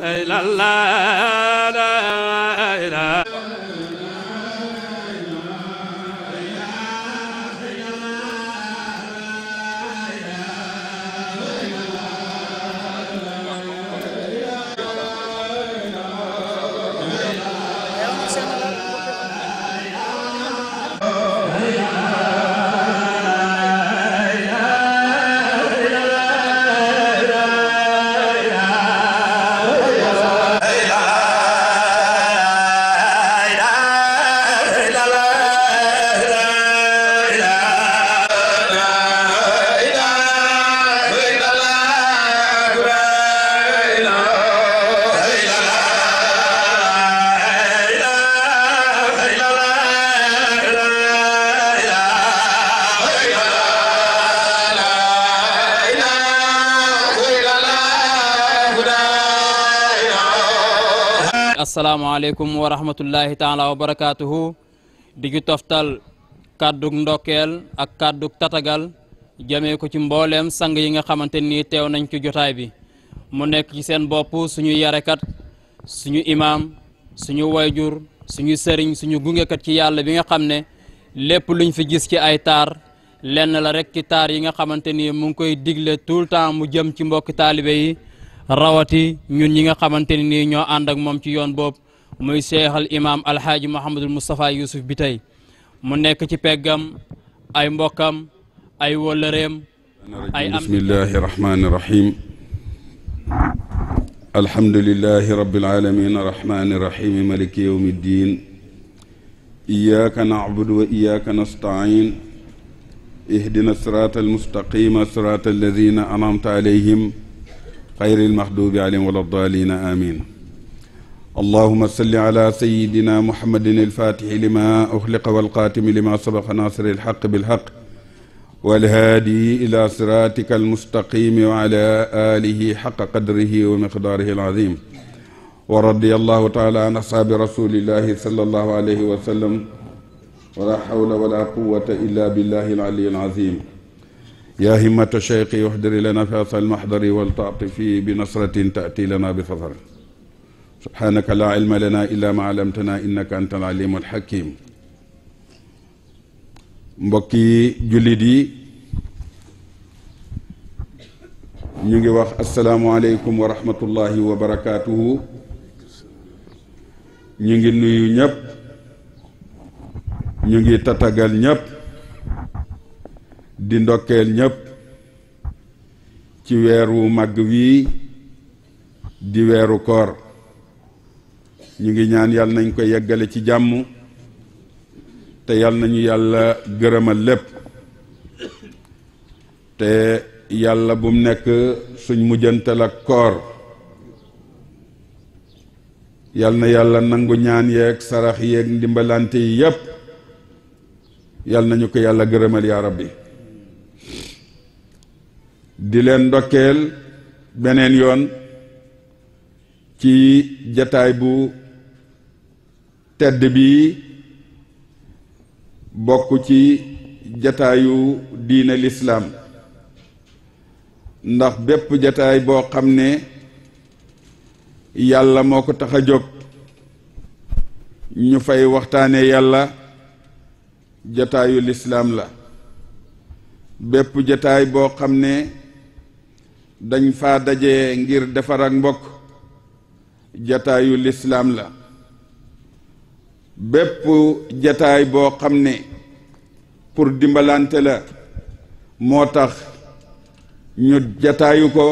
la la asalaamaaleykum wa rahmatullahi taala wa barakaatuhu di ci toftal kàddug ndokkeel ak kàddug tatagal jëmee ko ci mbooleem sang yi nga xamante nii teew nañ ci jotaay bi mu nekk ci seen bopp suñu yarekat suñu imaam suñu wayjur suñu sëriñ suñu gungekat ci yàlla bi nga xam ne lépp lu ñu fi gis ci ay taar lenn la rek ci taar yi nga xamante ni mu ngi koy digle tout le temps mu jëm ci mbokk taalibe yi rawati ñun ñi nga xamante ni nii ñoo ànd moom ci yoon boobu muy seexal imaam alxaaji Mouhamadul Moustapha Youssouf bi tey mu nekk ci peggam ay mbokkam ay wëllëreem ay am bismillahi rahmaani rahim alhamdulilahi rabbil alamin arrahmani irrahim maliki yawmi ddin iyaka nacbudu wa iyaka nastain ihdina sirata almustaqima sirata alladina anamta alayhim xayril maxduubi alayhim wala daalina amiin allahuma salli ala sayidina muhammadin alfaatixi lima uxliqa walxaatimi lima sabaqa naasiri alxaq bilxaq walhaadi ila siraatika almustaqimi wa ala aalihi xaqa qadrihi wa miqdaarihi alazim wa radiya allahu taala an asxaabi rasulillahi sallallahu alayhi wa sallam wala xawla wala quwata illa billahi alali alazim yaa himmata cheyqi uxdiri lana fi asal maxdari waltaati fii bi nasratin taati lana bi fasar subhaanaka laa ilma lana illaa ma alamtana innaka anta al alimu alxakim mbokki jullit yi ñu ngi wax asalaamualeykum wa rahmatullahi wa barakaatuhu ñu ngi nuyu ñëpp ñu ngi tatagal ñëpp di ndokkeel ñépp ci weer wu màgg wii di weeru koor ñu ngi ñaan yàlla nañ ko yeggale ci jàmm te yàlla nañu yàlla gërëmal lépp te yàlla bu nekk suñ mujjantal ak koor yàlla na yàlla nangu ñaan yeeg sarax yeeg ndimbalante yi yépp yàlla nañu ko yàlla gërëmal yaa bi di leen ndokkeel beneen yoon ci jataay bu tedd bi bokk ci jataayu diine lislaam ndax bépp jataay boo xam ne yàlla moo ko tax a jóg ñu fay waxtaane yàlla jataayu lislaam la bépp jataay boo xam ne dañ fa daje ngir defar ak mbokk jataayu lislaam la bépp jataay boo xam ne pour dimbalante la moo tax ñu jataayu ko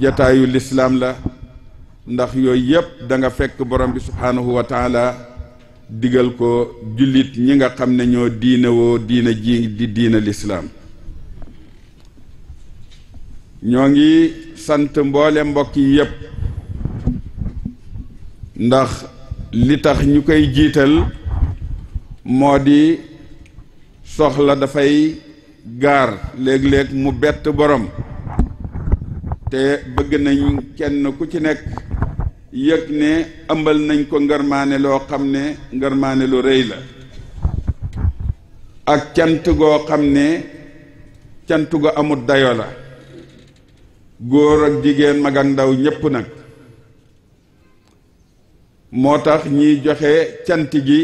jataayu lislaam la ndax yooyu yëpp danga fekk borom bi subhaanahu wa taala digal ko jullit ñi nga xam ne ñoo diine woo diina ji di diina lislaam ñoo ngi sant mboole mbokk yi yépp ndax li tax ñu koy jiital moo di soxla dafay gaar léeg-léeg mu bett boroom te bëgg nañu kenn ku ci nekk yëg ne ëmbal nañ ko ngërmaane loo xam ne ngërmaane lu rëy la ak cant goo xam ne cant gu amut dayo la góor ak jigéen mag ñépp nag moo tax ñiy joxe cant gi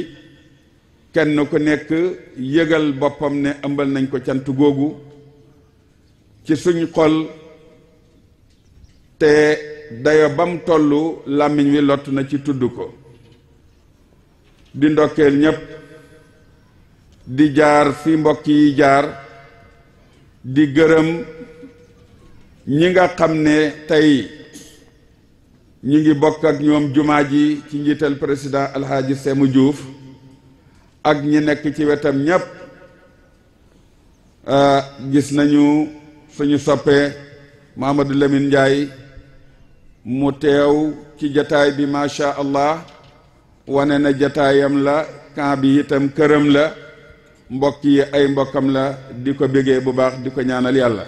kenn ku nekk yëgal boppam ne ëmbal nañ ko cant googu ci suñ xol te dayo bam tollu làmmiñ wi lott na ci tudd ko di ndokkeel ñépp di jaar fi mbokk yi jaar di gërëm ñi nga xam ne tey ñu ngi bokk ak ñoom jumaa ji ci njiital président alxaaji Semu juuf ak ñi nekk ci wetam ñépp euh, gis nañu suñu soppe Mahamadou Lamine njaay mu teew ci jataay bi macha allah wane na jataayam la camp bi itam këram la mbokk yi ay mbokkam la di ko bégee bu baax di ko ñaanal yàlla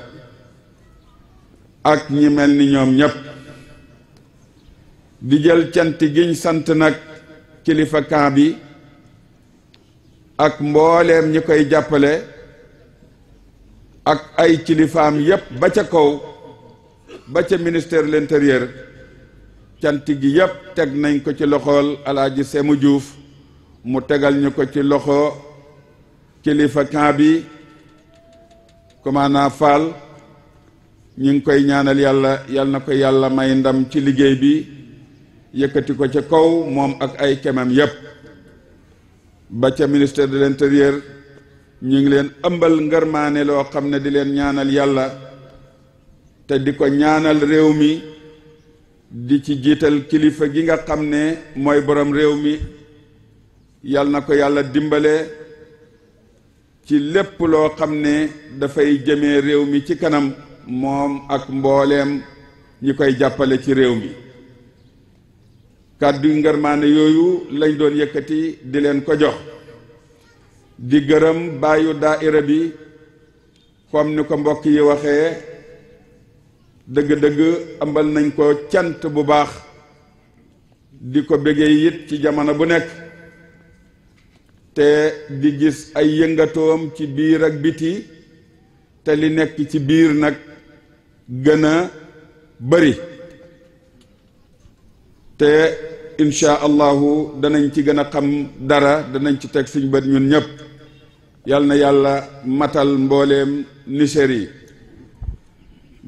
ak ñi mel ni ñoom ñépp di jël cant giñ sant nag kilifa camp bi ak mbooleem ñi koy jàppale ak ay kilifaam yépp ba ca kaw ba ca ministère l'intérieur cant gi yépp teg nañ ko ci loxool alaaji Semu Juuf mu tegal ñu ko ci loxo kilifa camp bi commandant Fall ñu ngi koy ñaanal yàlla yàlla na ko yàlla may ndam ci liggéey bi yëkkati ko ca kaw moom ak ay kemam yépp ba ca ministère de l'intérieur ñu ngi leen ëmbal ngërmaane loo xam ne di leen ñaanal yàlla te di ko ñaanal réew mi di ci jiital kilifa gi nga xam ne mooy boroom réew mi yàlla na ko yàlla dimbale ci lépp loo xam ne dafay jëme réew mi ci kanam moom ak mbooleem ñi koy jàppale ci réew mi kàddu ngërmaane yooyu lañ doon yëkkati di leen ko jox di gërëm daa daaira bi comme ni ko mbokk yi waxee dëgg-dëgg ambal nañ ko cant bu baax di ko bëggee it ci jamono bu nekk te di gis ay yëngatoom ci biir ak biti te li nekk ci biir nag gën a bari te incha allahu danañ ci gën a xam dara danañ ci teg suñ bët ñun ñëpp yal na yàlla matal mbooleem niser yi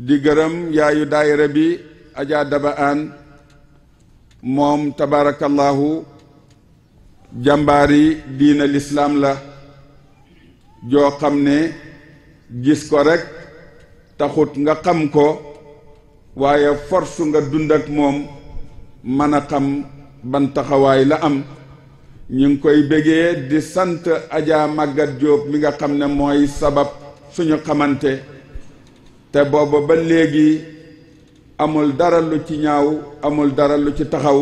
di gërëm yaayu daayira bi Adja Daba An moom tabarakallahu jàmbaari diina lislaam la joo xam ne gis ko rek taxut nga xam ko waaye force nga dund ak moom mën a xam ban taxawaay la am ñu ngi koy bëggee di sant ajaa màggat Diop mi nga xam ne mooy sabab suñu xamante te booba ba léegi amul dara ci ñaaw amul dara lu ci taxaw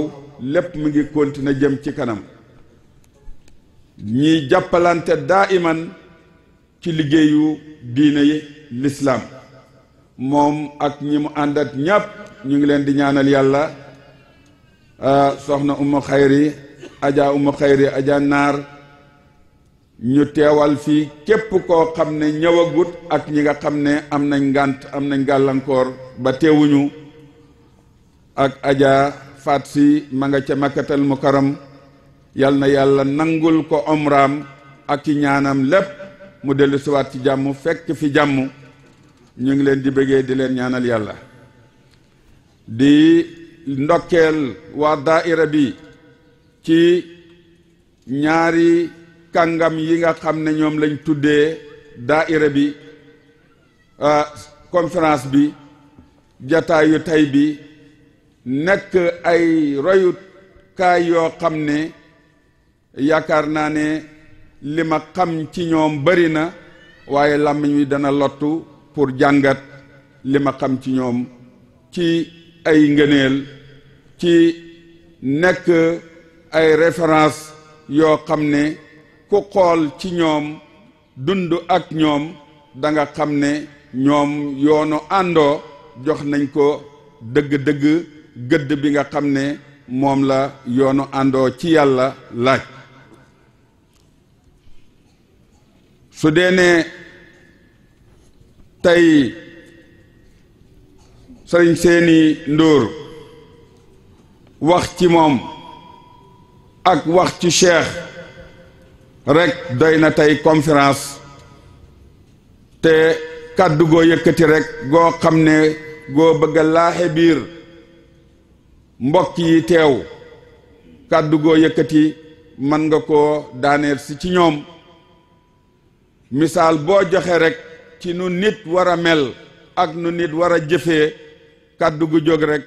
lépp mu ngi continuer jëm ci kanam ñiy jàppalante daa iman ci liggéeyu diine yi lislaam moom ak ñi mu àndat ñépp ñu ngi leen di ñaanal yàlla ah, soxna umu xayri aja umu xayri aja naar ñu teewal fii képp koo xam ne ñëwagut ak ñi nga xam ne am nañ ngànt am nañ gàllankoor ba teewuñu ak aja faat si ma nga ca makkatal mukaram yal na yàlla nangul ko omraam ak i ñaanam lépp mu dellu siwaat ci jàmm fekk fi jàmm ñu ngi leen di bëggee di leen ñaanal yàlla di ndokkeel waa daaira bi ci ñaari kàngam yi nga xam ne ñoom lañ tuddee daa daaira bi conférence bi jataayu tey bi nekk ay royut kaay yoo xam ne yaakaar naa ne li ma xam ci ñoom bari na waaye làmmiñ wi dana lottu pour jàngat li ma xam ci ñoom ci ay ngëneel ci nekk ay référence yoo xam ne ku xool ci ñoom dund ak ñoom da nga xam ne ñoom yoonu àndoo jox nañ ko dëgg-dëgg gëdd bi nga xam ne moom la yoonu àndoo ci yàlla laaj su dee ne tey sëriñ seeni ndóor wax ci moom ak wax ci cheikh rekk doy na tey conférence te kàddu goo yëkkati rekk goo xam ne goo bëgga a laaxe biir mbokk yi teew kàddu goo yëkkati mën nga koo daaneel si ci ñoom misaal boo joxe rekk ci nu nit war a mel ak nu nit war a jëfee kàddu gu jóg rekk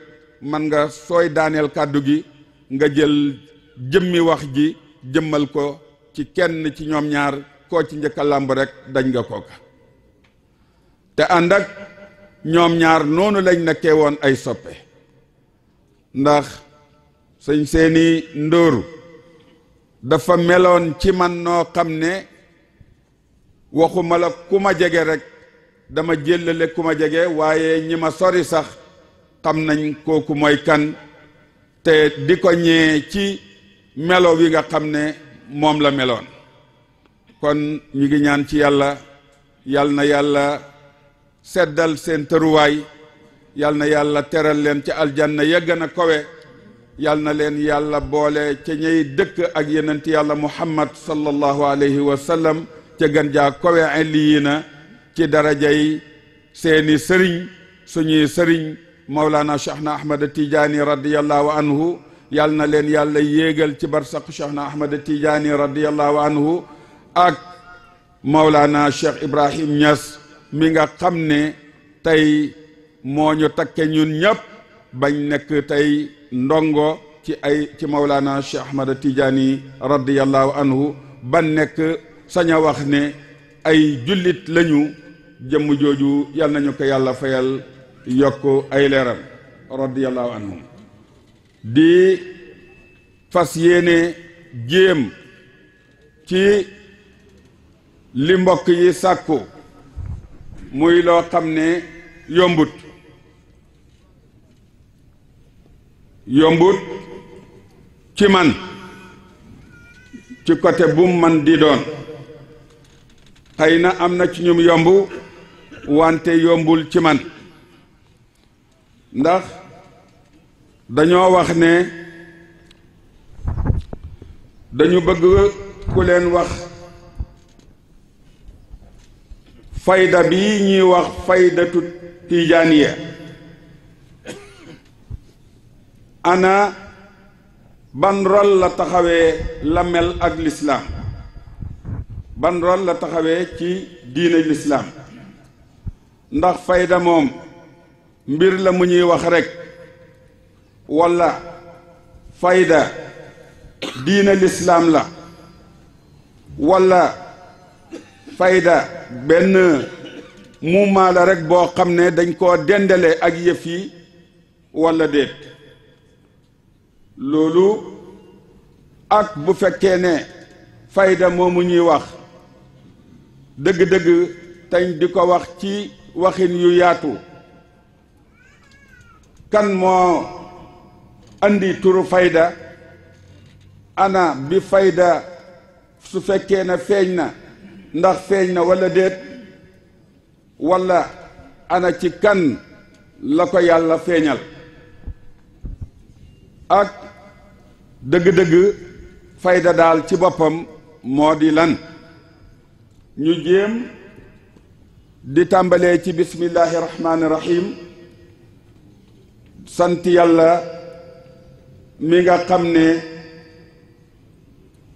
mën nga sooy daaneel kàddu gi nga jël jëmmi wax ji jëmmal ko ci kenn ci ñoom ñaar koo ci njëkk làmb rekk dañ nga kooka te ànd ak ñoom ñaar noonu lañ nekkee woon ay soppe ndax sëñ seeni ndóoru dafa meloon ci man noo xam ne waxuma la ku ma jege rek dama jéllale ku ma jege waaye ñi ma sori sax xam nañ kooku mooy kan te di ko ñee ci melo wi nga xam ne moom la meloon kon ñu ngi ñaan ci yàlla yal na yàlla seddal seen tëruwaay yal na yàlla teral leen ca aljanna ya gën a kowe yal na leen yàlla boole ca ñey dëkk ak yenent yàlla muhammad sallallahu alayhi wa ca gën jaa kowe na ci darajay seeni sëriñ suñuy sëriñ mawlaana cheikhna ahmada tijaani radiallahu anhu yàll na leen yàlla yéegal ci barsaq cheikhna ahmada tijaani radiallahu anhu ak mawlaana cheikh ibrahim ñas mi nga xam ne tey moo ñu takke ñun ñëpp bañ nekk tey ndongo ci ay ci mawlaana cheikh ahmada tijaani radiallahu anhu ban nekk sañ wax ne ay jullit lañu jëmm jooju yal nañu ko yàlla fayal yokk ay leeram radiyallahu anhum di fas yéene jéem ci li mbokk yi sàkku muy loo xam ne yombut yombut ci man ci côté bu man di doon xëy na am na ci ñu yomb wante yombul ci man ndax dañoo wax ne dañu bëgg ku leen wax fayda bi ñuy wax faydatu tijaaniya ana ban rol la taxawee la mel ak lislaam ban rôle la taxawee ci diine lislaam ndax fayda moom mbir la mu ñuy wax rekk walla fayda diine lislaam la walla fayda benn mouvement rekk boo xam ne dañ koo dendale ak yëf yi walla déet loolu ak bu fekkee ne fayda moomu ñuy wax dëgg-dëgg teñ di ko wax ci waxin yu yaatu kan moo indi turu fayda ana bi fayda su fekkee na feeñ na ndax feeñ na walla déet walla ana ci kan la ko yàlla feeñal ak dëgg-dëgg fayda daal ci boppam moo di lan ñu jéem di tàmbalee ci bismillahi rahmaani rahim sant yàlla mi nga xam ne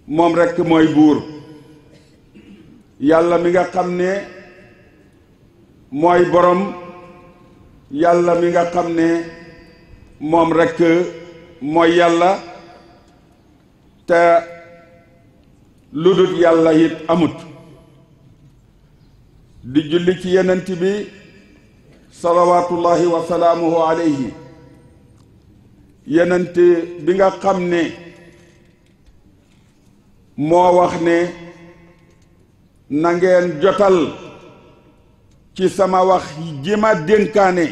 moom rekk mooy buur yàlla mi nga xam ne mooy borom yàlla mi nga xam ne moom rekk mooy yàlla te lu dul yàlla it amut di julli ci yenent bi salawaatullahi wa salaamuhu alayhi yenent bi nga xam ne moo wax ne nangeen jotal ci sama wax ji ma dénkaane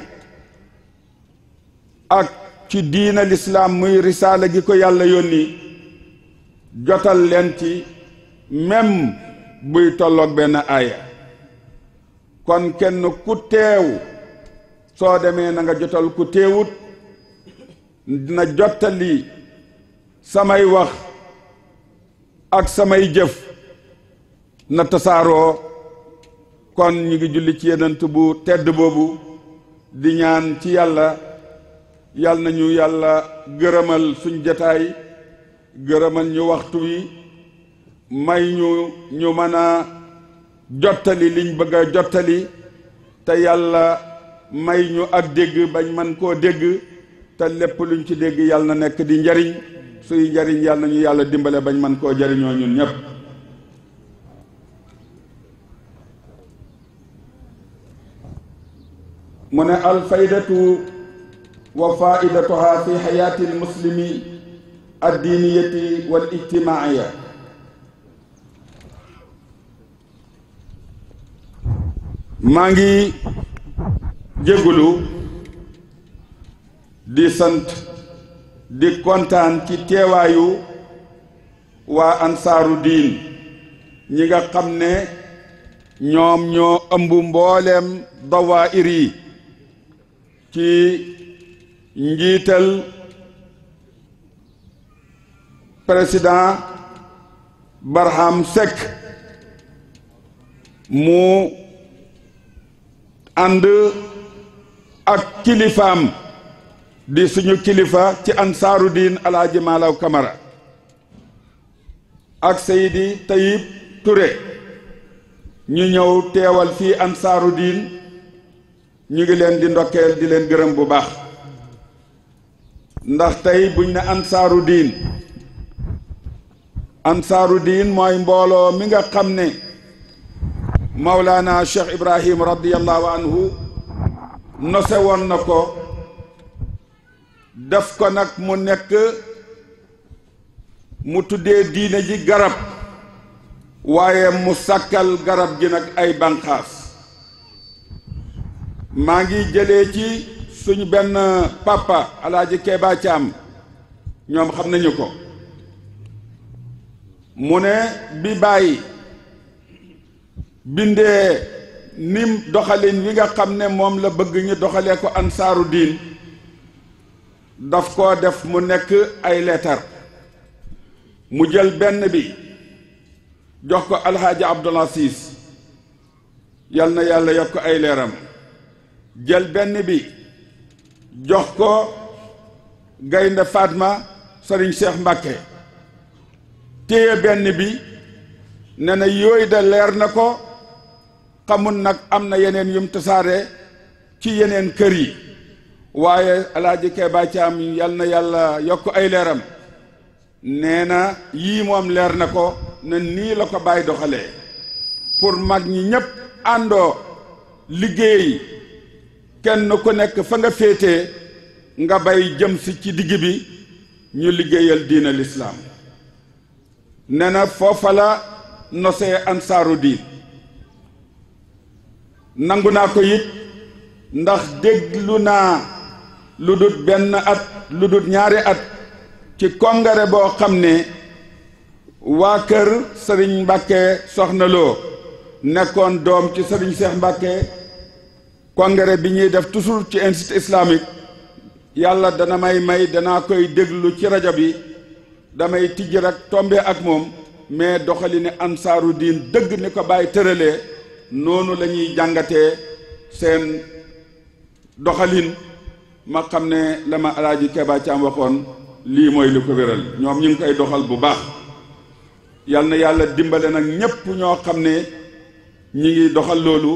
ak ci diina lislaam muy risaala gi ko yàlla yónni jotal leen ci mem buy tolloog benn aaya kon kenn ku teew soo demee na nga jotal ku teewut dina jottali samay wax ak samay jëf na tasaaroo kon ñu ngi julli ci yenant bu tedd boobu di ñaan ci yàlla yàll nañu yàlla gërëmal suñ jataay gërëmal ñu waxtu wi may ñu ñu mën a jottali liñ bëgg jottali te yàlla may ñu ak dégg bañ man koo dégg te lépp luñ ci dégg yàlla na nekk di njariñ suy njariñ yàlla na ñu yàlla dimbale bañ man koo jariñoo ñun ñépp mu ne alfaydatu wa faidatuha fi xayaati almuslimi addiiniyati wal ijtimaaiya maa ngi jégalu di sant di kontaan ci teewaayu waa ansaaru diin ñi nga xam ne ñoom ñoo ëmb mbooleem dawaayir yi ci njiital président Barham Seck mu ànd ak kilifaam di suñu kilifa ci ansaaru diin alaaji maalaw kamara ak seydi tayib ture ñu ñëw teewal fii ansaaru diin ñu ngi leen di ndokkeel di leen gërëm bu baax ndax tey buñ ne ansaaru diin ansaaru diin mooy mbooloo mi nga xam ne mawlaana cheikh ibrahim radiallahu anhu nose woon na ko def ko nag mu nekk mu tuddee diine ji garab waaye mu sàkkal garab gi nag ay banqaas maa ngi jële ci suñu benn papa alaaji Keeba am ñoom xam nañu ko mu ne bi bàyyi bindee ni doxalin wi nga xam ne moom la bëgg ñu doxalee ko ansaaru diin daf ko def mu nekk ay leetar mu jël benn bi jox ko alxaaji Abdul Asiis yal na yàlla yokk ay leeram jël benn bi jox ko gaynde Fatma sëriñ Cheikh Mbàkke téye benn bi ne na yooyu de leer na ko xamul nag am na yeneen yum tasaare ci yeneen kër yi waaye alaaji Keba Caam yal na yàlla yokk ay leeram nee na yii moom leer na ko ne nii la ko bàyyi doxalee pour mag ñi ñépp àndoo liggéey kenn ku nekk fa nga féetee nga bay jëm si ci digg bi ñu liggéeyal diina lislaam nee na foofa la nosee ansaaru diin nangu naa ko it ndax déglu naa lu dut benn at lu dut ñaari at ci kongare boo xam ne waa kër sëriñ Mbàkke soxnaloo nekkoon doom ci sëriñ Seex Mbàkke kongare bi ñuy def toujours ci institut islamique yàlla dana may may danaa koy déglu ci rajo bi damay tijj rek tombe ak moom mais doxali ne ansaaru diin dëgg ni ko bàyyi tëralee noonu lañuy jàngate jàngatee seen doxalin ma xam ne la ma alaaji Keba Caam waxoon lii mooy lu ko wéral ñoom ñu ngi koy doxal bu baax yal na yàlla dimbale nag ñépp ñoo xam ne ñu ngi doxal loolu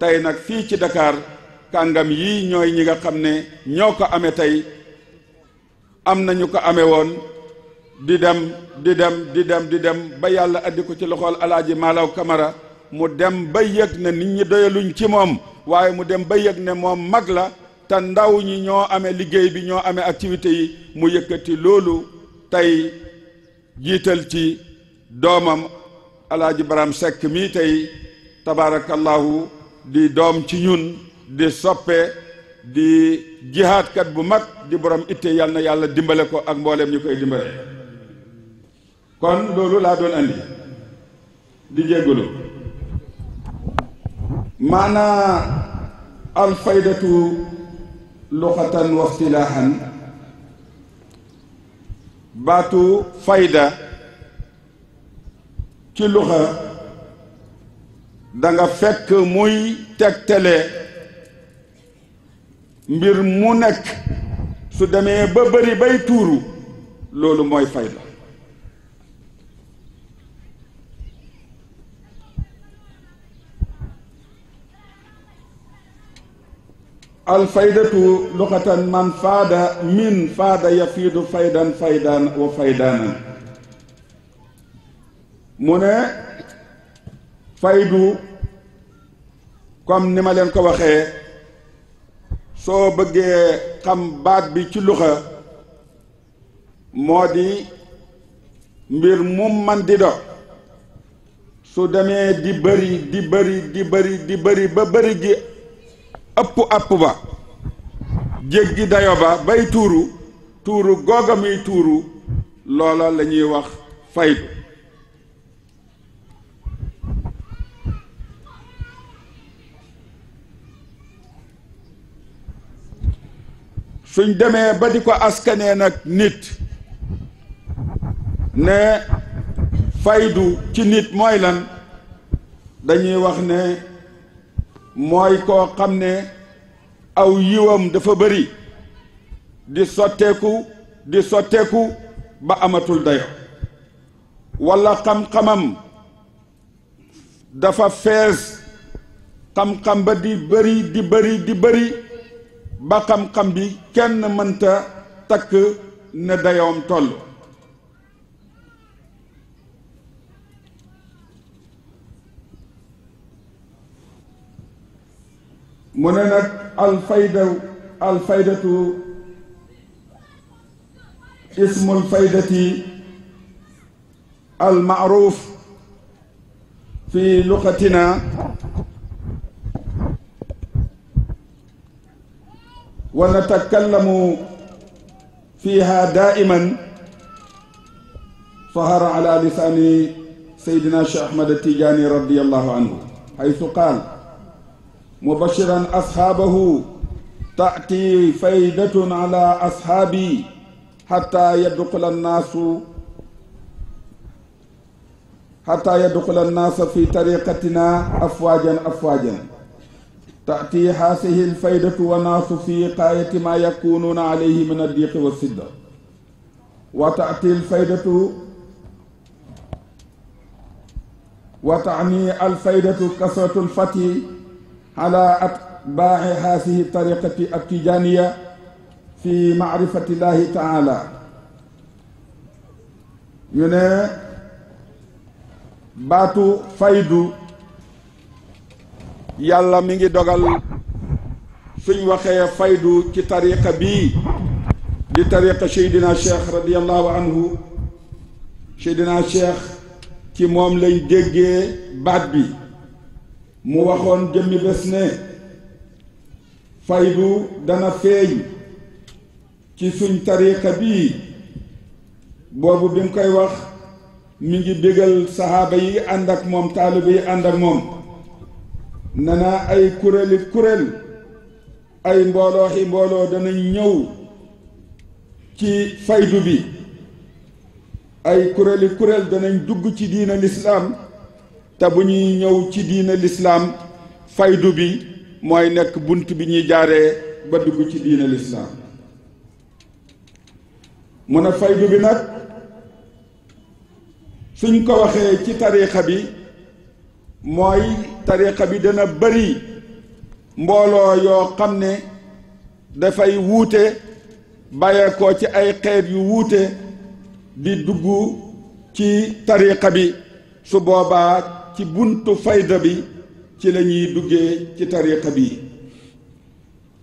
tey nag fii ci Dakar kàngam yii ñooy ñi nga xam ne ñoo ko amee tey am nañu ko ame woon di dem di dem di dem di dem ba yàlla addi ko ci loxol alaaji Malaw Kamara mu dem ba yëg ne nit ñi doyaluñ ci moom waaye mu dem ba yëg ne moom mag la te ndaw ñi ñoo amee liggéey bi ñoo amee activité yi mu yëkkati loolu tey jiital ci doomam alaaji baram sekk mii tey tabaarakallaahu di doom ci ñun di soppe di jihaatkat bu mag di borom itte yàlla na yàlla dimbale ko ak mbooleem ñu koy dimbale kon loolu laa doon andi di jéggulu maanaa alfaydatu luxatan wa baatu fayda ci luxa da nga fekk muy tegtale mbir mu nekk su demee ba bëri bay tuuru loolu mooy fayda alfaydatu luxatan man faada min faada yafiidu faydan faydan wa faydaanan mu ne faydu comme ni ma leen ko waxee soo bëggee xam baat bi ci luxa moo di mbir mum man di do su demee di di bëri di bëri di bëri ba bëri gi ëpp àpp ba jéggi dayo ba bay tuuru tuuru googa muy tuuru loola la ñuy wax faydu suñ demee ba di ko askanee nag nit ne faydu ci nit mooy lan dañuy wax ne mooy koo xam ne aw yiwam dafa bëri di sotteeku di sotteeku ba amatul dayo walla xam-xamam dafa fees xam-xam ba di bëri di bëri di bëri ba xam-xam bi kenn mënta takk ne dayoom toll mu ne nag alfayda alfaydatu ismul faydati almaaruf fi luqatina wa natakallamu fiha daiman fahara ala lisani sayidina cheikh ahmad tijaani radiallahu anhu haytu qaal مبشرا أصحابه تأتي فائدة على أصحابي حتى يدخل الناس حتى يدخل الناس في طريقتنا أفواجا أفواجا تأتي هذه الفائدة والناس في قاية ما يكونون عليه من الضيق والسدة وتأتي الفائدة وتعني الفائدة كثرة الفتي ala atbaa'i haadihi tariqati attijaaniya fi maarifati llaahi taala ñu ne baatu faydu yàlla mi ngi dogal suñ waxee faydu ci tariqa bii di tariqa Seydina Cheikh radiyallahu anhu Seydina Cheikh ci moom lay déggee baat bi mu waxoon jëmmi bés ne faydu dana feeñ ci suñ tariqa bii boobu bi mu koy wax mu ngi bégal saxaaba yi ànd ak moom taaliba yi ànd ak moom ne ay kuréeli kuréel ay mbooloo mbooloo danañ ñëw ci faydu bi ay kuréeli kuréel danañ dugg ci diina lislaam te bu ñuy ñëw ci diina lislaam faydu bi mooy nekk bunt bi ñuy jaaree ba dugg ci diina lislaam mu ne faydu bi nag suñ ko waxee ci tariixa bi mooy tariixa bi dana bari mbooloo yoo xam ne dafay wuute bàyyeekoo ci ay xeet yu wuute di dugg ci tariixa bi su boobaa ci buntu fayda bi ci lañuy ñuy duggee ci tariqa bi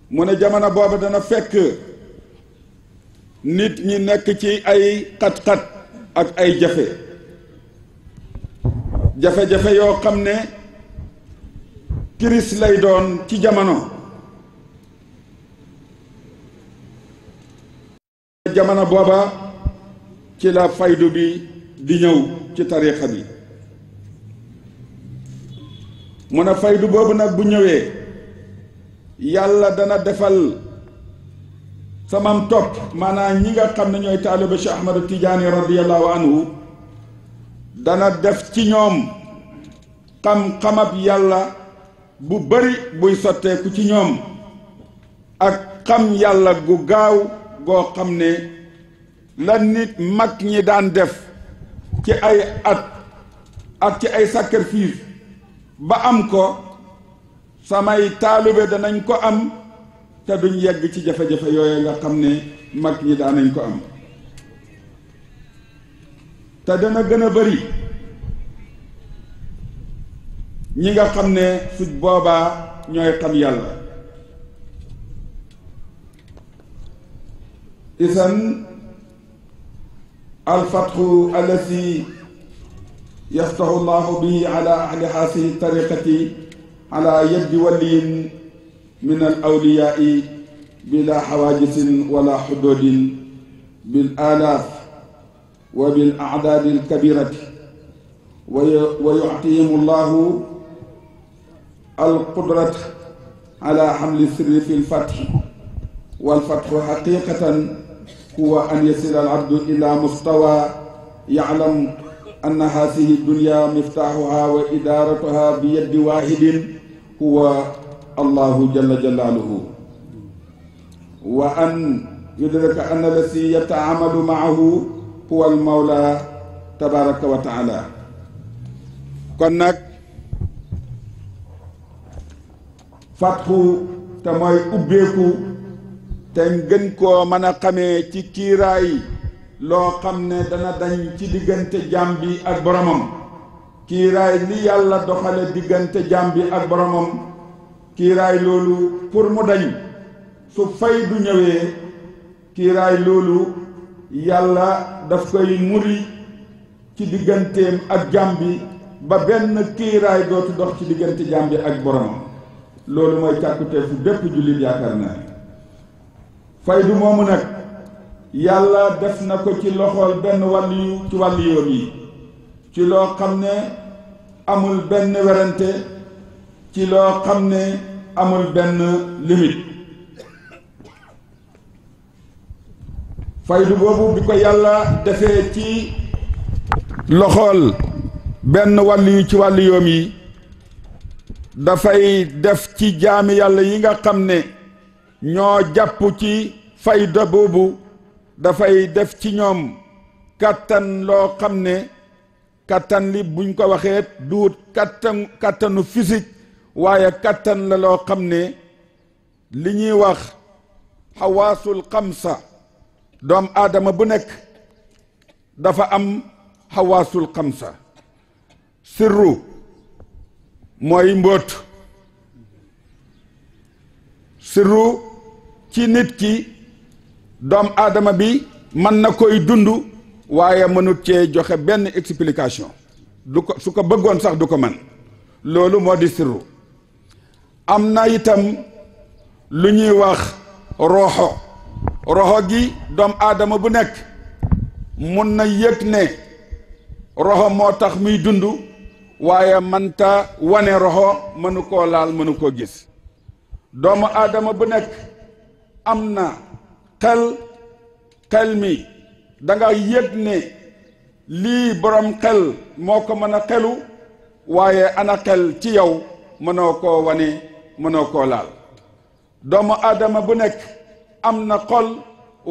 mu ne jamono booba dana fekk nit ñi nekk ci ay xat-xat ak ay jafe jafe-jafe yoo xam ne kiris lay doon ci jamono jamono booba ci la faydu bi di ñëw ci tariqa bi mu ne faydu boobu nag bu ñëwee yàlla dana defal samam topp maanaam ñi nga xam ne ñooy taaliba Cheikh Ahmadu Tijaani radiallahu anhu dana def ci ñoom xam-xamab yàlla bu bari buy sotteeku ci ñoom ak xam yàlla gu gaaw goo xam ne la nit mag ñi daan def ci ay at ak ci ay sacrifice ba am ko samay taalibe danañ ko am te duñ yegg ci jafe-jafe yooyu nga xam ne mag ñi daanañ ko am te dana gën a bari ñi nga xam ne su boobaa ñooy xam yàlla isan alfatxu alasi yaftahu llahu bihi ala ahli haasihi tariqati ala yaddi waliyin min al awliyaai bila xawaajisin wala xudoodin bil aalaaf wa bil acdaadi alkabirati wa yuctihim allahu alqudrat ala xamli sirri fi lfatxi walfatxu xaqiqatan huwa an yasila alabdu ila mustawa yaclam anna haasihi dunya miftaaxuha wa idaaratuha bi yaddi waahidin huwa allahu jalla jalaaluhu wa an yudraka anna lasi yataamalu maahu huwa almawla tabaraka wa taala kon nag fatxu te mooy ubbeeku te ngën koo mën a xamee ci kiiraay loo xam ne dana dañ ci diggante jaam bi ak boromam kiiraay li yàlla doxale diggante jaam bi ak boromam kiiraay loolu pour mu dañ su fay du ñëwee kiiraay loolu yàlla daf koy muri ci digganteem ak jàmbi ba benn kiiraay dootu dox ci diggante jaam bi ak boromam loolu mooy càkkuteefu bépp jullit yaakaar naa fay du moomu nag yàlla def na ko ci loxool benn wàlliyu ci wàlliyoom yi ci loo xam ne amul benn werante ci loo xam ne amul benn limite faydu boobu bi ko yàlla defee ci loxool benn wàlliyu ci wàlliyoom yi dafay def ci jaami yàlla yi nga xam ne ñoo jàpp ci fayda boobu dafay def ci ñoom kàttan loo xam ne kàttan li buñ ko waxee duut kàttan kàttanu fisik waaye kàttan la loo xam ne li ñuy wax xawaasul xamsa doom aadama bu nekk dafa am xawaasul xamsa sirru mooy mbóot sirru ci nit ki doom aadama bi mën na koy dund waaye mënut cee joxe benn explication du ko su ko bëggoon sax du ko man loolu moo di sirru am na itam lu ñuy wax roxo roxo gi doom aadama bu nekk mun na yëg ne roxo moo tax muy dund waaye mënta wane roxo mënu koo laal mënu koo gis doomu aadama bu nekk am na xel xel mi danga nga ne lii boroom xel moo ko mën a xelu waaye ana xel ci yow mënoo ko wane mënoo ko laal doomu aadama bu nekk am na xol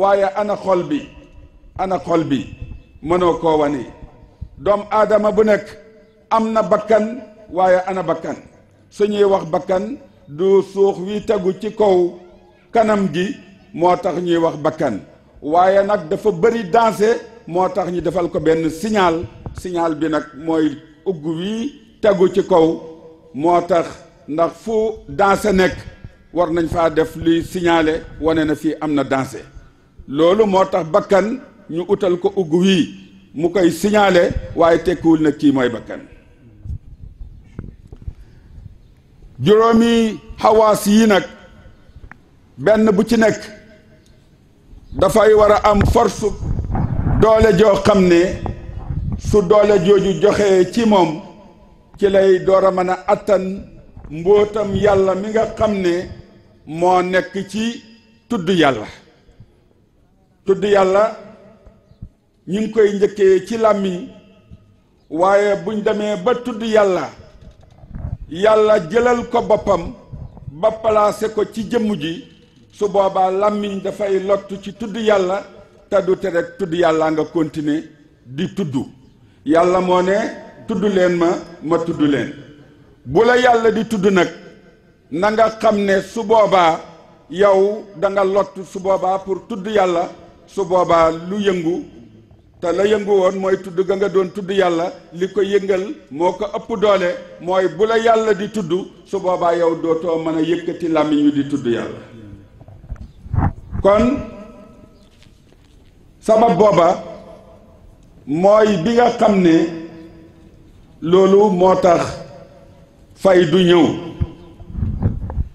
waaye ana xol bi ana bi mënoo ko wane doomu aadama bu nekk am na bakkan waaye ana bakkan su wax bakkan du suux wi tegu ci kaw kanam gi moo tax ñuy wax bakkan waaye nag dafa bari dansé moo tax ñu defal ko benn signal signal bi nag mooy ugg wii tegu ci kaw moo tax ndax fu dansé nekk war nañ faa def luy signalé wane na fii am na dansé loolu moo tax bakkan ñu utal ko ugg wii mu koy signalé waaye tekkiwul na kii mooy bakkan juróomi xawaas yi nag benn bu ci nekk dafay war a am force doole joo xam ne su doole jooju joxee ci moom ci lay door a mën a attan mbóotam yàlla mi nga xam ne moo nekk ci tudd yàlla tudd yàlla ñu ngi koy njëkkee ci làmmiñ waaye buñ demee ba tudd yàlla yàlla jëlal ko boppam ba palaase ko ci jëmm ji su boobaa làmmiñ dafay lottu ci tudd yàlla te du tere tudd yàlla nga continuer di tudd yàlla moo ne tudd leen ma ma tudd leen bu la yàlla di tudd nag na nga xam ne su boobaa yow da nga su boobaa pour tudd yàlla su boobaa lu yëngu te la yëngu woon mooy tudd ga nga doon tudd yàlla li ko yëngal moo ko ëpp doole mooy bu la yàlla di tudd su boobaa yow dootoo mën a yëkkati làmmiñ wi di tudd yàlla kon sabab booba mooy bi nga xam ne loolu moo tax fay du ñëw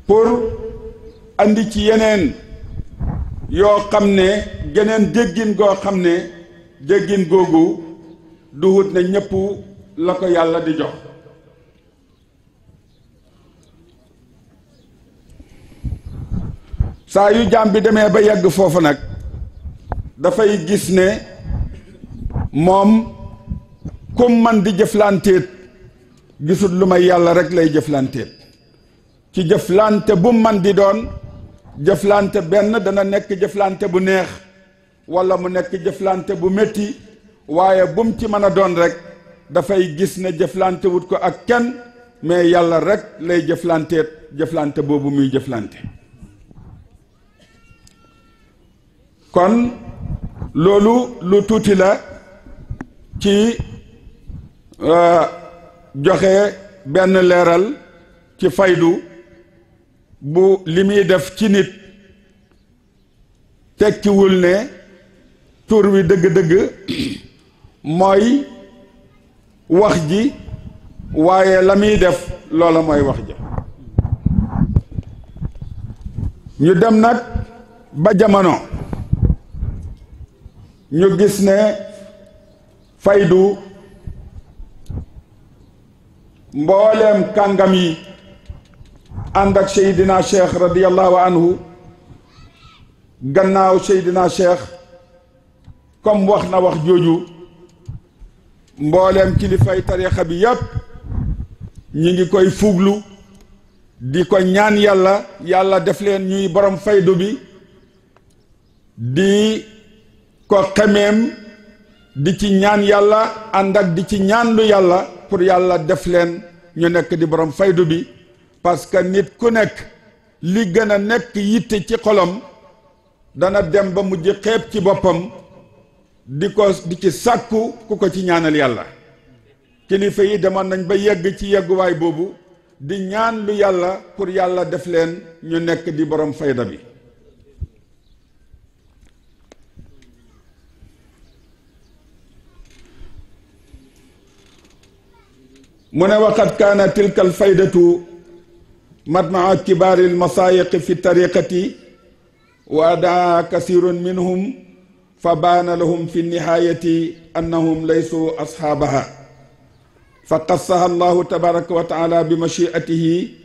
pour indi ci yeneen yoo xam ne geneen déggin goo xam ne déggin googu duhut na ñëpp la ko yàlla di jox saa yu jaam bi demee ba yegg foofu nag dafay gis ne moom kum man di jëflanteet gisul lu may yàlla rek lay jëflanteet ci jëflante bu man di doon jëflante benn dana nekk jëflante bu neex walla mu nekk jëflante bu métti waaye bum ci mën a doon rek dafay gis ne jëflante ko ak kenn mais yàlla rek lay jëflanteet jëflante boobu muy jëflante kon loolu lu tuuti la ci euh, joxe benn leeral ci faydu bu li muy def ci nit tekkiwul ne tur wi dëgg-dëgg mooy wax ji waaye la muy def loola mooy wax ja ñu dem nag ba jamono ñu gis ne faydu mbooleem kàngam yi ànd ak seydina cheikh radiallahu anhu gannaaw seydina cheikh comme wax na wax jooju mbooleem kilifay tarixa bi yépp ñu ngi koy fuglu di ko ñaan yàlla yàlla def leen ñuy borom faydu bi di ko xemeem di ci ñaan yàlla ànd ak di ci ñaanlu yàlla pour yàlla def leen ñu nekk di borom faydu bi parce que nit ku nekk li gën a nekk yitte ci xolom dana dem ba mujj xeeb ci boppam di ko di ci sàkku ku ko ci ñaanal yàlla kilifa yi demoon nañ ba yegg ci yegguwaay boobu di ñaan lu yàlla pour yàlla def leen ñu nekk di borom fayda bi mu ne waqad kaana tilka alfaydatu matmaa kibaari almasaayiqi fi tariqati wa adaa kasirun minhum fa baana lahum fi nihaayati annahum laysu ashaabaha fa qassaha allahu tabaraka wa taala bi machiatihi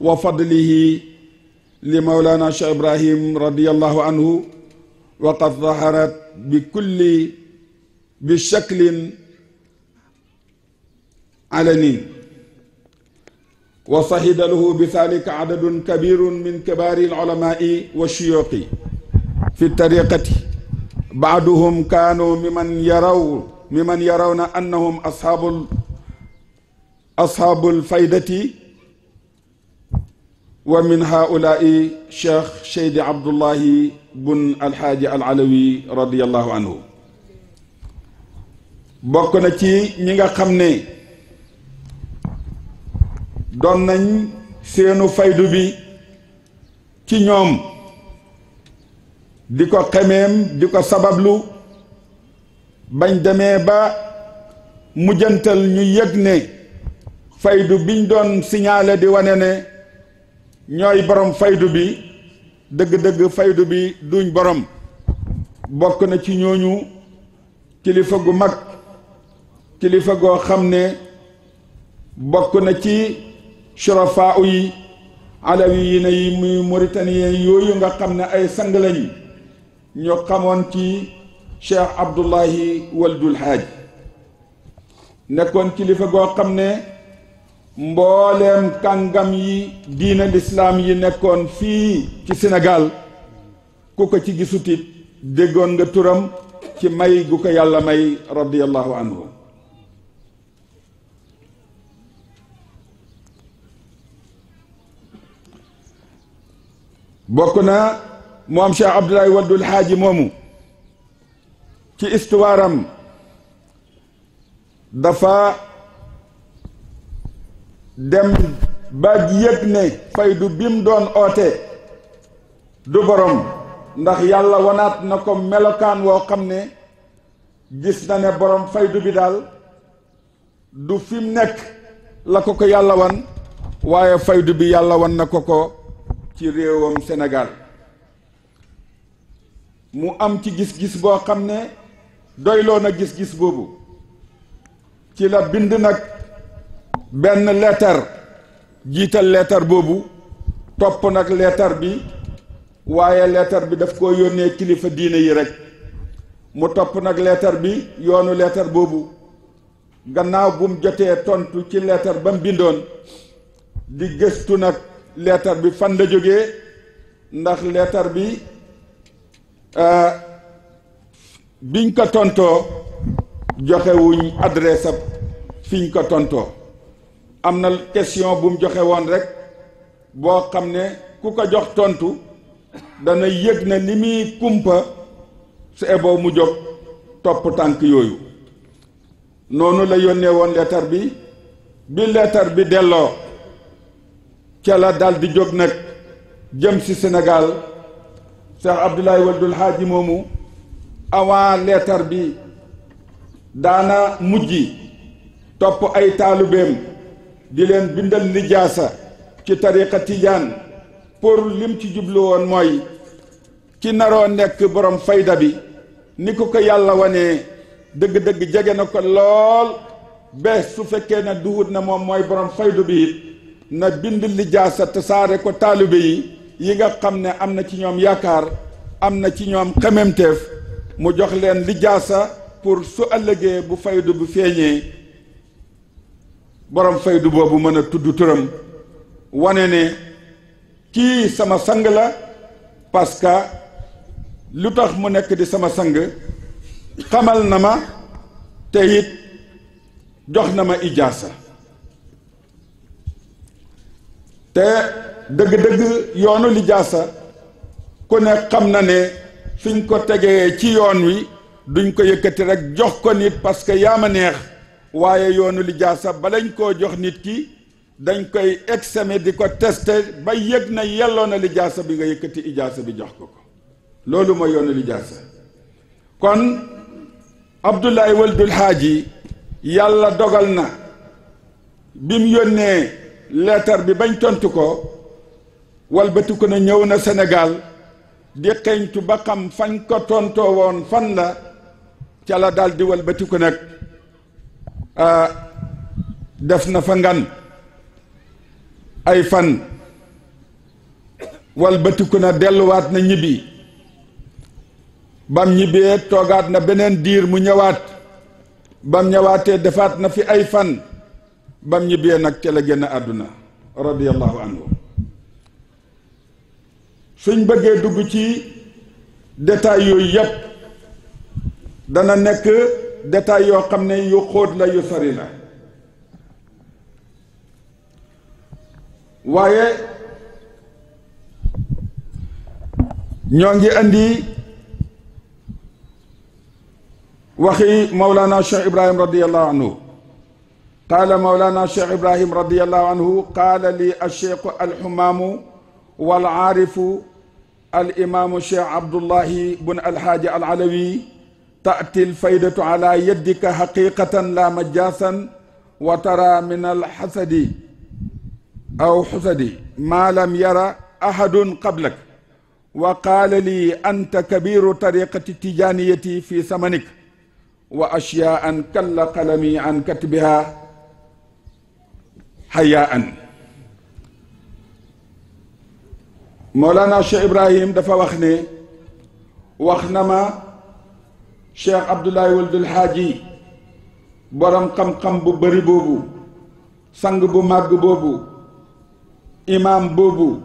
wa fadlihi li mawlana cheikh ibrahim radiallahu anhu wa qad zaharat bi kulli bi shaklin علني وصهد له بذلك عدد كبير من كبار العلماء والشيوخ في الطريقة بعضهم كانوا ممن يروا ممن يرون أنهم أصحاب أصحاب الفائدة ومن هؤلاء شيخ شيد عبد الله بن الحاج العلوي رضي الله عنه bokk na ci ñi nga xam ne doon nañ seenu faydu bi ci ñoom di ko xemeem di ko sabablu bañ demee ba mujjantal ñu yëg ne faydu biñ doon siñaale di wane ne ñooy boroom faydu bi dëgg-dëgg faydu bi duñ boroom bokk na ci ñooñu kilifa gu mag kilifa goo xam ne bokk na ci surafaa yi alawi yi na yi muy mauritanien yooyu nga xam ne ay sang lañu ñu xamoon ci cheikh abdullahi waldul haaj nekkoon kilifa goo xam ne mbooleem kàngam yi diina lislaam yi nekkoon fii ci Sénégal ku ko ci gisutit déggoon nga turam ci may gu ko yàlla may radiallahu anhu bokk na moom Cheikh Abdoulaye Waddul Xaaji moomu ci istuwaaram dafa dem ba yëg ne faydu bim doon oote du borom ndax yàlla wanaat na ko melokaan woo xam ne gis na ne borom faydu bi daal du fi mu nekk la ko ko yàlla wan waaye faydu bi yàlla wan na ko ko ci réewam senegaal mu am ci gis-gis boo xam ne doyloo na gis-gis boobu ci la bind nag benn leetar jiital leetar boobu topp nag leetar bi waaye leetar bi daf ko yónnee kilifa diine yi rekk mu topp nag leetar bi yoonu leetar boobu gannaaw bu mu jotee tontu ci leetar ba mu bindoon di gëstu nag leetar bi fan la jógee ndax leetar bi euh, biñ ko tontoo joxewuñ adresse ab fiñ ko tontoo am na question bum joxewoon rek boo xam ne ku ko jox tontu dana yëg na li muy kumpa su eboo mu jóg topp tànk yooyu noonu la yónnee woon leetar bi bi leetar bi delloo ca la daal di jóg nag jëm si Sénégal Cheikh Abdoulaye Wadoul Hadji moomu avant leetar bi daana mujj topp ay taalubeem di leen bindal lijaasa ci tariqa tijaan pour lim ci jublu woon mooy ki naroo nekk boroom fayda bi ni ko ko yàlla wanee dëgg-dëgg jege na ko lool bés su fekkee ne duhut na moom mooy borom faydu bi na bind lijaasa tasaare ko taalibe yi yi nga xam ne am na ci ñoom yaakaar am na ci ñoom xememteef mu jox leen lijaasa pour su ëllëgee bu faydu bu feeñee borom faydu boobu mën a tudd turam wane ne kii sama sang la parce que lu tax mu nekk di sama sang xamal na ma te it jox na ma ijaasa te dëgg-dëgg yoonu lijaasa ku ne xam na ne fiñ ko tegee ci yoon wi duñ ko yëkkati rek jox ko nit parce que yaa ma neex waaye yoonu lijaasa balañ koo jox nit ki dañ koy examé di ko testé ba yëg na yelloo na lijaasa bi nga yëkkati ijaasa bi jox ko ko loolu mooy yoonu lijaasa kon Abdoulaye Waldul Haaji yàlla dogal na bi mu yónnee leetar bi bañ tontu ko walbati na ñëw na senegaal di xeeñtu ba xam fañ ko tontoo woon fan la ca la daal di nag ah, def na fa ngan ay fan walbatiku na delluwaat na ñibbi bam ñibbee toogaat na beneen diir mu ñëwaat bam ñëwaatee defaat na fi ay fan bam ñibbee nag ca la génn àdduna radiyallahu anhu suñ bëggee dugg ci détail yooyu yépp dana nekk détail yoo xam ne yu xóot la yu sori la waaye ñoo ngi andi waxi Mawlana Cheikh Ibrahim radiyallahu anhu qaala mawlaana cheikh ibrahim radiallahu anhu qaala li alcheikhu alxumaamu walaarifu alimaamu cheikh abdullahi bun alxaaji alalawi taati lfaydatu ala yeddika xaqiqatan la majaasan wa tara min alxasadi aw xusadi maa lam yara ahadun qablak wa qaala li anta kabiru tariqati tijaaniyati fi samanik wa ashyaan kalla qalami an katbiha hayaan Mawlana Cheikh dafa wax ne wax na ma Cheikh Abdoulaye Waldul Haaji borom xam-xam bu bari boobu sang bu màgg boobu imaam boobu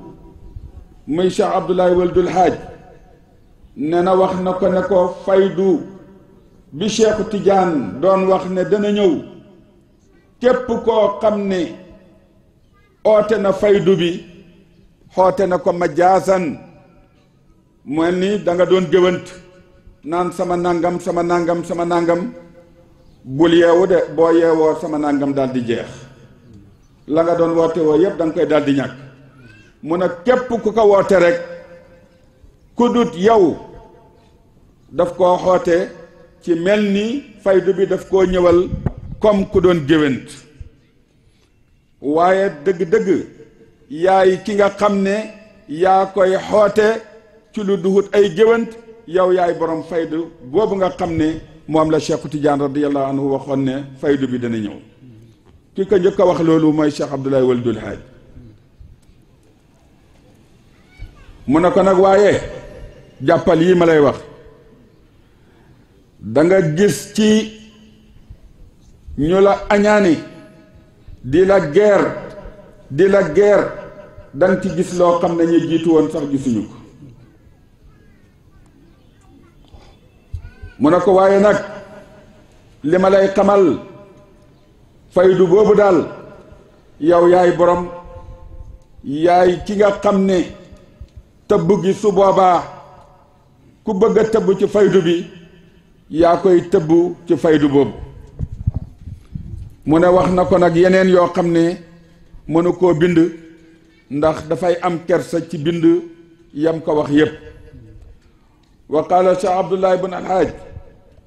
muy Cheikh Abdoulaye Waldul Haaj ne na wax na ko ne ko faydu bi Cheikh Tidiane doon wax ne dana ñëw képp koo xam ne oote na faydu bi xoote na ko majaasan mooy ni da nga doon géwant naan sama nangam sama nangam sama nangam bul yeewu de boo yeewoo sama nangam daal di jeex la nga doon woote woo yëpp da nga koy daal di ñàkk mu ne képp ku ko woote rek kudut yow daf koo xoote ci mel ni faydu bi daf koo ñëwal comme ku doon géwant waaye dëgg-dëgg yaay ki nga xam ne yaa koy xoote ci lu duhut ay géwant yow yaay boroom faydu boobu nga xam ne moom la Cheikh Tidiane radiyallahu anhu waxoon ne faydu bi dana ñëw ki ko njëkk a wax loolu mooy Cheikh Abdoulaye Waladul Haaj mu ne ko nag waaye jàppal yi ma lay wax danga gis ci ñu la añaani di la guerre di la guerre danga ci gis loo xam ne ñu jiitu woon sax gisuñu ko mu ne ko waaye nag li ma lay xamal faydu boobu daal yow yaay boroom yaay ki nga xam ne tëbb gi su boobaa ku bëgg a tëbb ci faydu bi yaa koy tëbb ci faydu boobu mu ne wax na ko nag yeneen yoo xam ne mënu koo bind ndax dafay am kersa ci bind yam ko wax yépp wa qaala cheikh abdullah ibn alhaaj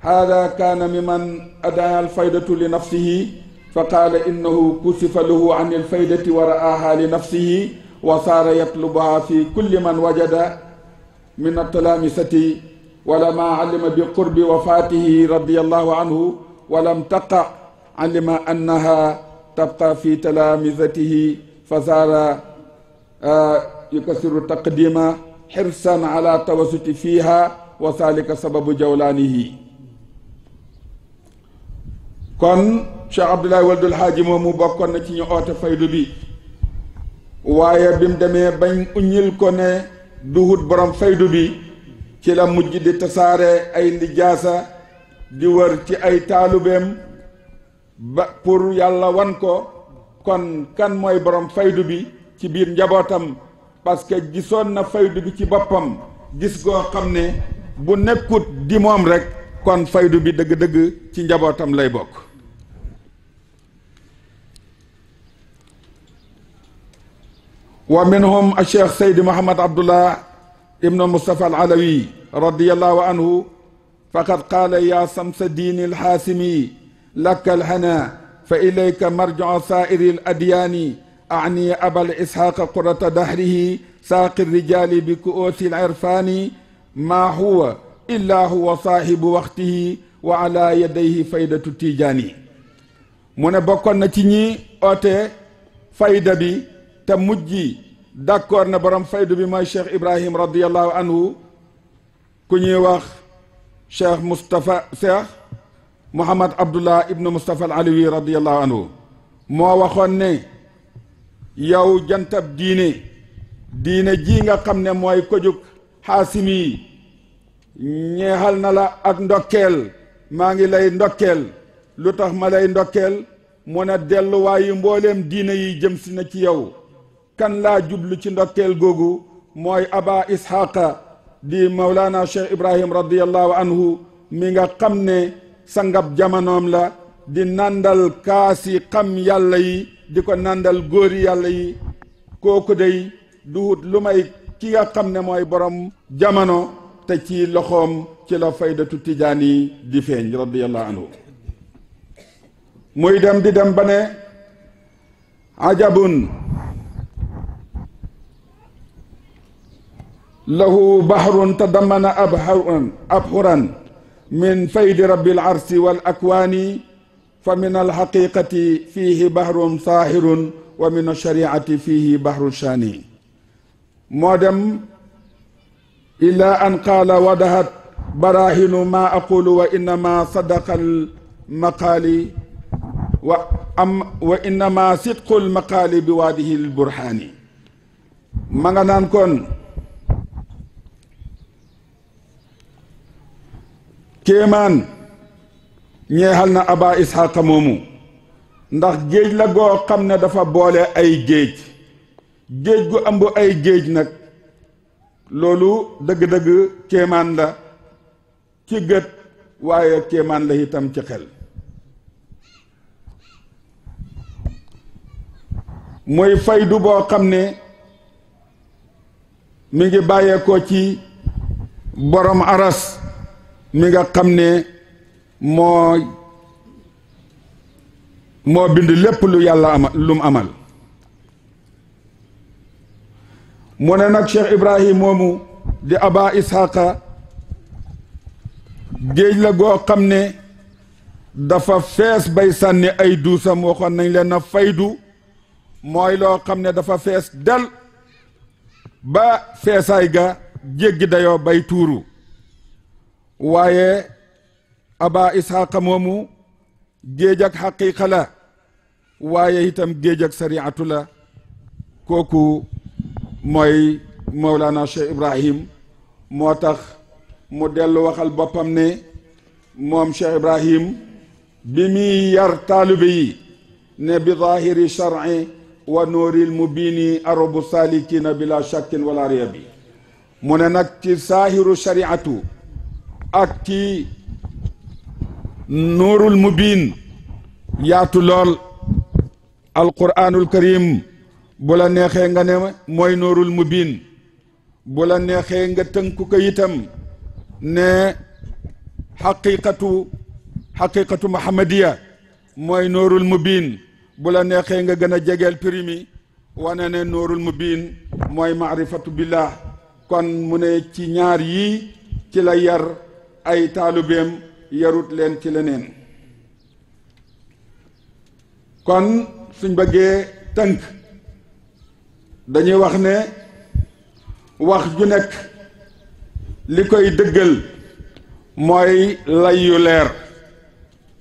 haada kaana miman adaa alfaydatu li nafsihi fa qaala innahu kusifa lahu an alfaydati wa ra'aaha li nafsihi wa saara yatlubuha fi kulli man wajada min atalaamisati wala ma allima bi qurbi wafaatihi radiallahu anhu walam taqa alima annaha kon Cheikh Abdoulaye Waladul Haaji moomu bokkoon na ci ñu oote faydu bi waaye bi demee bañ uññil ko ne duhut borom faydu bi ci la mujj di tasaare ay ndijaasa di wër ci ay taalubeem ba pour yàlla wan ko kon kan mooy borom faydu bi ci biir njabootam parce gisoon na faydu bi ci boppam gis goo xam ne bu nekkut di moom rekk kon faydu bi dëgg-dëgg ci njabootam lay bokk wa minhum a cheikh saydi mohamad abdullah ibnu mustapha alawi radiallahu anhu faqad qaala ya samsa diini alxaasimi لك الهنا فإليك مرجع سائر الأديان أعني أبا الإسحاق قرة دهره ساق الرجال بكؤوس العرفان ما هو إلا هو صاحب وقته وعلى يديه فاydatu tijaani mu ne bokkoon na ci ñi oote fayda bi te mujj d'accord na borom faydu bi mooy cheikh ibrahim radiallahu anhu ku ñuy wax cheikh moustapha cheikh Mouhamad Abdullah ibnu Moustapha al Alawi radiallahu moo waxoon ne yow jantab diine diine jii nga xam ne mooy kojug xaasim yi ñeexal na la ak ndokkeel maa ngi lay ndokkeel lu tax ma lay ndokkeel mu ne delluwaayu mbooleem diine yi jëm si na ci yow kan laa jublu ci ndokkeel googu mooy aba isxaaqa di mawlaana cheikh ibrahim radiallahu anhu mi nga xam ne sangab jamonoom la di nandal kaasi xam yàlla yi di ko nandal góor yàlla yi kooku day duhut lu may ki nga xam ne mooy boroom jamono te ci loxoom ci la faydatu tijaan yi di feeñ radiyallahu muy dem di dem ba ne ajabun lahu bahrun tadammana abhuran abhuran من فيض رب العرس والأكوان فمن الحقيقة فيه بحر صاهر ومن الشريعة فيه بحر شاني مودم إلى أن قال ودهت براهن ما أقول وإنما صدق المقال وأم وإنما صدق المقال بواده البرهاني ما نكون kéemaan ñeexal na aba isxaaqa moomu ndax géej la goo xam ne dafa boole ay géej géej gu ëmb ay géej nag loolu dëgg-dëgg kéemaan la ci gët waaye kéemaan la itam ci xel mooy faydu boo xam ne mi ngi bàyyeekoo ci boroom aras mi nga xam ne moo moo bind lépp lu yàlla ama lu mu amal mu ne nag Cheikh Ibrahim moomu di Aba Ishaqa géej la goo xam ne dafa fees bay sànni ay duusam waxoon nañ leen na faydu mooy loo xam ne dafa fees del ba feesaay ga jéggi dayoo bay tuuru waaye aba isxaaqa moomu géej ak la waaye itam géej ak sariatu la kooku mooy Mawlana Cheikh Ibrahim moo tax mu dellu waxal boppam ne moom Cheikh Ibrahim bi muy yar taalibe yi ne bi zahiri shar'i wa nuuril mubiini arabu salikina bila shakkin wala riya mu ne nag ci saahiru shariatu ak ci nuurul mubiin yaatu lool alquraanul karim bu la neexee nga ne mooy nuurul mubiin bu la neexee nga tënku ko ne xaqiqatu xaqiqatu muhammadiya mooy nuurul mubiin bu la neexee nga gën a jegeel primi wane ne nuurul mubiin mooy maarifatu billah kon mu ne ci ñaar yii ci la yar ay taalubeem yarut leen ci leneen kon suñ bëggee tënk dañuy wax ne wax ju nekk li koy dëggal mooy lay leer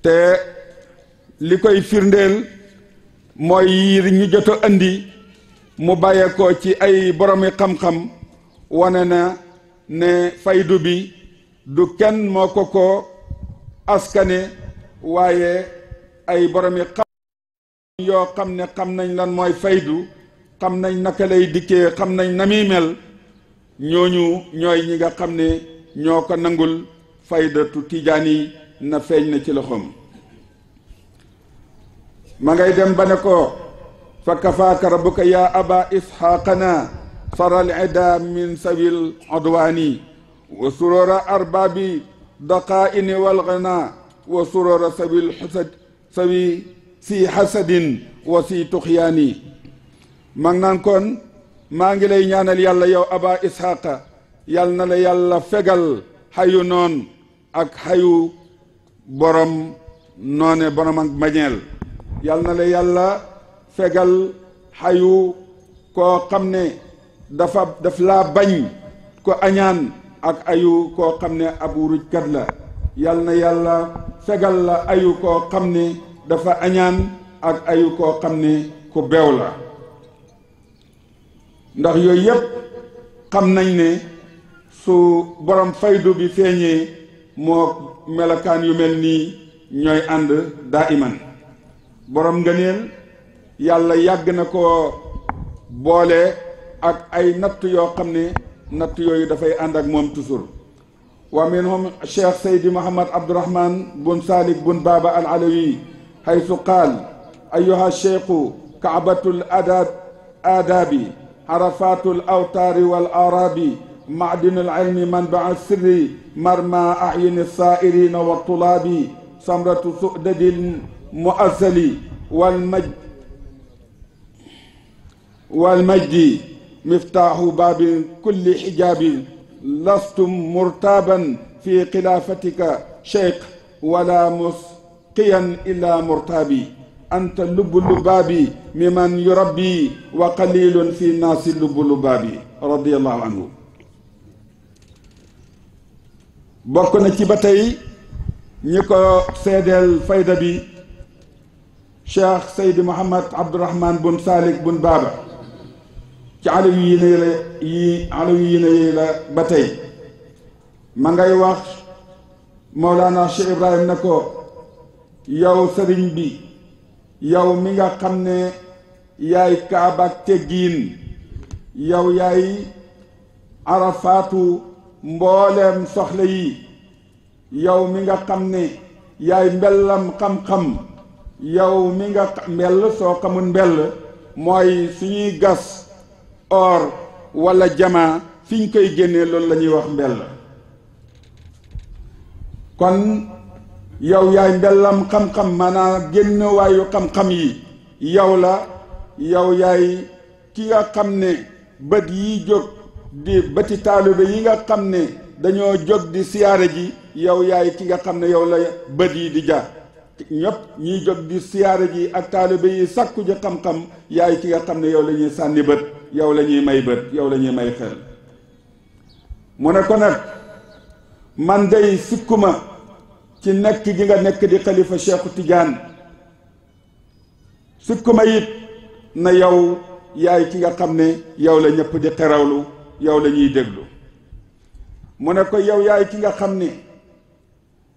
te li koy firndeel mooy yi ñu jot a andi mu bàyyeekoo ci ay boromi xam-xam wane na ne faydu bi du kenn moo ko ko askane waaye ay boromi xam yoo xam ne xam nañ lan mooy faydu xam nañ naka lay dikkee xam nañ na muy mel ñooñu ñooy ñi nga xam ne ñoo ko nangul faydatu tijaan yi na feeñ na ci loxoom ma ngay dem ba ne ko fa kafaaka rabbuka yaa aba isxaaqana faral ida min sawil odwaani wa surora arbaabi daqaaini walgana wa surora sawi xasad sawi si xasadin wa si tuxyaani mag naan kon maa ngi lay ñaanal yàlla yow aba isxaqa yàll na la yàlla fegal xayu noon ak xayu borom noone borom ak mañeel yàll na yàlla fegal xayu koo xam ne dafa daf laa bañ ko añaan ak ayu koo xam ne ab wurujkat la yal na yàlla fegal la ayu koo xam ne dafa añaan ak ayu koo xam ne ku beew la ndax yooyu yépp xam nañ ne su borom faydu bi feeñee moo melokaan yu mel nii ñooy ànd daa iman borom ngëneel yàlla yàgg na ko boole ak ay natt yoo xam ne natt yooyu dafay ànd ak moom toujours wa minhum cheikh saydi mohamad abdourahman bun salik bun baba al alawi haythu qaal ayyuha cheikhu kaabatul adab aadabi arafatul awtaari wal arabi maadinul ilmi manbaa sirri marma ahyuni saa'irina wa tulaabi samratu sudadil muazzali wal majd wal majdi miftaaxu baabi kulli xijaabi lastum murtaaban fi xilaafatika cheikh wala musqiyan illa murtaabi anta lubbulu baabi miman yurabbi wa qalilun fi naasi lubbulu baabi radiallahu anhu bokk na ci ba tey ñi ko seedeel fayda bi cheikh saydi mohamad abdourahman bun saalik bun baaba ci alawi yi la yi alawi yi la ba tey ma ngay wax Mawlana Cheikh Ibrahim na ko yow sëriñ bi yow mi nga xam ne yaay kaabak teggiin yow yaay arafaatu mbooleem soxla yi yow mi nga xam ne yaay mbellam xam-xam yow mi nga mbell soo xamul mbell mooy suñuy gas or wala jamaa fi ñu koy génnee loolu la ñuy wax mbell kon yow yaay mbellam xam-xam maanaam génn xam-xam yi yow la yow yaay ki nga xam ne bët yi jóg di bëti taalibe yi nga xam ne dañoo jóg di siyaare ji yow yaay ki nga xam ne yow la bët yi di jaar ñëpp ñiy jóg di siyaare ji ak taalibe yi sàkku xam-xam yaay ki nga xam ne yow lañuy ñuy sànni bët yow lañuy ñuy may bët yow lañuy may xel mu ne ko nag man dey sikkuma ci nekk gi nga nekk di xalifa Cheikhu Tidiane sikkuma it na yow yaay ki nga xam ne yow la ñëpp di xerawlu yow lañuy ñuy déglu mu ne ko yow yaay ki nga xam ne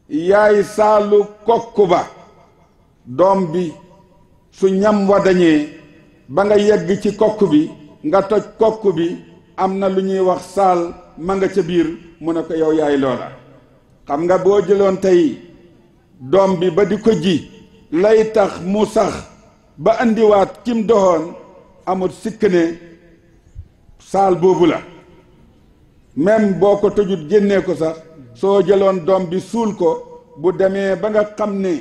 yaay saalu kokku ba doom bi su ñam wa ba nga yegg ci kokk bi nga toj kokk bi am na lu ñuy wax saal ma nga ca biir mu ne ko yow yaay loola xam nga boo jëloon tey doom bi ba di ko ji lay tax mu sax ba andiwaat kim doxoon amut sikk ne saal boobu la même boo ko tojut génnee ko sax soo jëloon doom bi suul ko bu demee ba nga xam ne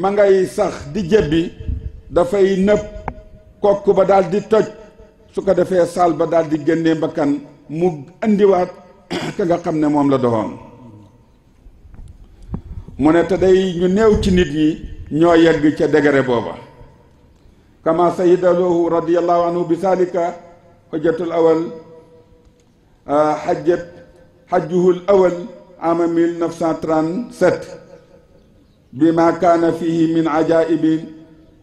ma ngay sax di jébbi dafay nëb kokk ba daldi toj su ko defee saal ba daal di génnee bakkan mu indiwaat ka nga xam ne moom la doxoon mu ne te day ñu néew ci nit ñi ñoo yegg ca degré booba kama sayidaloohu radiallahu anhu bi salika hujjatul awal hajjat hajjuhul awal bi ma kaana fihi min ajaibi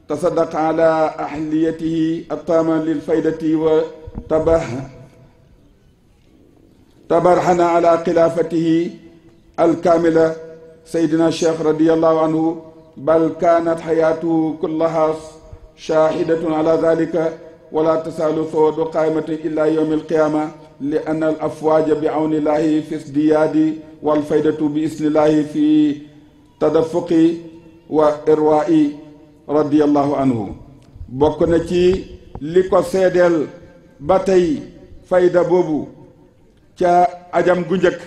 tasaddaq ala ahliyatihi attaama lil faydati wa tabah tabarhana ala xilaafatihi alkaamila saydina cheikh radiallahu anhu bal kaanat xayaatuhu kullaha shaahidatun ala dalika wala tasaalu sawadu qaaimatin ila yowmi alqiyaama li anna al afwaaja bi awnillahi fi sdiyaadi walfaydatu bi isnillahi fi tadafuqi wa irwaa'i radiyallahu anhu bokk na ci li ko seedeel ba tey fayda boobu ca ajam gu njëkk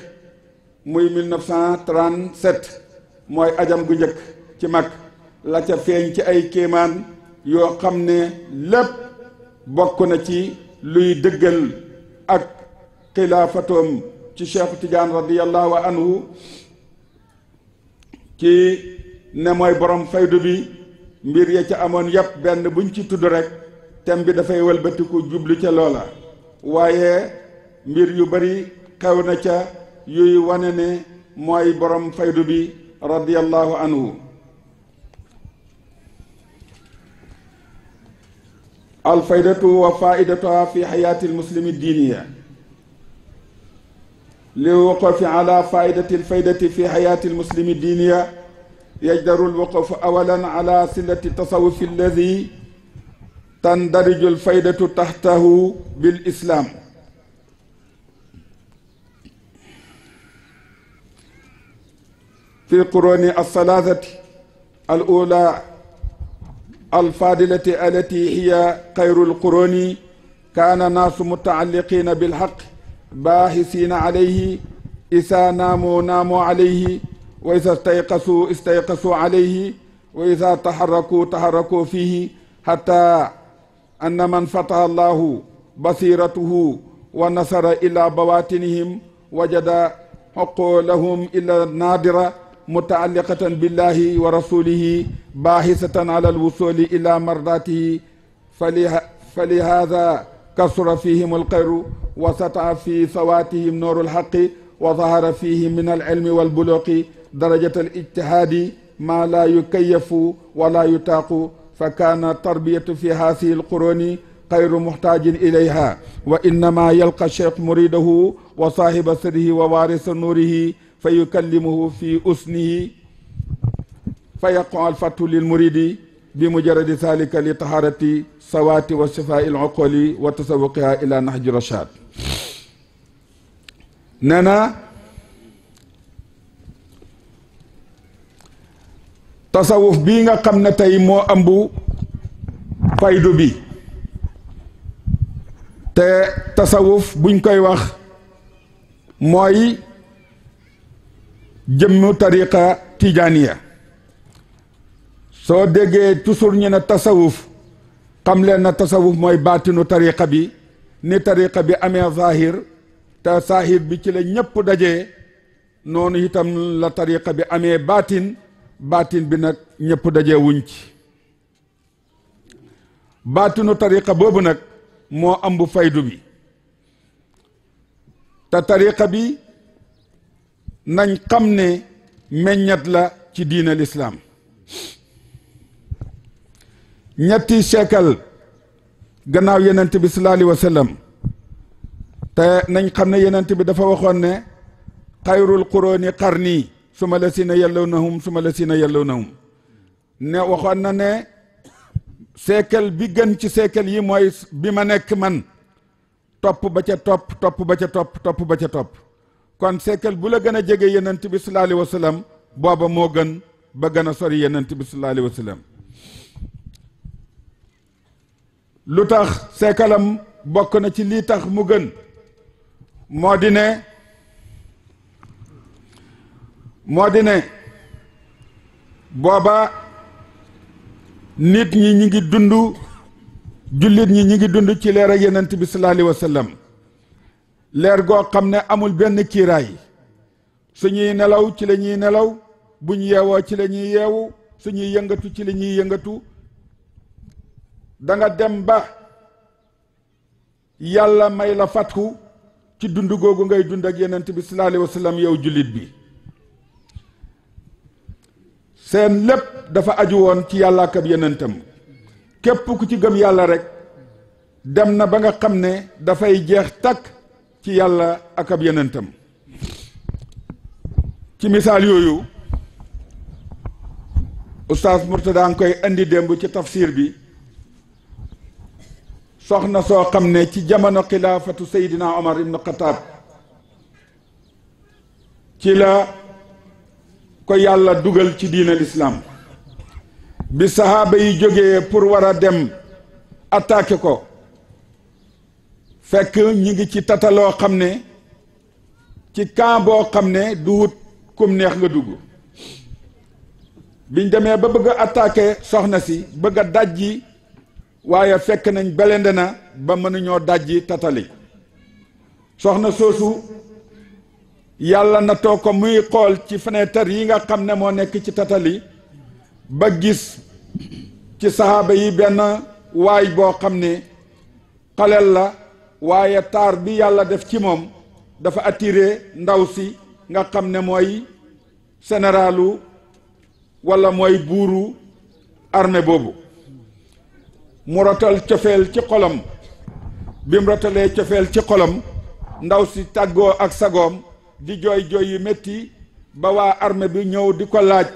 muy 1937 mooy ajam gu njëkk ci mag la ca feeñ ci ay kéemaan yoo xam ne lépp bokk na ci luy dëggal ak xilaafatoom ci Cheikh Tidiane radiyallahu anhu ci ne mooy borom faydu bi mbir ya ca amoon yépp benn buñ ci tudd rek tem bi dafay wëlbatiku jublu ca loola waaye mbir yu bari xew na ca yuy wane ne mooy borom faydu bi radiyallahu anhu alfaydatu wa faidatuha fi xayaati almuslimi diiniya li wuqufi ala faidati alfaydati fi xayaati almuslimi diiniya يجدر الوقوف أولا على صلة التصوف الذي تندرج الفائدة تحته بالإسلام في القرون الثلاثة الأولى الفاضلة التي هي خير القرون كان الناس متعلقين بالحق باحثين عليه إذا ناموا ناموا عليه wa ida stayqasuu istayqasuu alayhi wa ida taxarrakuu taxarrakuu fiihi xata anna man fataha allahu basiratuhu wa nasara ila bawatinihim wajada xuqulahum ila naadira mutaalliqatan billahi wa rasulihi baaxisatan ala alwusuli ila mardatihi fali falihada kasura fihim alxayru wa sataa fi sawatihim nooru alxaqi wa zahara fihim min alilmi walbuluqi darajat al ijtihaadi maa laa yukayafu wala yutaaqu fa kaana tarbiyatu fi haasihi alquroni xayru muxtaajin ilayha wa innama yalqa cheikh muridahu wa saahiba sirrihi wa waarisa nuurihi fa yukallimuhu fi usnihi fa yaqu alfatu lilmuridi bi mujaradi zalika li taharati sawaati wa shifaai alcuquli wa tasawuqiha ila nahji rachad nee na tasawuf bii nga xam na tey moo ëmb faydu bi te tasawuf buñ koy wax mooy jëmmu tariqa tijaaniya soo déggee toujours ñu ne tasawuf xam leen na tasawuf mooy baatinu tariqa bi ni tariqa bi amee zahir te zahir bi ci la ñëpp dajee noonu itam la tariqa bi amee baatin baatin bi nag ñëpp daje wuñ ci baatinu tariqa boobu nag moo ëmb faydu bi te tariqa bi nañ xam ne meññat la ci diina lislaam ñetti seekal gannaaw yenent bi sallallahu alayhi te nañ xam ne yenent bi dafa waxoon ne xayrul qurooni qarni suma la si na yellow nahum suma la si na yellow nahum ne waxoon na ne seekal bi gën ci seekal yi mooy bi ma nekk man topp ba ca topp topp ba ca topp topp ba ca topp kon seekal bu la gën a jege yenent bi sallallahu alayhi wa booba moo gën ba gën a sori yenent bi sallallahu alayhi wa lu tax seekalam bokk na ci lii tax mu gën moo di ne moo di ne booba nit ñi ñi ngi dund jullit ñi ñi ngi dund ci leer ak yenent bi sallallahu alayhi leer goo xam ne amul benn kiiraay suñuy nelaw ci lañuy ñuy nelaw buñ yeewoo ci la ñuy yeewu suñuy yëngatu ci la ñuy yëngatu da dem ba yàlla may la fatku ci dund googu ngay dund ak yenent bi sallallahu alayhi wa yow jullit bi seen lépp dafa aju woon ci yàlla ak yonentam képp ku ci gëm yàlla rek dem na ba nga xam ne dafay jeex takk ci yàlla ak yonentam ci misaal yooyu oustaz daa nga koy indi démb ci tafsir bi soxna soo xam ne ci jamono xilaafatu Seydina Omar ibn Khattab ci la ko yàlla dugal ci diina lislaam bi sahaaba yi jógee pour war a dem attaqué ko fekk ñu ngi ci tataloo xam ne ci camp boo xam ne du wut kum neex nga dugg biñ demee ba bëgg a soxna si bëgg a dajji waaye fekk nañ belende na ba mënuñoo dajji tatali soxna soosu yàlla na too ko muy xool ci fenêtre yi nga xam ne moo nekk ci tatali ba gis ci saxaaba yi benn waay boo xam ne xaleel la waaye taar bi yàlla def ci moom dafa attiré ndaw si nga xam ne mooy sénéralu walla mooy buuru armée boobu mu rotal cofeel ci xolam bi mu rotalee cofeel ci xolam ndaw si tàggoo ak sagoom di jooy jooy yu métti ba waa armée bi ñëw di ko laaj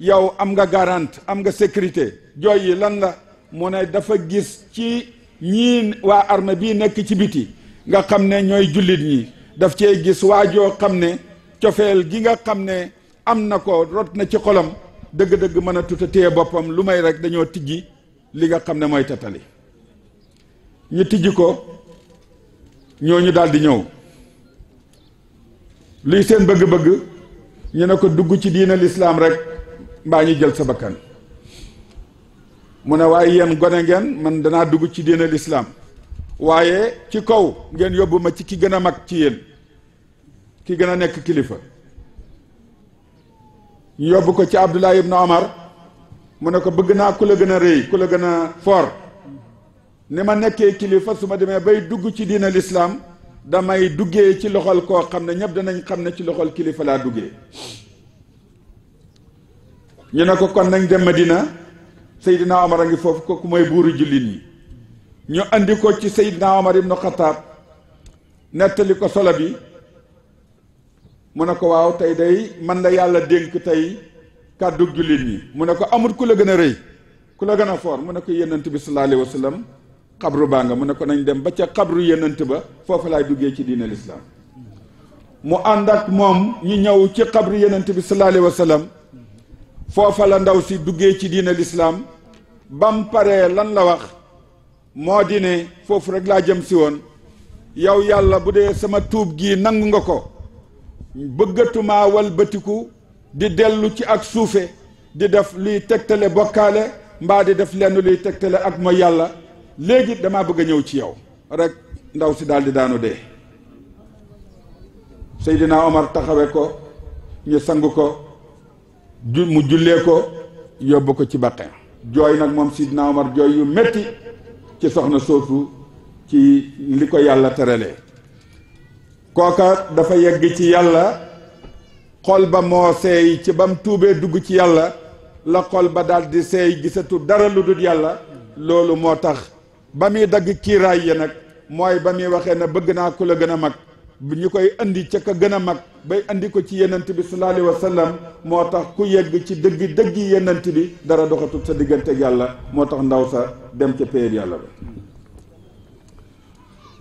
yow am nga garant am nga sécurité jooy yi lan la mu ne dafa gis ci ñii waa armée bii nekk ci biti nga xam ne ñooy jullit ñi daf cee gis waa joo xam ne cofeel gi nga xam ne am na ko rot na ci xolam dëgg-dëgg mën a tuta boppam lu may rek dañoo tijji li nga xam ne mooy tatali ñu tijji ko ñooñu daal di ñëw luy seen bëgg-bëgg ñu ne ko dugg ci diina lislaam rek mbaa ñu jël sa bakkan mu ne waaye yéen gone ngeen man danaa dugg ci diina lislaam waaye ci kaw ngeen yóbbu ma ci ki gën a mag ci yéen ki gën a nekk kilifa ñu yóbbu ko ci Abdullah ibn Omar mu ne ko bëgg naa ku la gën a rëy ku la gën a foor ni ma nekkee kilifa su ma demee bay dugg ci diina lislaam damay duggee ci loxol koo xam ne ñëpp danañ xam ne ci loxol kilifa laa duggee ñu ne ko kon nañ dem dina Seydina Omar a ngi foofu kooku mooy buuru jullit yi ñu andi ko ci Seydina Omar ibnu Xataab nettali ko solo bi mu ne ko waaw tey day man la yàlla dénk tey kàddu jullit ñi mu ne ko amul ku la gën a rëy ku la gën a foor mu ne ko yonent bi sallallahu alayhi xabru baa nga mu ne ko nañ dem ba ca xabru yenant ba foofu laay duggee ci diine lislaam mu ànd ak moom ñu ñëw ci xabru yenant bi sallallahu alayhi foofa la ndaw si duggee ci diine lislaam bam paree lan la wax moo di ne foofu rek laa jëm si woon yow yàlla bu dee sama tuub gii nangu nga ko bëggatumaa walbatiku di dellu ci ak suufe di def luy tegtale bokkaale mbaa di def lenn luy tegtale ak mooy yàlla léegi damaa bëgg a ñëw ci yow rek ndaw si daal di daanu dee Seydina Omar taxawe ko ñu sang ko ju mu jullee ko yóbbu ko ci baqin jooy nag moom Seydina Omar jooy yu metti ci soxna soosu ci li ko yàlla teralee kooka dafa yegg ci yàlla xol ba moo seey ci bam tuubee dugg ci yàlla la xol ba daal di seey gisatu dara lu dul yàlla loolu moo tax ba muy dagg kiiraay ya nag mooy ba muy waxee ne bëgg naa ku la gën a mag ñu koy indi ca ka gën a mag bay indi ko ci yenant bi sallallahu alayhi wa sallam moo tax ku yegg ci dëgg dëgg yenant bi dara doxatul sa diggante ak yàlla moo tax ndaw sa dem ca péer yàlla ba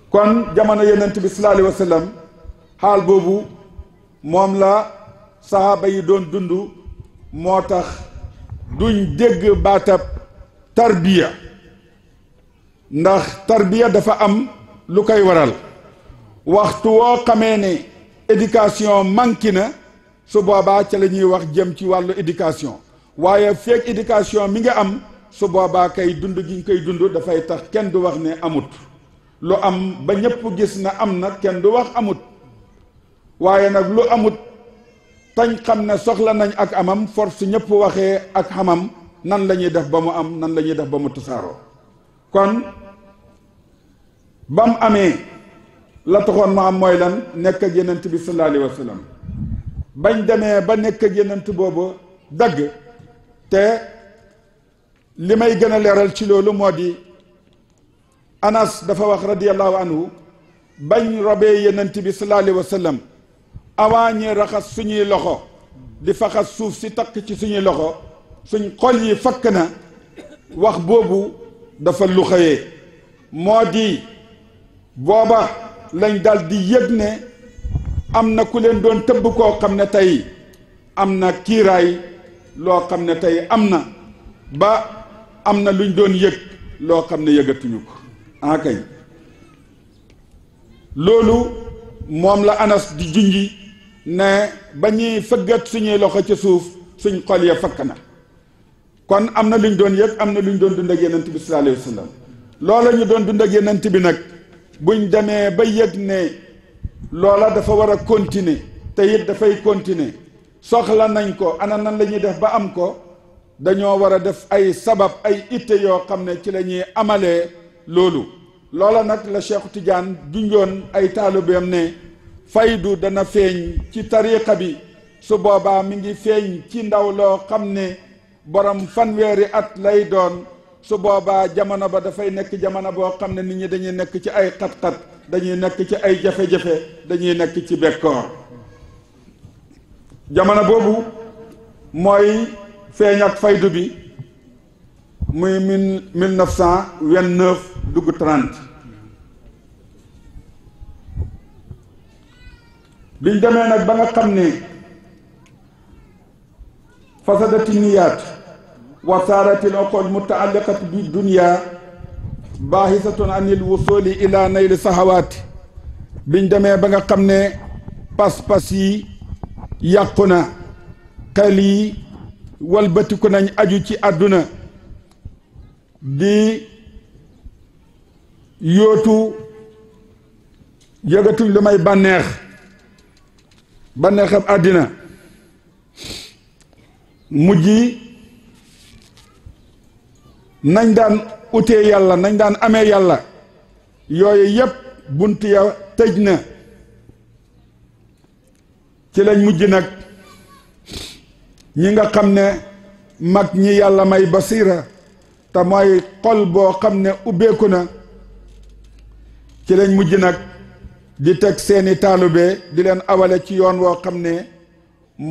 kon jamono yenant bi sallallahu alayhi wa sallam xaal boobu moom la sahaaba yi doon dund moo tax duñ dégg baatab tarbiya ndax tarbiya dafa am lu koy waral waxtu woo xamee ne éducation manqué na su boobaa ca la ñuy wax jëm ci wàllu éducation waaye feeg éducation mi nga am su boobaa kay dund gi koy dund dafay tax kenn du wax ne amut lu am ba ñépp gis na am nag kenn du wax amut waaye nag lu amut tañ xam ne soxla nañ ak amam force ñépp waxee ak xamam nan lañuy def ba mu am nan la ñuy def ba mu tasaaroo kon ba mu amee la taxoon ma am mooy lan nekk ak yenent bi sallallahu alayhi bañ demee ba nekk ak boobu dagg te li may gën a leeral ci loolu moo di anas dafa wax radiallahu anhu bañ robee yenent bi sallallahu alayhi wa sallam avant ñi raxas suñuy loxo di faxas suuf si takk ci suñuy loxo suñ xol yi fakk na wax boobu dafa lu xëyee moo di booba lañ daldi di yëg ne am na ku leen doon tëbb koo xam ne tey am na kiiraay loo xam ne tey am na ba am na luñ doon yëg loo xam ne yëgatuñu ko ah kay loolu moom la anas di junji ne ba ñuy fëggat suñuy loxo ci suuf suñ xol ya fakk na kon am na lu ñu doon yëg am na lu ñu doon dund ak yenent bi sallallahu alayhi loola ñu doon dund ak bi nag buñ demee ba yëg ne loola dafa war a continuer te it dafay continuer soxla nañ ko ana nan la ñuy def ba am ko dañoo war a def ay sabab ay itte yoo xam ne ci la ñuy amalee loolu loola nag la Cheikh Tidiane junjoon ay taalibeem ne faydu dana feeñ ci tariqa bi su boobaa mi ngi feeñ ci ndaw loo xam ne borom fanweeri at lay doon su boobaa jamono ba dafay nekk jamono boo xam ne nit ñi dañuy nekk ci ay xat-xat dañuy nekk ci ay jafe-jafe dañuy nekk ci bekkoor jamono boobu mooy feeñ ak faydu bi muy mille mille neuf cent vingt-neuf dugg trente biñ demee nag ba nga xam ne fasadati niyaat wa saarati l oqol mutaalliqatu bi dunia baaxisatun anil wusuli ila nayli sahawaati biñ demee ba nga xam ne pas-pas yi yàqu na xel yi walbatiku nañ aju ci àdduna di yootu yëgatuñ lu may bànneex bànneexam àddina mujj nañ daan utee yàlla nañ daan amee yàlla yooyu yépp bunt ya tëj na ci lañ mujj nag ñi nga xam ne mag ñi yàlla may basiira te mooy xol boo xam ne ubbeeku na ci lañ mujj nag di teg seeni taalube di leen awale ci yoon woo xam ne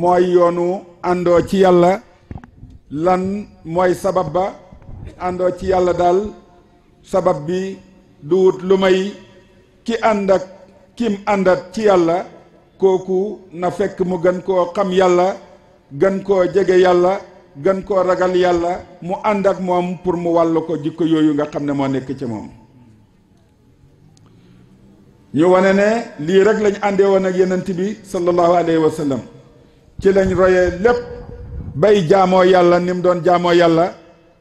mooy yoonu àndoo ci yàlla lan mooy sabab ba àndoo ci yàlla daal sabab bi du lu may ki ànd ak kim àndat ci yàlla kooku na fekk mu gën koo xam yàlla gën koo jege yàlla gën koo ragal yàlla mu ànd ak moom pour mu wàll ko jikko yooyu nga xam ne moo nekk ci moom ñu wane ne lii rek lañ àndee woon ak yenent bi sallallahu alayhi wa ci lañ royee lépp bay jaamoo yàlla ni mu doon jaamoo yàlla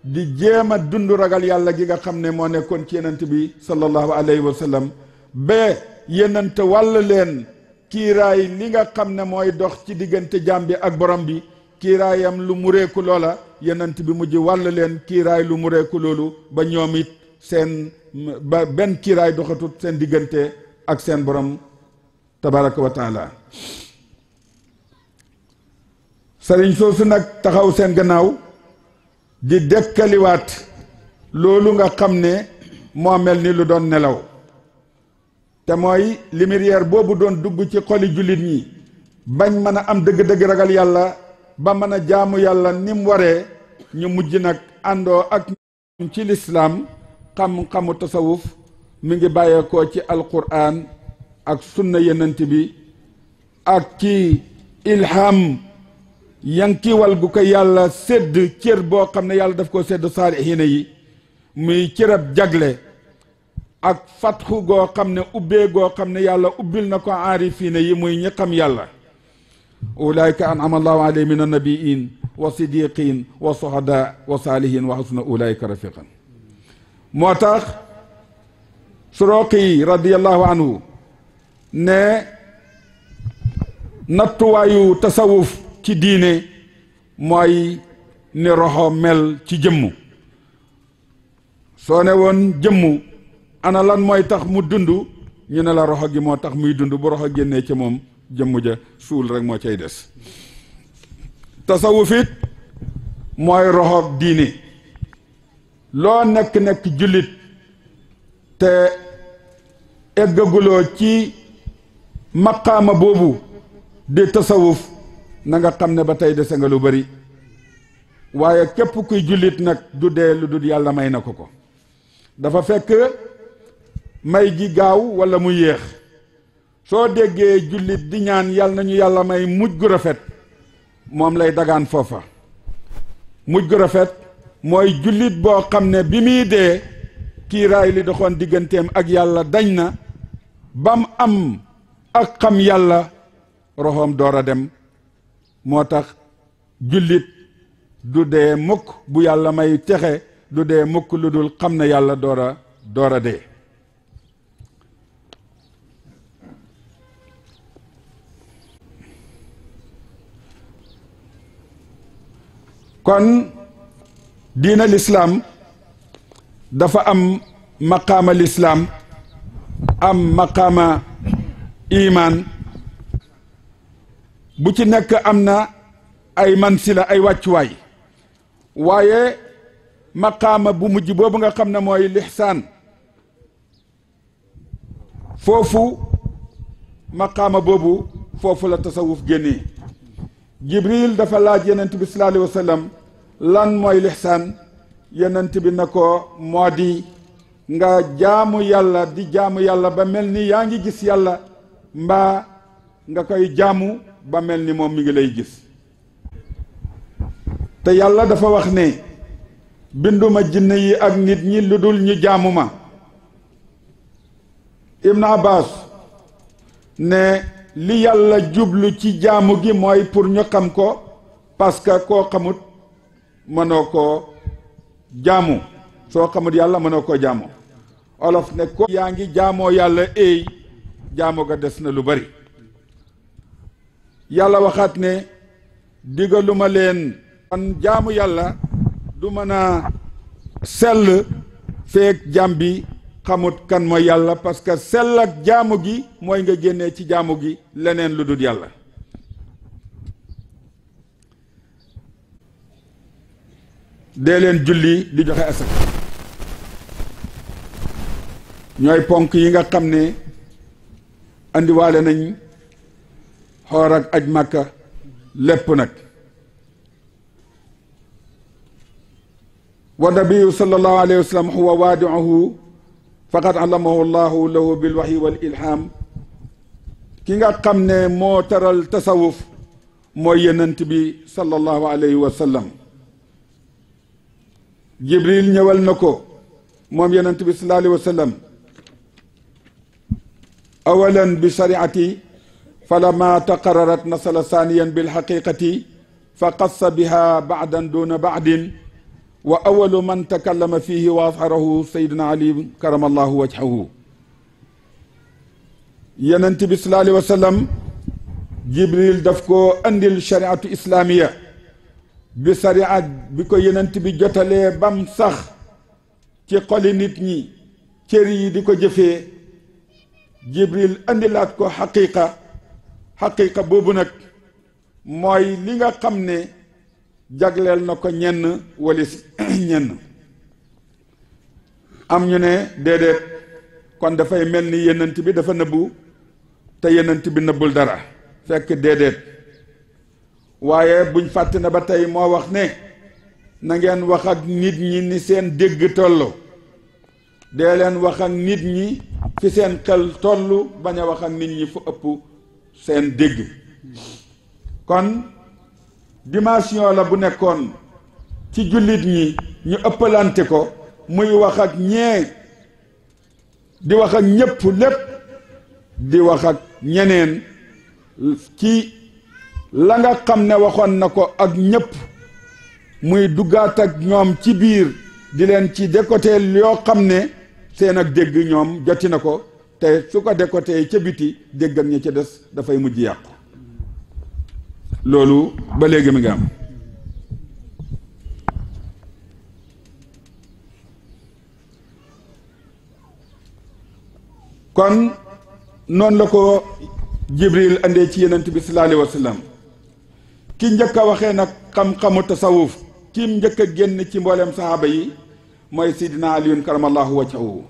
di jéem a dund ragal yàlla gi nga xam ne moo nekkoon ci yenant bi sallallahu alayhi wa sallam ba yenant wàll leen kiiraay li nga xam ne mooy dox ci diggante jaam bi ak borom bi kiiraayam lu mureeku loola yenant bi mujj wàll leen kiiraay lu mureeku loolu ba ñoom it seen ba benn kiiraay doxatut seen diggante ak seen borom tabaraka wa taala sëriñ soosu nag taxaw seen gannaaw di dëkkaliwaat loolu nga xam ne moo mel ni lu doon nelaw te mooy lumière boobu doon dugg ci xoli jullit ñi bañ mën a am dëgg-dëgg ragal yàlla ba mën a jaamu yàlla ni waree ñu mujj nag àndoo ak ci lislaam xam-xamu tasawuf mi ngi bàyyeekoo ci alquran ak sunna yenant bi ak ci ilham yankiwal gu ko yàlla sédd cër boo xam ne yàlla def ko sédd saalihiina yi muy cërab jagle ak fatxu goo xam ne ubbee goo xam ne yàlla ubbil na ko aarifiina yi muy ñi xam yàlla ulaayka an allahu aleyhim min annabiin wa siddiqin wa sohada wa saalihin wa xasuna ulaayka rafiqan moo tax surooqi radiallahu anhu ne nattuwaayu tasawuf ci diine mooy ni roxo mel ci jëmm soo ne woon jëmm analan mooy tax mu dund ñu ne la roxo gi moo tax muy dund bu roxo génnee ci moom jëmm ja suul rek moo cay des tasawuf it mooy roxo diine loo nekk-nekk jullit te eggaguloo ci maqaama boobu di tasawuf na nga xam ne ba tey dese nga lu bari waaye képp kuy jullit nag du dee lu dul yàlla may na ko ko dafa fekk may gi gaaw wala mu yéex soo déggee jullit di ñaan yàlla nañu yàlla may mujj gu rafet moom lay dagaan foofa mujj gu rafet mooy jullit boo xam ne bi muy dee kiiraay li doxoon digganteem ak yàlla dañ na bam am ak xam yàlla roxoom door a dem moo tax jullit du dee mukk bu yàlla may texe du dee mukk lu dul xam na yàlla door a dee kon diina lislaam dafa am maqaama lislaam am maqaama imaan bu ci nekk am na ay mansila ay wàccuwaay waaye maqaama bu mujj boobu nga xam ne mooy lixsaan foofu maqaama boobu foofu la tasawuf génnee jibril dafa laaj yenent bi sallallahu alayhi lan mooy lixsaan yenent bi na ko moo di nga jaamu yàlla di jaamu yàlla ba mel ni yaa ngi gis yàlla mbaa nga koy jaamu ba mel ni moom mi ngi lay gis te yàlla dafa wax ne binduma jinne yi ak nit ñi lu dul ñu jaamu ma na baas ne li yàlla jublu ci jaamu gi mooy pour ñu xam ko parce que koo xamut mënoo koo jaamu soo xamut yàlla mënoo koo jaamu olof ne ko yaa ngi jaamoo yàlla éey jaamu ga des na lu bari yàlla waxaat ne digaluma leen man jaamu yàlla du mën a sell feek jaam bi xamut kan mooy yàlla parce que sell ak jaamu gi mooy nga génnee ci jaamu gi leneen lu dul yàlla dee leen julli di joxe asak ñooy ponk yi nga xam ne andiwaale nañ xoor ak aj màkka lépp nag wa nabiyu sallallahu alayhi wa sallam huwa waadiuhu faqad allamahu llahu lahu bilwaxyi wal ilham ki nga xam ne moo taral tasawuf mooy yenant bi sallallahu alayhi wa sallam jibril ñëwal na ko moom yenant bi sallallahu alayhi wa sallam awalan bi shariati فلما تقررت نصل ثانيا بالحقيقة فقص بها بعدا دون بعد وأول من تكلم فيه وأظهره سيدنا علي كرم الله وجهه yenent bi sallallahu alayhi wa sallam jibril daf ko andil shariatu islaamiya bi shariat bi ko yenent bi jotalee bam sax ci xoli nit ñi cër yi di ko jëfee jibril andilaat ko xaqiiqa xaqiqa boobu nag mooy li nga xam ne jagleel na ko ñenn walis ñenn am ñu ne déedéet kon dafay mel ni yenant bi dafa nëbbu te yenant bi nëbbul dara fekk déedéet waaye buñ fàtte ne ba tey moo wax ne nangeen ngeen wax ak nit ñi ni seen dégg tollu dee leen wax ak nit ñi fi seen xel tollu bañ a wax ak nit ñi fu ëpp seen dégg kon dimension la bu nekkoon ci jullit ñi ñu ëppalante ko muy wax ak ñee di wax ak ñëpp lépp di wax ak ñeneen ci la nga xam ne waxoon na ko ak ñépp muy duggaat ak ñoom ci biir di leen ci dékoteel yoo xam ne seen ak dégg ñoom jotti na ko te su ko de décotee ca biti dégg ña ca des dafay mujj yàqu loolu ba léegi mi ngi am kon noonu la ko jibril indee ci yenent bi sallallahu alayhi wa ki njëkk a waxee nag xam-xamu tasawuf kim njëkk a génn ci mboolem sahaaba yi mooy sidina aliyun karamallahu wajhahu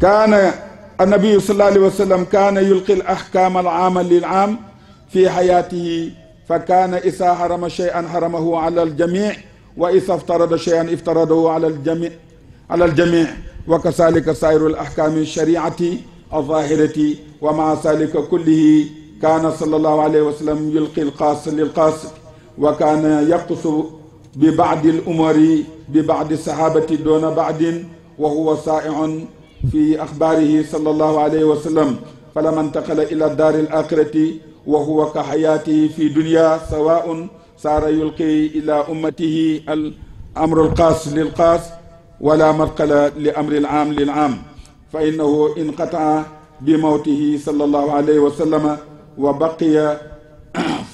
kaana annabiyu sallallahu alayhi wa sallam kaana yulqi al ahkaam al aama lil aam fi xayaatihi fa kaana isaa xarama cheyan xaramahu ala aljami wa isaa iftarada cheyan iftaradahu ala aljami ala aljami wa kasalika sairu al ahkaami alshariati alzahirati wa maa salika kullihi kaana sallallahu alayhi wa sallam yulqi alqaas lilqaas wa kaana yaqusu bi badi al umari bi badi sahabati doona badin wa huwa saa'iun fi axbaarihi sallallahu alayhi wa sallam falama intaqala ila daari al axirati wa huwa ka xayaatihi fi dunia sawaun saara yulqi ila ummatihi al amru al xaas lil xaas wala madxala li amri al aam lil aam fa innahu inqataa bi mawtihi sallallahu alayhi wa sallama wa baqiya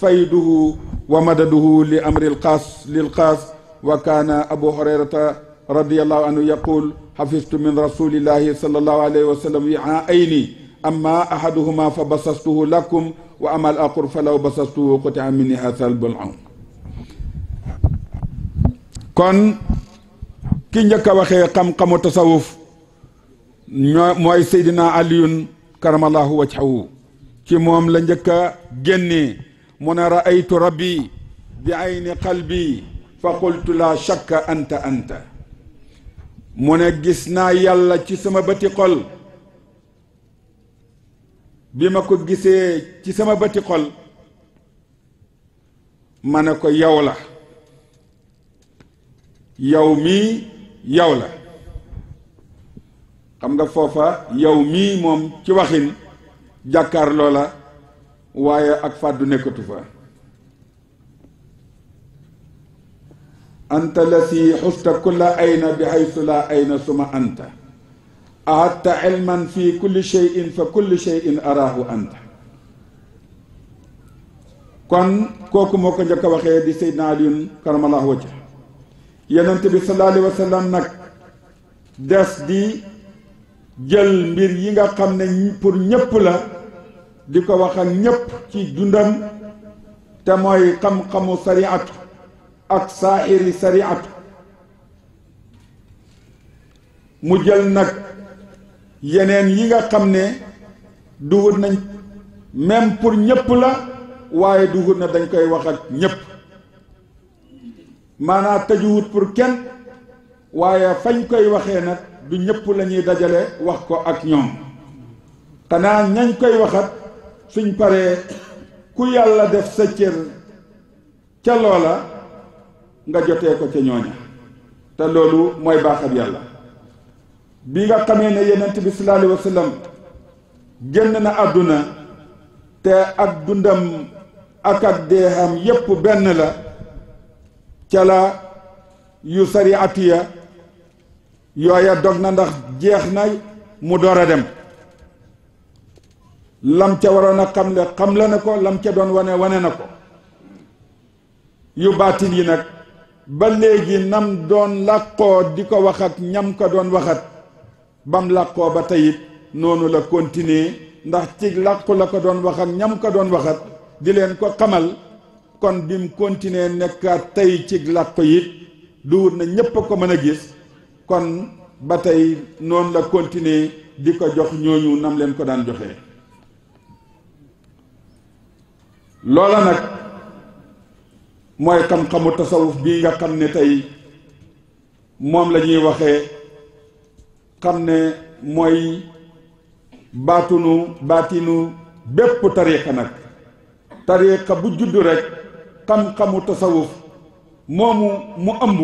fayduhu wa madaduhu li amri al xaas lil xaas wa kaana abu hurayrata radiyallahu anhu yaqul xafistu min rasulillahi sallallahu alayhi wa sallam wi'aayni amma ahaduhuma fa basastuhu lakum wa ama al axar fa law basastuhu qutia minni haasal bul'am kon ki njëkk a waxee xam-xamu tasawuf ñoo mooy Seydina Aliyun karamallahu wajhahu ci moom la njëkk a génnee mu ne raaytu rabbi bi ayni qalbi fa qultu la shakka anta anta mu ne gis naa yàlla ci sama bëti xol bi ma ko gisee ci sama bëti xol ma ne ko yow la yow mii yow la xam nga foofa yow mii moom ci waxin jàkkaarloo la waaye ak fàddu nekkatu fa anta lasi xusta kulla ayna bi haysu la ayna suma anta ahadta ilman fi kulli cheyin fa kulli cheyin araahu anta kon kooku moo ko njëkk waxee di Seydina Aliyun karamallahu wajha yonent bi sallallahu alayhi nag des di jël mbir yi nga xam ne pour ñëpp la di ko wax ñépp ñëpp ci dundam te mooy xam-xamu sariatu ak saaxiri sariatu mu jël nag yeneen yi nga xam ne duhut nañ même pour ñëpp la waaye duhut na dañ koy wax ak ñëpp maanaam pour kenn waaye fañ koy waxee nag du ñëpp lañuy dajale wax ko ak ñoom xanaa ñañ koy waxat suñ paree ku yàlla def sa cër ca loola nga jotee ko ca ñooña te loolu mooy baaxab yàlla bi nga xamee ne yenent bi sallallahu alayhi wa sallam génn na àdduna te ak dundam ak ak deexam yépp benn la ca la yu sari atiya yooya dog na ndax jeex na mu door a dem lam ca waroon a xam la na ko lam ca doon wane wane na ko yu baatin yi nag ba léegi nam doon làqoo di ko wax ak ñam ko doon waxat bam làqoo ba teyit noonu la continuer ndax ci làqu la ko doon wax ak ñam ko doon waxat di leen ko xamal kon bim continuer nekkaat tey ci làqu it duwut na ñépp a ko mën a gis kon ba tey noonu la continuer di ko jox ñooñu nam leen ko daan joxe loola nag mooy xam-xamu tasawuf bii nga xam ne tey moom la ñuy waxee xam ne mooy baatunu baatinu bépp tariqa nag tariqa bu juddu rek xam-xamu tasawuf moomu mu ëmb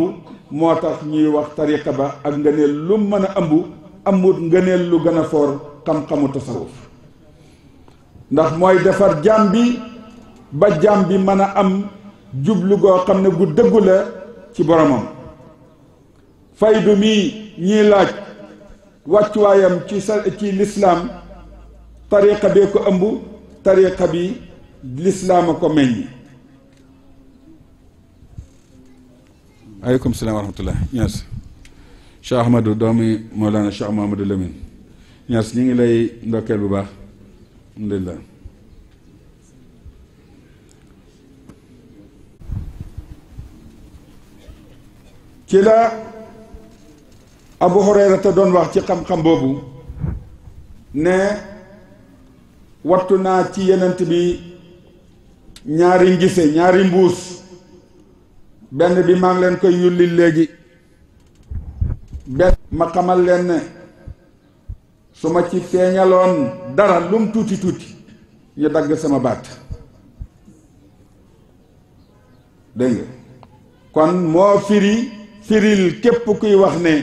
moo tax ñuy wax tariqa ba ak ngëneel lu mën a ëmb amut ngëneel lu gën a foor xam-xamu tasawuf ndax mooy defar jaam bi ba jaam bi mën a am jublu goo xam ne gu dëggu la ci boromam faydu mii ñiy laaj wàccuwaayam ci sa ci lislaam tariqa bee ko ëmb tariqa bi lislaam a ko meññ aleykum salaam wa rahmatullah ñaas Cheikh Ahmadou doomi Mawlana Cheikh Mouhamadou Lamine ñaas ñi ngi lay ndokkeel bu baax alhamdulillah ci la abu hurayrata doon wax ci xam-xam boobu ne wattu naa ci yenent bi ñaari ngise ñaari mbuus benn bi maa ngi leen koy yulli léegi benn ma xamal leen ne su ma ci feeñaloon dara lum tuuti tuuti ñu dagg sama baat dégg kon moo firi firil képp kuy wax ne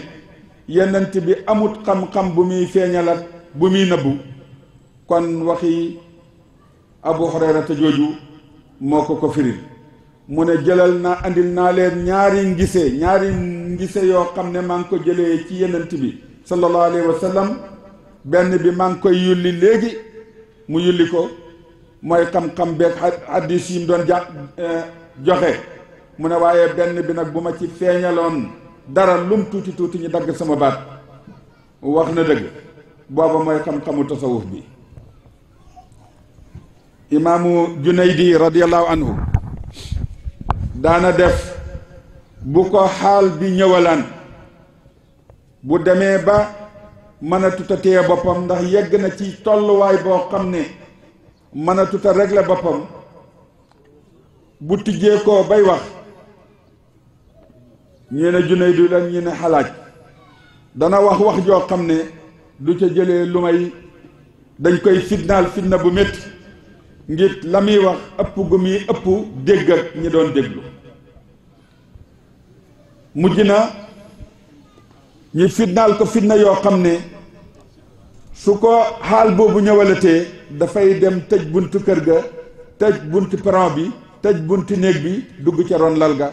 yenent bi amut xam-xam bu muy feeñalat bu muy nëbbu kon waxi abu hurayrata jooju moo ko ko firil mu ne jëlal naa indil naa leen ñaari ngise ñaari ngise yoo xam ne maa ngi ko jëlee ci yenent bi sallallahu alayhi wa benn bi maa ngi koy yulli léegi mu yulli ko mooy xam-xam beeg hadis yi mu doon ja eh, joxe mu ne waaye benn bi nag bu ma ci feeñaloon dara lum tuuti tuuti ñu dagg sama baat wax na dëgg booba mooy xam-xamu tasawuf bi imaamu junaydi radiallahu anhu daana def bu ko xaal bi ñëwalaan bu demee ba mën a tuta boppam ndax yegg na ci tolluwaay boo xam ne mën a tuta boppam bu tijjee ko bay wax ñii ne Junaydu la ñii Xalaaj dana wax wax joo xam ne du ca jële lu may dañ koy fitnaal fitna bu metti ngir la muy wax ëpp gu muy ëpp dégg ak ñi doon déglu mujj na ñu fitnaal ko fitna yoo xam ne su ko xaal boobu ñëwalatee dafay dem tëj buntu kër ga tëj buntu peron bi tëj buntu néeg bi dugg ca ron lal ga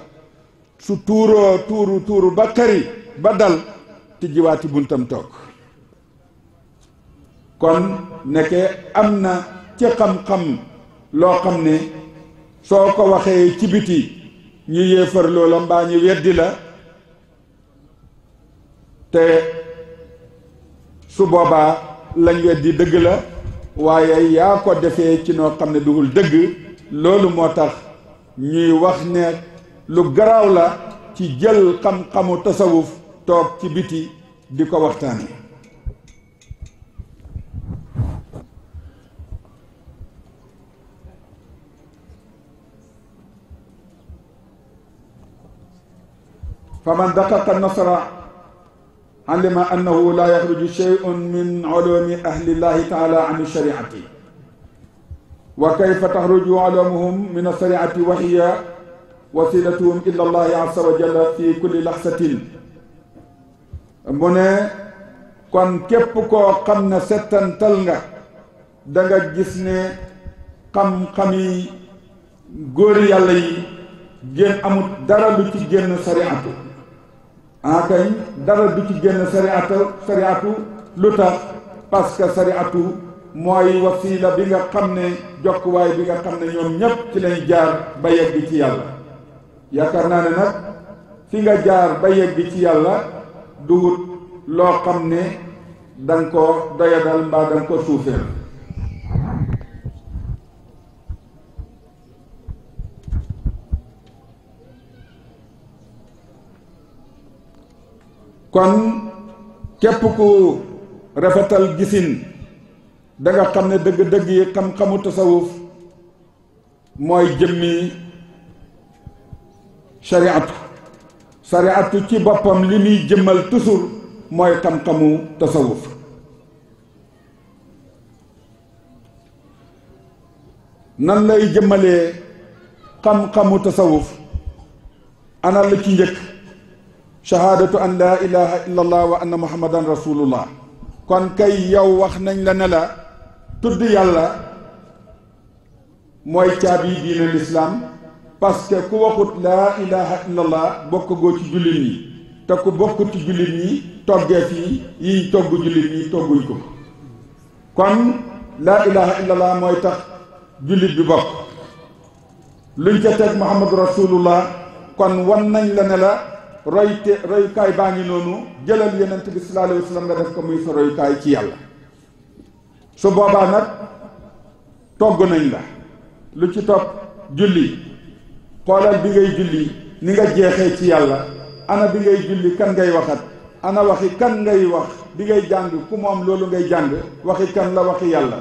su tuuroo tuuru tuuru ba kari ba dal tijjiwaati buntam toog kon nekke am na ci xam-xam loo xam ne soo ko waxee ci biti ñu yéefar loola mbaa ñu weddi la te su boobaa lañ weddi dëgg la waaye yaa ko defee ci noo xam ne dugul dëgg loolu moo tax ñuy wax ne lu garaaw la ci jël xam-xamu tasawuf toog ci biti di ko waxtaane fa man daqaqa nasara alima annahu la yaxruju sheyun min ulumi ahlillahi taala an shariati wa kayfa taxruju ulumuhum min ashariati wa hiya wasilatuhum illa allahi azza wa jalla fi kulli laxsatin mu ne kon képp ko xam ne settantal nga danga gis ne xam-xami góor yàlla yi génn amut dara lu ci génn sariatu akañ ah dara du ci génn sariatu sariatu lu tax parce que sariatu mooy wasila bi nga xam ne jokkuwaay bi nga xam ne ñoom ñépp ci lañ jaar ba yegg ci yàlla yaakaar naa ne nag fi nga jaar ba yegg ci yàlla duwut loo xam ne danga ko doyadal mbaa danga ko suufeel kon képp ku rafetal gisin danga xam ne dëgg-dëgg yi xam-xamu tasawuf mooy jëmmi shariatu shariatu ci boppam li muy jëmmal toujours mooy xam-xamu tasawuf nan lay jëmmalee xam-xamu tasawuf ana la ci njëkk shahaadatu an laa ilaha illa wa anna muhammadan rasulullah kon kay yow wax nañ la ne la tudd yàlla mooy caabi diina lislaam parce que ku waxut laa ilaha illallah bokk goo ci jullit ñi te ku bokkut ci jullit ñi toggee fii yiñ togg jullit ñi togguñ ko kon laa ilaha illallah mooy tax jullit bi bokk luñ ca teg muhammadu rasulullah kon wan nañ la ne la royte royukaay baa ngi noonu jëlal yonent bi sallallahu alayhi wa def ko muy sa royukaay ci yàlla su boobaa nag togg nañ la lu ci topp julli xoolal bi ngay julli ni nga jeexee ci yàlla ana bi ngay julli kan ngay waxat ana waxi kan ngay wax bi ngay jàng ku moom loolu ngay jàng waxi kan la waxi yàlla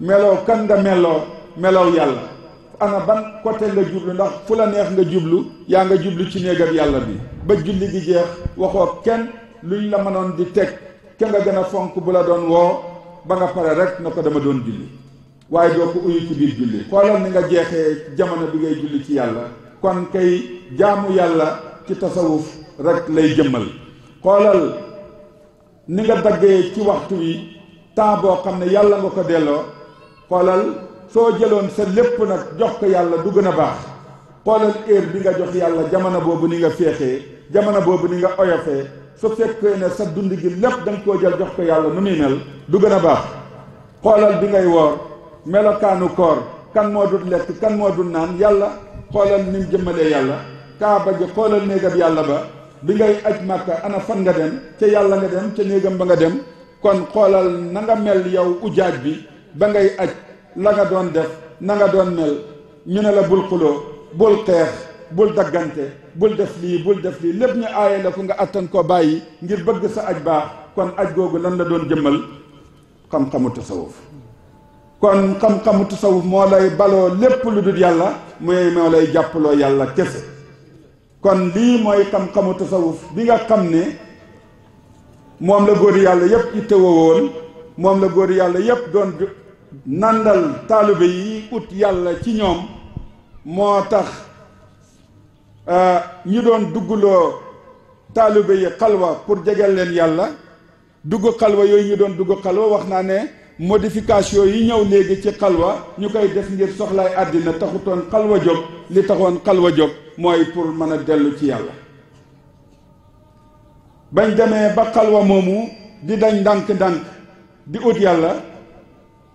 meloo kan nga meloo melow yàlla ana ban côté nga jublu ndax fu la neex nga jublu yaa nga jublu ci néegab yàlla bi ba julli gi jeex waxoo kenn luñ la mënoon di teg ke nga gën a fonk bu la doon woo ba nga pare rek na ko dama doon julli waaye doo ko uyu ci julli xoolal ni nga jeexee jamono bi ngay julli ci yàlla kon kay jaamu yàlla ci tasawuf rek lay jëmmal xoolal ni nga daggee ci waxtu wi temps boo xam ne yàlla nga ko delloo xoolal soo jëloon sa lépp nag jox ko yàlla du gën a baax xoolal heure bi nga jox yàlla jamono boobu ni nga féexee jamono boobu ni nga oyofee su fekkee ne sa dund gi lépp da koo jël jox ko yàlla nu muy mel du gën a baax xoolal bi ngay woor melokaanu koor kan moo dul lekk kan moo dul naan yàlla xoolal ni mu jëmmalee yàlla kaaba ja xoolal néegam yàlla ba bi ngay aj màkka ana fan nga dem ca yàlla nga dem ca néegam ba nga dem kon xoolal na nga mel yow ujaaj bi ba ngay aj la nga doon def na nga doon mel ñu ne la bul xuloo bul xeex bul daggante bul def lii bul def lii lépp ñu aaye la fu nga attan koo bàyyi ngir bëgg sa aj baax kon aj googu lan la doon jëmmal xam-xamu tasawuf kon xam-xamu tasawuf moo lay baloo lépp lu dul yàlla mooy moo lay jàppaloo yàlla kese kon lii mooy xam-xamu tasawuf bi nga xam ne moom la góor yàlla yépp ittewoo woon moom la góor yàlla yépp doon nandal taalibe yi ut yàlla ci ñoom moo tax euh, ñi doon duggloo taalibe yi xalwa pour jegeel leen yàlla dugg xalwa yooyu ñu doon dugg xalwa wax naa ne modification yi ñëw léegi ci xalwa ñu koy def ngir soxlaay àddina taxutoon xalwa jóg li taxoon xalwa jóg mooy pour mën a dellu ci yàlla bañ demee ba xalwa moomu di dañ ndànk-ndànk di ut yàlla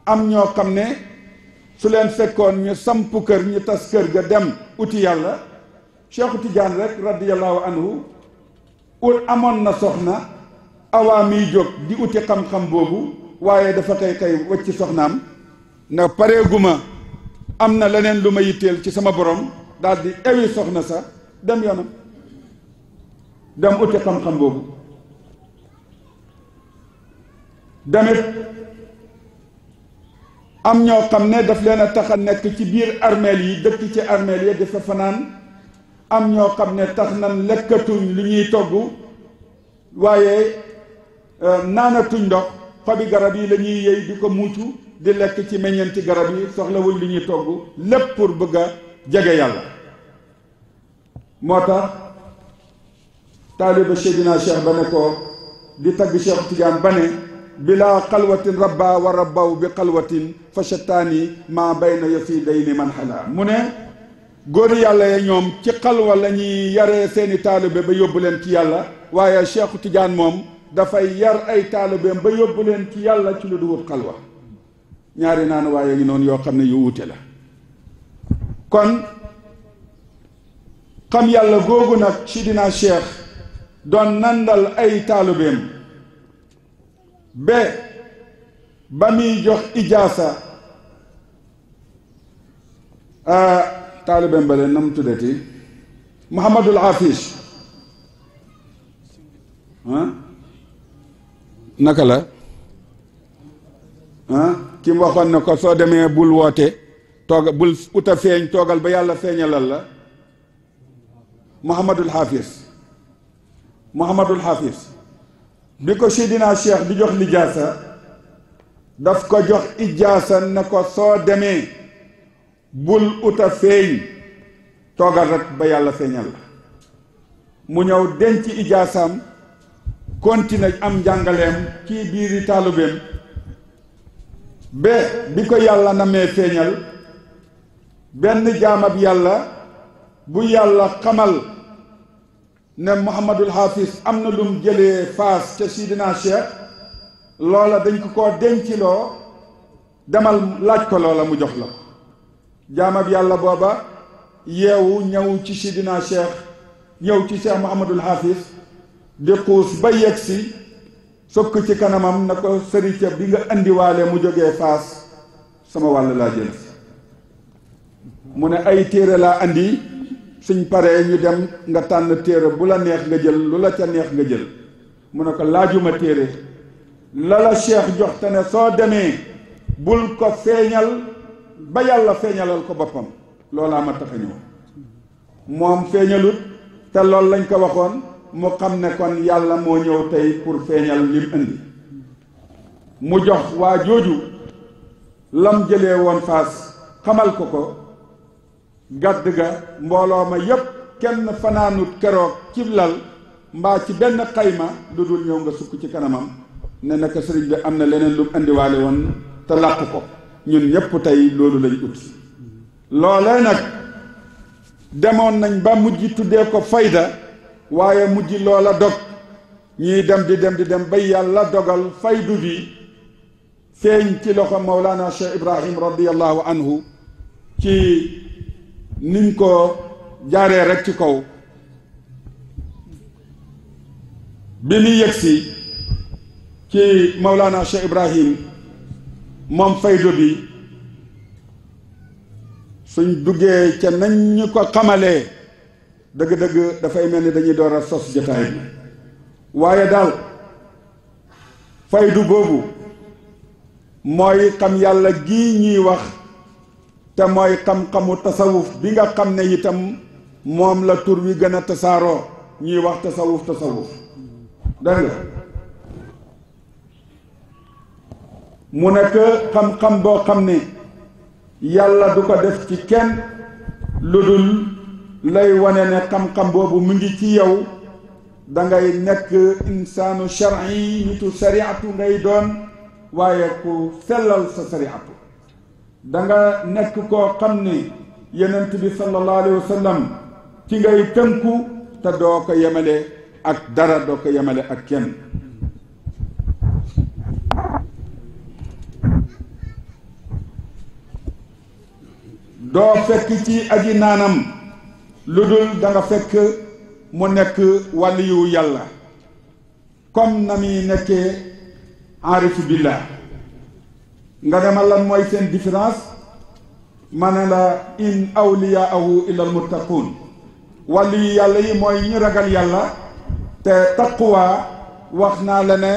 am ñoo xam ne su leen fekkoon ñu samp kër ñu tas kër ga dem uti yàlla Cheikhu Tidiane rek radiyallahu anhu ul amoon na soxna awaa miy jóg di uti xam-xam boobu waaye dafa tey tey wacc soxnaam na pareeguma am na leneen lu ma yitteel ci sama boroom daldi di ewi soxna sax dem yoonam dem uti xam-xam boobu damit am ñoo xam ne daf leen a tax a nekk ci biir armeel yi dëkk ci armeel yi dafa fanaan am ñoo xam ne tax na lekkatuñ lu ñuy togg waaye euh, naanatuñ ndox xobi garab yi lañuy ñuy yey di ko muucu di lekk ci meññeenti garab yi soxlawuñ li ñuy togg lépp pour bëgg a jege yàlla moo tax taaliba Seydina Cheikh ba ne ko di tagg Cheikh Tidiane ba ne bilaa xalwatin rabba wa rabbaw bi xalwatin fa shataani maa bayna yo fii day ni man xalaa mu ne góor yàlla ya ñoom ci xalwa la ñuy yaree seeni taalibe ba yóbbu leen ci yàlla waaye Cheikh tijaan moom dafay yar ay taalibeem ba yóbbu leen ci yàlla ci lu duwut xalwa ñaari naan waaye ngi noonu yoo xam ne yu wute la kon xam yàlla googu nag dina cheikh doon nandal ay taalibeem ba ba muy jox ijaasa taalibeem ba leen nam tuddati muhammadul hafiz naka la ah ki mu waxoon ne ko soo demee bul woote tooga bul uta feeñ toogal ba yàlla feeñalal la Muhammadul Hafiz Muhammadul Hafiz bi ko Seydina di jox lijaasa daf ko jox ijaasa soo demee bul uta feeñ ba yàlla feeñal la mu ñëw denc ijaasaam continuer am njàngaleem ci biir taalibeem ba bi ko yàlla namee feeñal benn jaamab yàlla bu yàlla xamal ne Muhammadul Hafiz am na lum jëlee faas ca Sidina Cheikh loola dañ ko ko denciloo demal laaj ko loola mu jox la ko jaamab yàlla booba yeewu ñëw ci Sidina Cheikh ñëw ci Cheikh Muhammadul Hafiz di xuus ba yegg si sokk ci kanamam na ko sëricë bi nga indiwaale mu jógee faas sama wàll laa jël si mu ne ay téere laa indi suñ paree ñu dem nga tànn téere bu la neex nga jël lu la ca neex nga jël mu ne ko laajuma téere la la cheikh jox te ne soo demee bul ko feeñal ba yàlla feeñalal ko boppam loolaa ma tax a moom feeñalut te loolu lañ ko waxoon mu xam ne kon yàlla moo ñëw tey pour feeñal lim indi mu jox waa jooju lam jëlee woon faas xamal ko ko gàdd ga mbooloo ma yépp kenn fanaanut keroog ci lal mbaa ci benn xayma lu dul ñëw nga sukk ci kanamam ne naka sëriñ bi am na leneen lu indiwaale woon te làq ko ñun ñépp tey loolu lañ ut loolee nag demoon nañ ba mujj tuddee ko fayda waaye mujj loola dog ñuy dem di dem di dem ba yàlla dogal faydu bi feeñ ci loxo Mawlana Cheikh Ibrahim radiyallahu anhu ci niñ ko jaaree rekk ci kaw bi mu yëgsi ci Mawlana Cheikh Ibrahim moom faydu bi suñ duggee ca nañ ñu ko xamalee dëgg-dëgg dafay mel ni dañuy door a sos jotaay bi waaye daal faydu boobu mooy xam yàlla gi ñuy wax te mooy xam-xamu tasawuf bi nga xam ne itam moom la tur wi gën a tasaaroo ñuy wax tasawuf tasawuf dégg mu nekk xam-xam boo xam ne yàlla du ko def ci kenn lu dul lay wane ne xam-xam boobu mu ngi ci yow dangay nekk insaanu shar'i nitu sariatu ngay doon waaye ku sellal sa sariatu danga nekk koo xam ni yenent bi sallallahu alayhi ci ngay tënku te doo ko ak dara doo ko yemale ak kenn doo fekk ci aji naanam lu dul da nga fekk mu nekk wàlliyu yàlla comme na muy nekkee arifu billah nga dema lan mooy seen différence ma ne la in awliyaahu illa al muttaquun wàlliyu yàlla yi mooy ñu ragal yàlla te taqwa wax naa la ne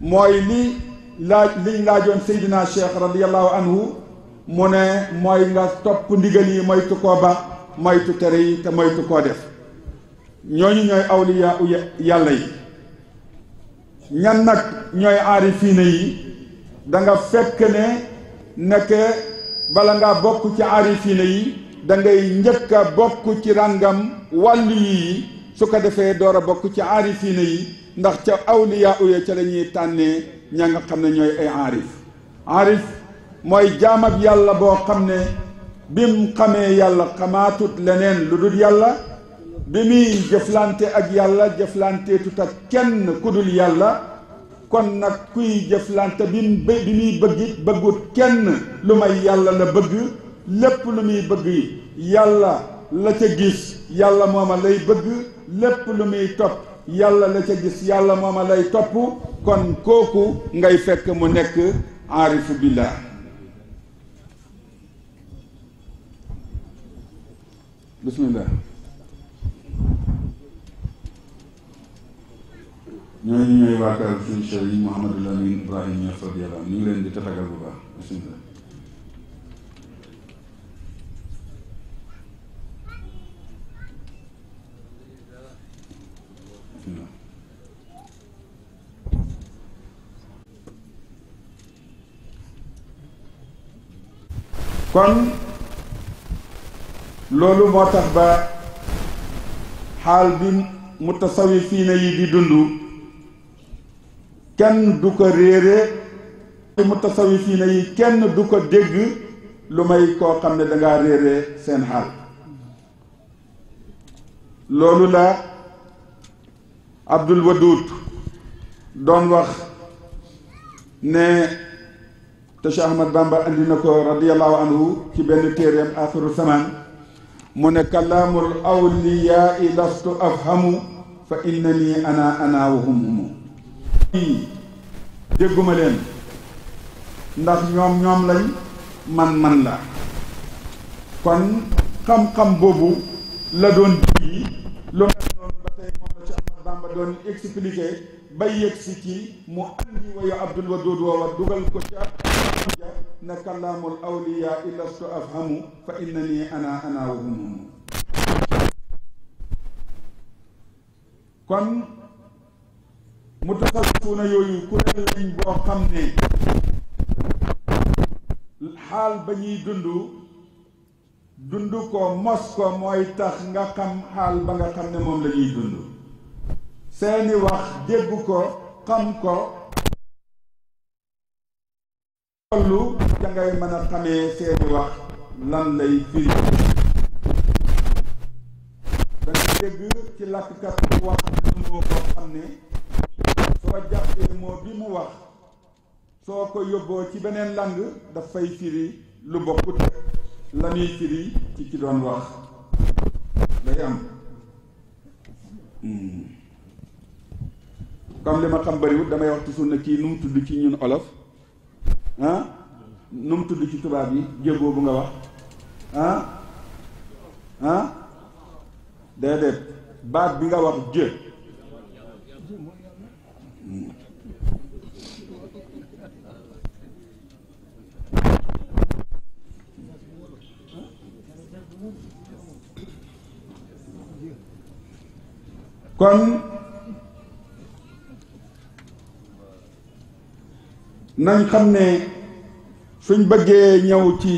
mooy li laaj liñ laajoon Seydina Cheikh radiallahu anhu mu ne mooy nga topp ndigal yi moytu ba moytu tere yi te moytu koo def ñooñu ñooy awliyaa u yàlla yi ñan nag ñooy aarifiina yi da nga fekk ne nekke bala ngaa bokk ci aarifiina yi da ngay njëkk bokk ci ràngam wàllu yi su ko defee doora bokk ci aarifiina yi ndax ca awliyaa u ya ca la ñuy tànnee ña nga xam ne ñooy ay aarif mooy jaamab yàlla boo xam ne bim xamee yàlla xamaatut leneen lu dul yàlla bi muy jëflante ak yàlla jëflanteetut ak kenn ku dul yàlla kon nag kuy jëflante bim bi muy bëggit bëggut kenn lu may yàlla la bëgg lépp lu muy bëgg yàlla la ca gis yàlla mooma lay bëgg lépp lu muy topp yàlla la ca gis yàlla mooma lay topp kon kooku ngay fekk mu nekk aarifu billah bismillah ñooñu ñooy waa kër suñu Cheikh Mouhamadou Lamine Ibrahima Niass radiyallahu anhu ñu ngi leen di tatagal bu baax bismillah kon loolu moo tax ba xaal bi mutasawifiina yi di dund kenn du ko réere mutasawifiina yi kenn du ko dégg lu may koo xam ne dangaa réere seen xaal loolu la Abdul Wadud doon wax ne te Cheikh Ahmad Bamba andi na ko radiyallahu anhu ci benn téereem axiru samaan mu ne kalaamul awliyaa i lastu afhamu fa innani ana ana wa hum humu dégguma leen ndax ñoom ñoom lañ man man la kon xam-xam boobu la doon dégg yi lu mel noonu ba tey moom la ci Ahmad Bamba doon expliqué ba yëg si ci mu andi wayu abdul wadud woowa dugal ko ca ja na kalaamul awliya ilastu afhamu fa innani ana ana wa hum kon mu taxasuuna yooyu kuréel lañ boo xam ne xaal ba ñuy dund dund ko mos ko mooy tax nga xam xaal ba nga xam ne moom la dund seeni wax dégg ko xam ko tollu da mën a xamee seeni wax lan lay firi danga dégg ci làkkat wax moo ko xam ne soo jàppee moo bi mu wax soo ko yóbboo ci beneen lang dafay firi lu bokkut la ñuy firi ci ci doon wax day am hmm. comme li ma xam bëriwut damay wax toujours ne kii tudd ci ñun olof ah tudd ci tubaab yi jégoo bu nga wax ah ah baat bi nga wax jë kon nañ xam ne suñ bëggee ñëw ci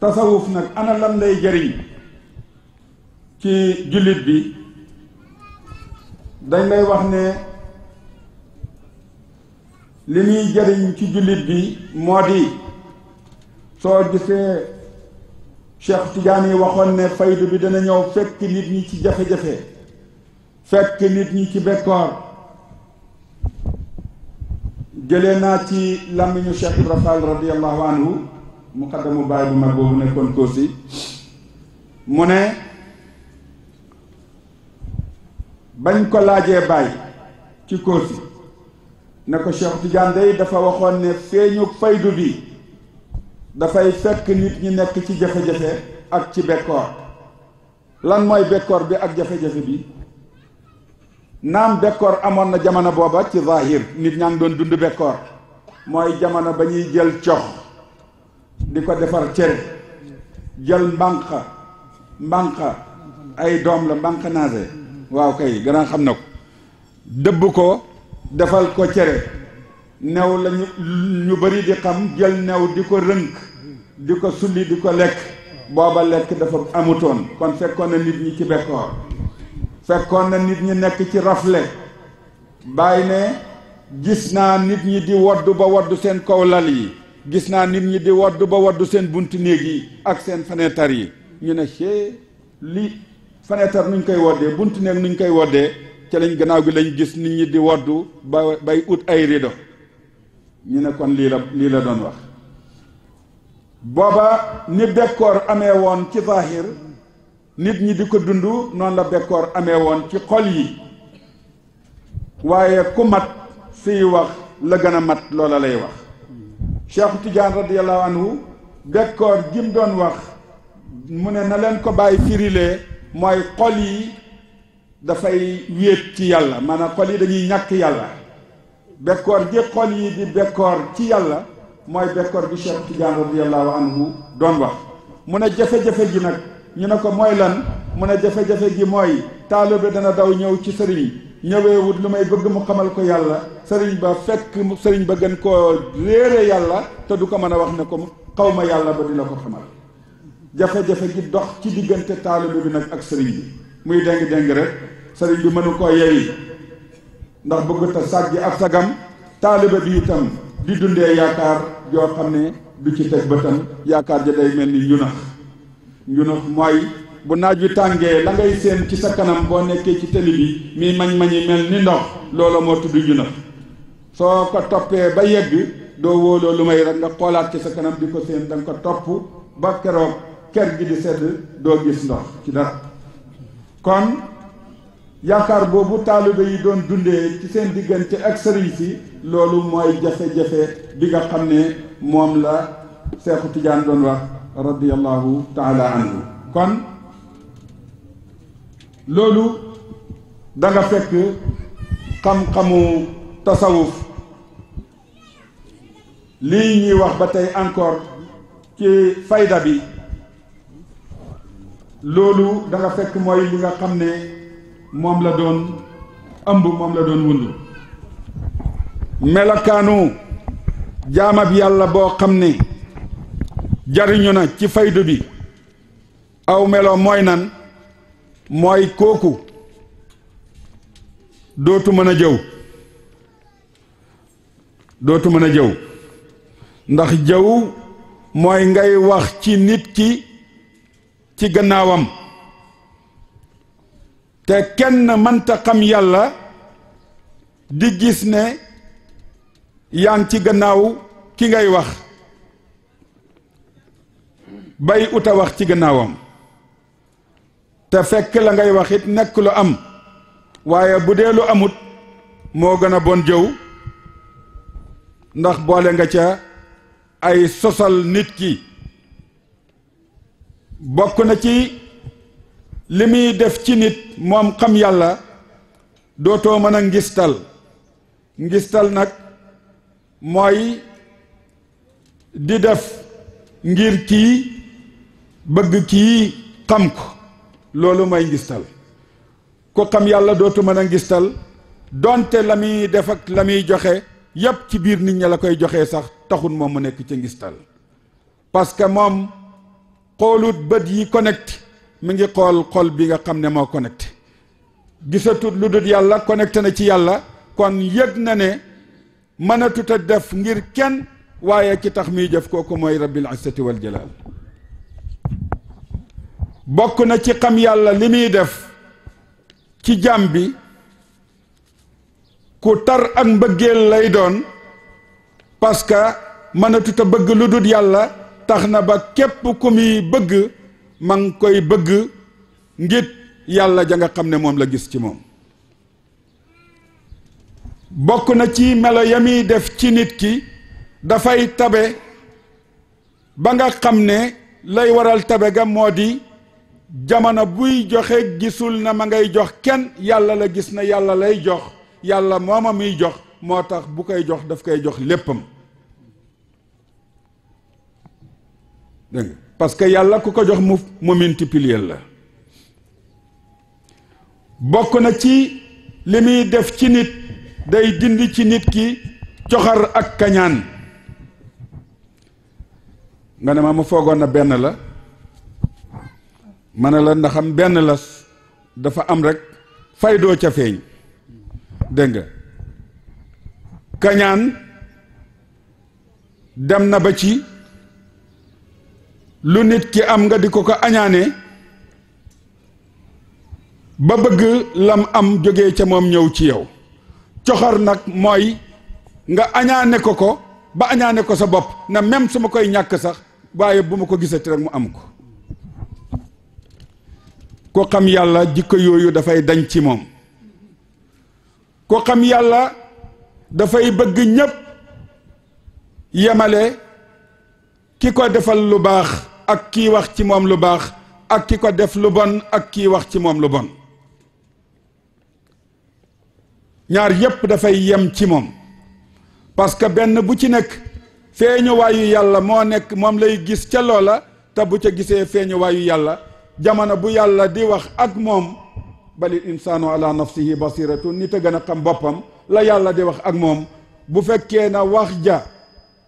tasawuf nag ana lan lay jëriñ ci jullit bi dañ lay wax ne li ñuy jëriñ ci jullit bi moo di soo gisee Cheikh Tidiane yi waxoon ne faydu bi dana ñëw fekk nit ñi ci jafe-jafe fekk nit ñi ci bekkoor jëlee naa ci làmmiñu Cheikh Ibra Fall radiallahu anhu muqaddamu baay bu mag boobu nekkoon Koosi mu ne bañ ko laajee baay ci Koosi ne ko Cheikh Tidiane day dafa waxoon ne feeñu faydu bi dafay fekk nit ñi nekk ci jafe-jafe ak ci bekkoor lan mooy bekkoor bi ak jafe-jafe bi naam bekkoor amoon na jamono booba ci zahir nit ñaa ngi doon dund bekkoor mooy jamono ba ñuy jël cox di ko defar cere jël mbànq mbànq ay doom la mbànq naase waaw kay gannaaw xam na ko dëbb ko defal ko cere new lañu ñu bari di xam jël new di ko rënk di ko sulli di ko lekk booba lekk dafa amutoon kon fekkoon na nit ñi ci bekkoor fekkoon na nit ñi nekk ci rafle bàyyi ne gis naa nit ñi di wodd ba wodd seen kaw lal yi gis naa nit ñi di wodd ba wodd seen buntu néeg yi ak seen fenêtre yi ñu ne cee li fenêtre nuñ koy woddee buntu néeg nuñ koy woddee ca lañ gannaaw gi lañu gis nit ñi di woddu ba bay ut ay rido ñu ne kon lii la lii la doon wax booba ni bekkoor amee woon ci zahir nit ñi di ko dund noonu la bekkoor amee woon ci xol yi waaye ku mat siy wax la gën a mat loola lay wax Cheikh Tidiane radiallahu anhu bekkoor jim doon wax mu ne na leen ko bàyyi firilee mooy xol yi dafay wéet ci yàlla maanaam xol yi dañuy ñàkk yàlla bekkoor gi xol yi di bekkoor ci yàlla mooy bekkoor bi Cheikh Tidiane radiallahu anhu doon wax mu ne jafe-jafe ji nag ñu ne ko mooy lan mu a jafe-jafe gi mooy taalibe dana daw ñëw ci sëriñ wut lu may bëgg mu xamal ko yàlla sëriñ ba fekk sëriñ ba gën koo réere yàlla te du ko mën a wax ne ko xaw ma yàlla ba dina ko xamal jafe-jafe gi dox ci diggante taalibe bi nag ak sëriñ bi muy déng-déng rek sëriñ bi mënu ko yeewi ndax bëgg ta sàjj ab sagam taalibe bi itam di dundee yaakaar joo xam ne du ci teg bëtam yaakaar ja day mel ni ñu nax njunux mooy bu naaj wi tàngee la ngay séen ci sa kanam boo nekkee ci tali bi mi mañ-mañi mel ni ndox loola moo tudd njunux soo ko toppee ba yegg doo wóoloo lu may rek nga xoolaat ci sa kanam di ko séen da ko topp ba keroog ker gi di sedd doo gis ndox ci dara kon yaakaar boobu taalibe yi doon dundee ci seen diggante ak sëriñ si loolu mooy jafe-jafe bi nga xam ne moom la Seexu Tijaan doon wax radiallahu taala anhu kon loolu da nga fekk xam-xamu tasawuf lii ñuy wax ba tey encore ci fayda bi loolu da nga fekk mooy li nga xam ne moom la doon ëmb moom la doon wund melokaanu jaamab yàlla boo xam ne jariñu na ci faydu bi aw melo mooy nan mooy kooku dootu mën a jëw dootu mën a jëw ndax jëw mooy ngay wax ci nit ki ci gannaawam te kenn mënta xam yàlla di gis ne yaa ci gannaaw ki ngay wax bay uta wax ci gannaawam te fekk la ngay waxit it nekk lu am waaye bu dee lu amut moo gën a bon jëw ndax boole nga ca ay sosal nit ki bokk na ci li muy def ci nit moom xam yàlla dootoo mën a ngistal ngistal nag mooy di def ngir kii bëgg kii xam ko loolu mooy ngistal ku xam yàlla dootu mën a ngistal donte la muy def ak la muy joxe yépp ci biir nit ñi la koy joxee sax taxul moom mu nekk ci ngistal parce que moom xoolut bët yi connecté mi ngi xool xol bi nga xam ne moo connecté gisatut lu dul yàlla connecté na ci yàlla kon yëg na ne mënatut def ngir kenn waaye ci tax muy jëf kooku mooy rabbil izzati wal jalaal bokk na ci xam yàlla li muy def ci jàmm bi ku tar ak mbëggeel lay doon parce que mënatut bëgg lu dul yàlla tax na ba képp ku muy bëgg ma koy bëgg ngir yàlla ja nga xam ne moom la gis ci moom bokk na ci melo ya muy def ci nit ki dafay tabe ba nga xam ne lay waral tabe ga moo di jamono buy joxe gisul na ma ngay jox kenn yàlla la gis na yàlla lay jox yàlla mooma muy jox moo tax bu koy jox daf koy jox léppam dégg parce que yàlla ku ko jox mu mu multiplier la bokk na ci li muy def ci nit day dind ci nit ki coxar ak kañaan nga ne ma ma foogoon na benn la ma ne la ndaxam benn las dafa am rekk faydoo ca feeñ dégg nga kañaan dem na ba ci lu nit ki am nga di ko ko añaane ba bëgg lam am jóge ca moom ñëw ci yow coxor nag mooy nga añaane ko ko ba añaane ko sa bopp na même su ma koy ñàkk sax waaye bu ma ko gisati rek mu am ko ku xam yàlla jikko yooyu dafay dañ ci moom ku xam yàlla dafay bëgg ñépp yemale ki ko defal lu baax ak kii wax ci moom lu baax ak ki ko def lu bon ak ki wax ci moom lu bon ñaar yépp dafay yem ci moom parce que benn bu ci nekk feeñu yàlla moo nekk moom lay gis ca la te bu ca gisee feeñu yàlla jamono bu yàlla di wax ak moom balil insaanu ala nafsihi basiratu nit a gën a xam boppam la yàlla di wax ak moom bu fekkee na wax ja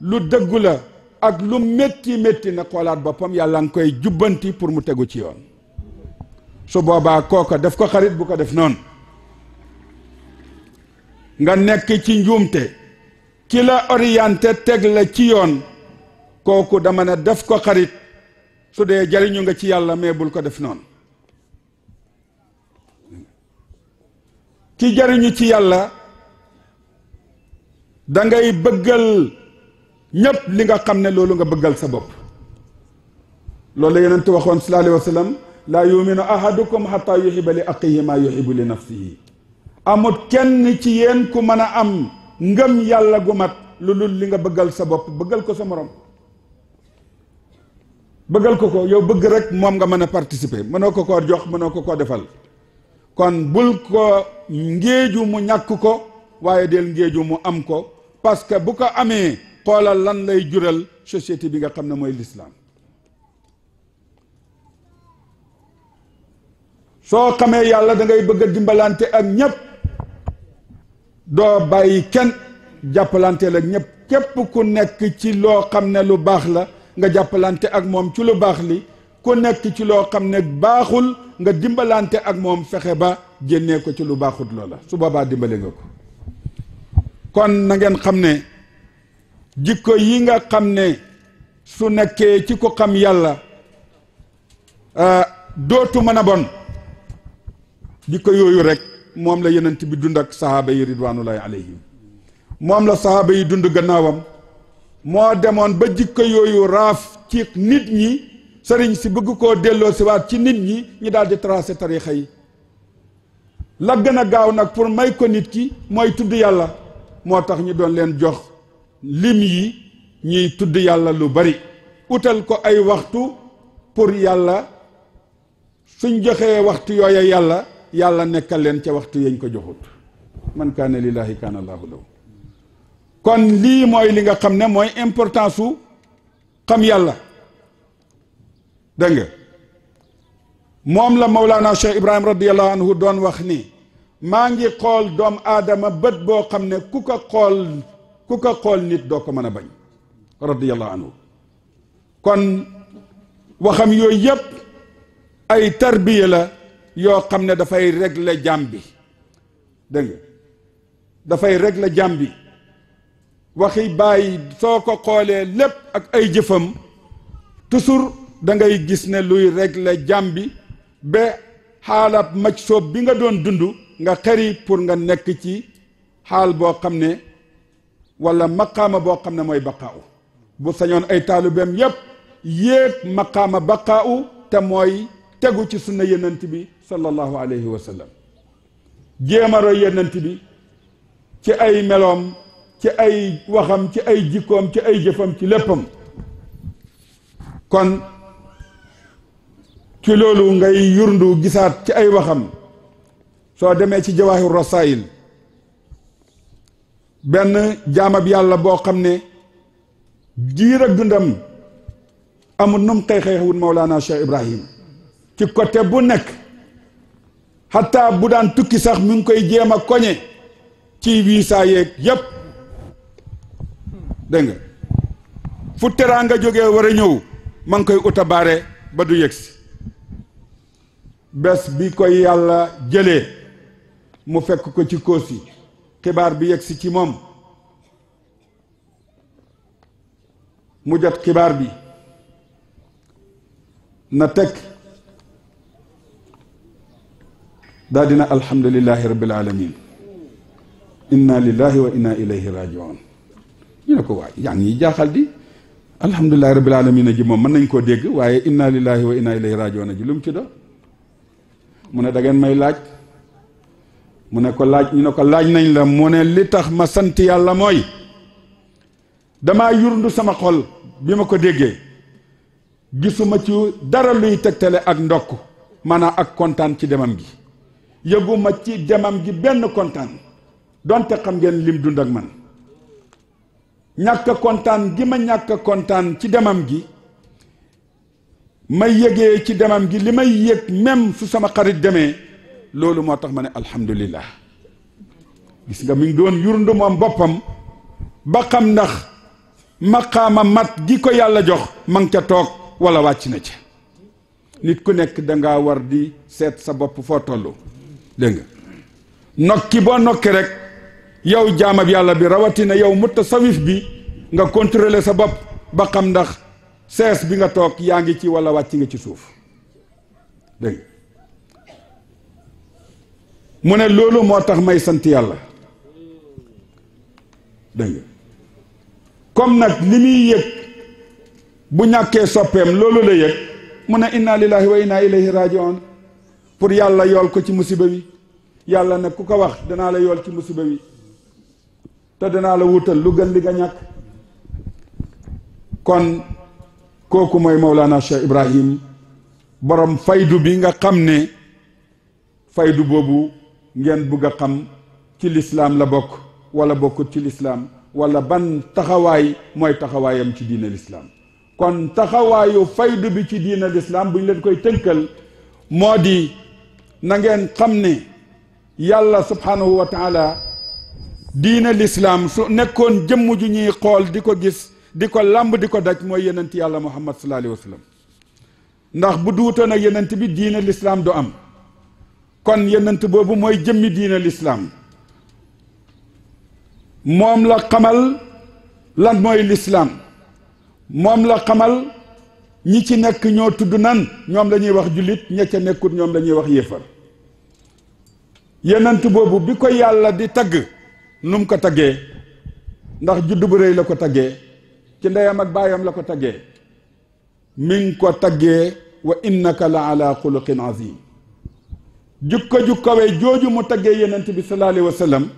lu dëggu la ak lu métti métti na xoolaat boppam yàlla nga koy jubbanti pour mu tegu ci yoon su boobaa kooka def ko xarit bu ko def noonu nga nekk ci njuumte ki la orienté teg la ci yoon kooku dama ne def ko xarit su dee jariñu nga ci yàlla mais bul ko def noonu ki jariñu ci yàlla da ngay bëggal ñépp li nga xam ne loolu nga bëggal sa bopp loolu la yonent waxoon sallallahu alayhi wa sallam laa yuminu ahadukum xata yuhiba li aqihi maa yuhibu li nafsihi amut kenn ci yéen ku mën a am ngëm yàlla gu mat lu dul li nga bëggal sa bopp bëggal ko sa morom bëggal ko ko yow bëgg rek moom nga mën a participer mënoo ko koo jox mënoo ko koo defal kon bul ko ngéeju mu ñàkk ko waaye del ngéeju mu am ko parce que bu ko amee xoolal lan lay jural société bi nga xam ne mooy l'islam soo xamee yàlla da ngay bëgg dimbalante ak ñëpp doo bàyyi kenn jàppalanteel ak ñëpp képp ku nekk ci loo xam ne lu baax la nga jàppalante ak moom ci lu baax li ku nekk ci loo xam ne baaxul nga dimbalante ak moom fexe ba génnee ko ci lu baaxut loola su boobaa dimbale nga ko kon nangeen xam ne jikko yi nga xam ne su nekkee ci ko xam yàlla dootu mën a bon jikko yooyu rek moom la yonent bi dund ak sahaaba yi ridwanullahi alayhim moom la sahaaba yi dund gannaawam moo demoon ba jikko yooyu raaf ci nit ñi sëriñ si bëgg koo delloo siwaat ci nit ñi ñi daal di tracé tarixa yi la gën a gaaw nag pour may ko nit ki mooy tudd yàlla moo tax ñu doon leen jox lim yi ñuy tudd yàlla lu bari wutal ko ay waxtu pour yàlla suñ joxee waxtu yooya yàlla yàlla nekkal leen ca waxtu yañ ko joxut man kaana lillaahi kaana laahu kon lii mooy li nga xam ne mooy importance su xam yàlla dégg nga moom la Mawlana Cheikh Ibrahim radiyallahu anhu doon wax ni maa ngi xool doomu aadama bët boo xam ne ku ko xool ku ko xool nit doo ko mën a bañ radiyallahu anhu kon waxam yooyu yëpp ay tarbiya la yoo xam ne dafay régler jàmm bi dégg dafay regle jàmm bi waxi bàyyi soo ko xoolee lépp ak ay jëfam toujours da ngay gis ne luy rekk la jàmm bi ba xaalab maj soob bi nga doon dund nga xëri pour nga nekk ci xaal boo xam ne wala maqaama boo xam ne mooy baqaaw bu sañoon ay taalibeem yépp yéeg maqaama baqaaw te mooy tegu ci sunna yenant bi sallallahu alayhi wa sallam jéem bi ci ay meloom ci ay waxam ci ay jikkoom ci ay jëfam ci léppam kon ci loolu ngay yurndu gisaat ci ay waxam soo demee ci jawaahir rasaayil benn jaamab yàlla boo xam ne diir ak dundam amul num xëy xëy wut Mawlaana Cheikh Ibrahim ci côté bu nekk xataa bu daan tukki sax mu ngi koy jéem a koñe ci wiisaa yeeg yépp dégg nga fu teraanga jógee war a ñëw ma ngi koy uta baare ba du yegsi bés bi koy yàlla jële mu fekk ko ci Kossy xibaar bi yegsi ci moom mu jot xibaar bi na teg daa dina alhamdulillahi rabbil alamin inna lillahi wa inna ilayhi rajiun ñu ne ko waay yaa ngi jaaxal di alhamdulilahi rabbil alamina ji moom mën nañ koo dégg waaye inna lillahi wa inna ilayhi rajiuna ji lu mu ci do mu ne da may laaj mu ne ko laaj ñu ne ko laaj nañ la mu ne li tax ma sant yàlla mooy dama yurndu sama xol bi ma ko déggee gisuma ci dara luy tegtale ak ndokk maanaam ak kontaan ci demam gi yëguma ci demam gi benn kontaan donte xam ngeen lim dund ak man ñàkk kontaan gi ma ñàkk kontaan ci demam gi may yëgee ci demam gi li may yëg même su sama xarit demee loolu moo tax ma ne alhamdulillah gis nga mu ngi doon yurndu moom boppam ba xam ndax maqaama mat gi ko yàlla jox ma ngi ca toog wala wàcc na ca nit ku nekk danga war di seet sa bopp foo toll dégg nokki boo nokki rek yow jaamab yàlla bi rawatina yow mutasawif bi nga contrôler sa bopp ba xam ndax sees bi nga toog yaa ngi ci wala wàcc nga ci suuf mu ne loolu moo tax may sant yàlla dégg comme nag li muy yëg bu ñàkkee soppeem loolu la yëg mu ne inna lillahi wa inna ilayhi rajiun pour yàlla yool ko ci musiba bi yàlla nag ku ko wax danaa la yool ci musiba bi te dinaa la wutal lu gën li nga ñàkk kon kooku mooy Mawlana Cheikh Ibrahim borom faydu bi nga xam ne faydu boobu ngeen bëgg a xam ci lislaam la bokk wala bokkut ci lislaam wala ban taxawaay mooy taxawaayam ci diina lislaam kon taxawaayu faydu bi ci diina lislaam bu ñu leen koy tënkal moo di nangeen xam ne yàlla subhanahu wa diina lislaam su nekkoon jëmm ju ñuy xool di ko gis di ko làmb di ko daj mooy yenent yàlla muhammad sallallahu alayhi wa sallam ndax bu duutoon ak yenent bi diina lislaam du am kon yenent boobu mooy jëmmi diina lislaam moom la xamal lan mooy lislaam moom la xamal ñi ci nekk ñoo tudd nan ñoom la wax jullit ña ca nekkut ñoom lañuy wax yéefar yenent boobu bi ko yàlla di tagg num ko taggee ndax juddu bu rëy la ko taggee ci ndeyam ak baayam la ko taggee mi ko taggee wa innaka la ala xuluqin azim jukko ju kawe jooju mu taggee yenent bi sallallahu alayhi wa sallam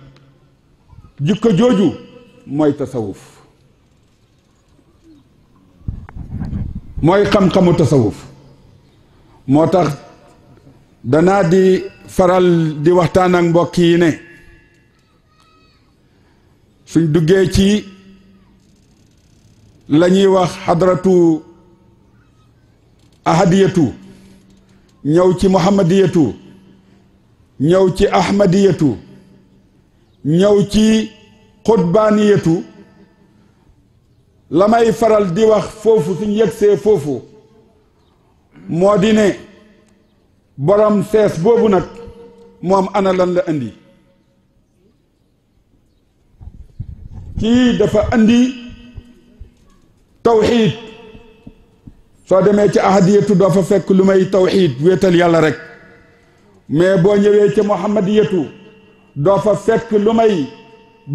jukko jooju mooy tasawuf mooy xam-xamu tasawuf moo tax danaa di faral di waxtaan ak mbokk yi ne suñ duggee ci la ñuy wax xadratu ahadiyatu ñëw ci muhammadiyatu ñëw ci ahmadiyatu ñëw ci xutbaaniyatu la may faral di wax foofu suñ yëgsee foofu moo di ne borom sees boobu nag moom ana lan la indi kii dafa indi tawxiid soo demee ci ahadiyatu doo fa fekk lu may tawxiid wéetal yàlla rek mais boo ñëwee ci muhammadiyatu doo fa fekk lu may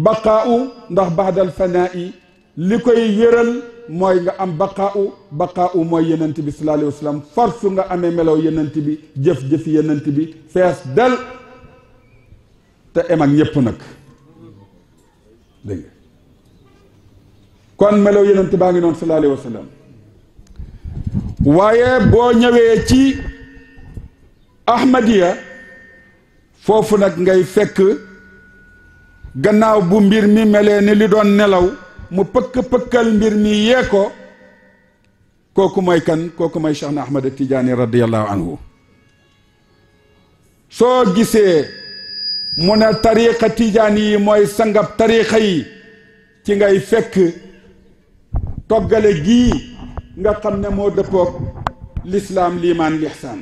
baqaa'u ndax bahdal fanaa'i li koy wéral mooy nga am baqaa'u baqaa'u mooy yenent bi sallallahu alayhi wa force nga amee melo yenent bi jëf-jëfi yenent bi fees del te em ak ñépp nag kon melow yonent baa ngi noonu sallallahu alayhi wa sallam waaye boo ñëwee ci ahmadiya foofu nag ngay fekk gannaaw bu mbir mi mele ni li doon nelaw mu pëkk-pëkkal mbir mi yee ko kooku mooy kan kooku mooy Cheikh na Ahmad Tijaani radiyallahu anhu soo gisee mu ne tariqa tijaani yi mooy sangab tariqa yi ci ngay fekk toggale gii nga xam ne moo dëppoog lislaam liimaan lixsaan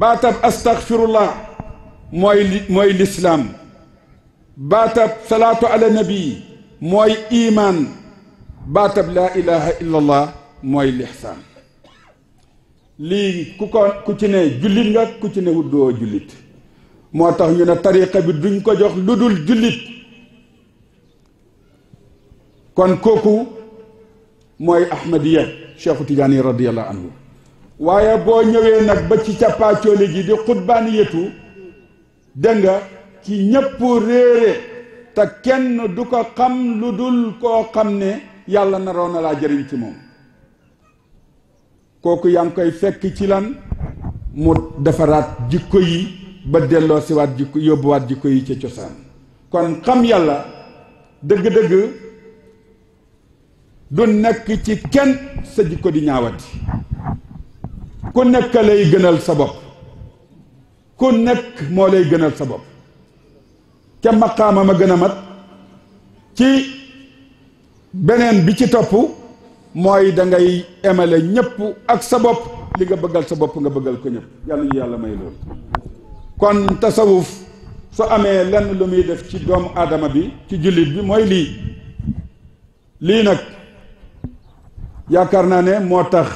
baatab astaghfirullah mooy mooy lislaam baatab salaatu ala nabi mooy iimaan baatab laa ilaha illa mooy lixsaan lii ku ko ku ci ne jullit nga ku ci ne wuddoo jullit moo tax ñu ne tariqa bi duñ ko jox lu dul jullit kon kooku mooy ahmadiya cheikhu tijaani radiallahu anhu waaye boo ñëwee nag ba ci càppaacooli gi di xutbaaniyatu dégg nga ki ñëpp te kenn du ko xam lu dul koo xam ne yàlla naroon na laa jëriñ ci moom kooku yaa ngi koy fekk ci lan mu defaraat jikko yi ba delloo siwaat jikko yóbbuwaat jikko yi ca cosaan kon xam yàlla dëgg-dëgg du nekk ci kenn sa jikko di ñaawati ku nekk lay gënal sa bopp ku nekk moo lay gënal sa bopp ca maqaama ma gën a mat ci beneen bi ci topp mooy dangay ngay emale ñëpp ak sa bopp li nga bëggal sa bopp nga bëggal ko ñëpp yàlla ñu yàlla may loolu kon tasawuf su amee lenn lu muy def ci doomu aadama bi ci jullit bi mooy lii lii nag yaakaar naa ne moo tax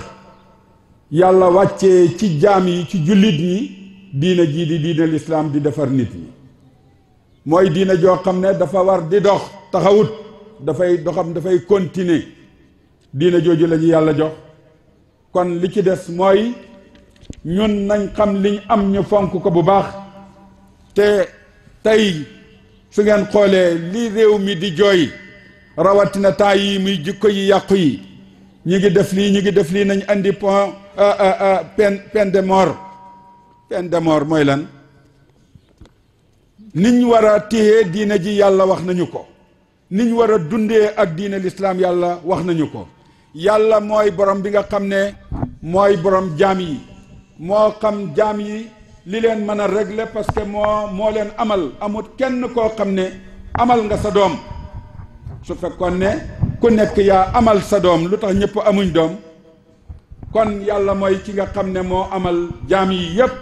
yàlla wàccee ci jaam yi ci jullit ñi diina jii di diina lislaam di defar nit ñi mooy diina joo xam ne dafa war di dox taxawut dafay doxam dafay kontine diina jooju lañu yàlla jox kon li ci des mooy ñun nañ xam liñ am ñu fonk ko bu baax te tey su ngeen xoolee li réew mi di jooy rawatina taa yi muy jikko yi yàqu yi ñi ngi def lii ñi ngi def lii nañ andi point euh, euh, euh, peine peine de mort peine de mort mooy lan niñ war a téye diine ji yàlla wax nañu ko niñ war a dundee ak diine lislaam yàlla wax nañu ko yàlla mooy borom bi nga xam ne mooy borom jaam yi moo xam jaam yi li leen mën a régler parce que moo moo leen amal amut kenn koo xam ne amal nga sa doom su fekkoon ne ku nekk yaa amal sa doom lu tax ñëpp amuñ doom kon yàlla mooy ci nga xam ne moo amal jaam yi yépp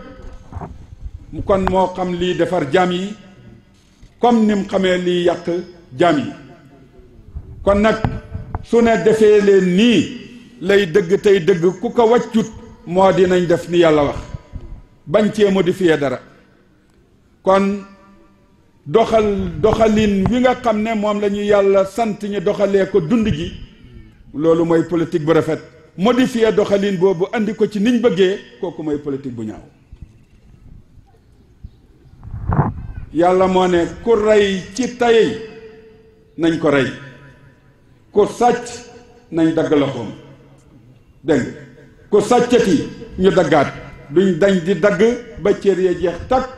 kon moo xam lii defar jaam yi comme ni mu xamee lii yàq jaam yi kon nag su ne defee leen nii lay dëgg tey dëgg ku ko wàccut moo dinañ def ni yàlla wax bañ cee modifier dara kon doxal doxalin wi nga xam ne moom la yàlla sant ñu doxalee ko dund gi loolu mooy politique bu rafet modifier doxalin boobu indi ko ci niñ bëggee kooku mooy politique bu ñaaw yàlla moo ne ku rey ci tey nañ ko rey ku sàcc nañ dagg loxoom dégg ku sàccati ñu daggaat duñ dañ di dagg ba cër ya jeex takk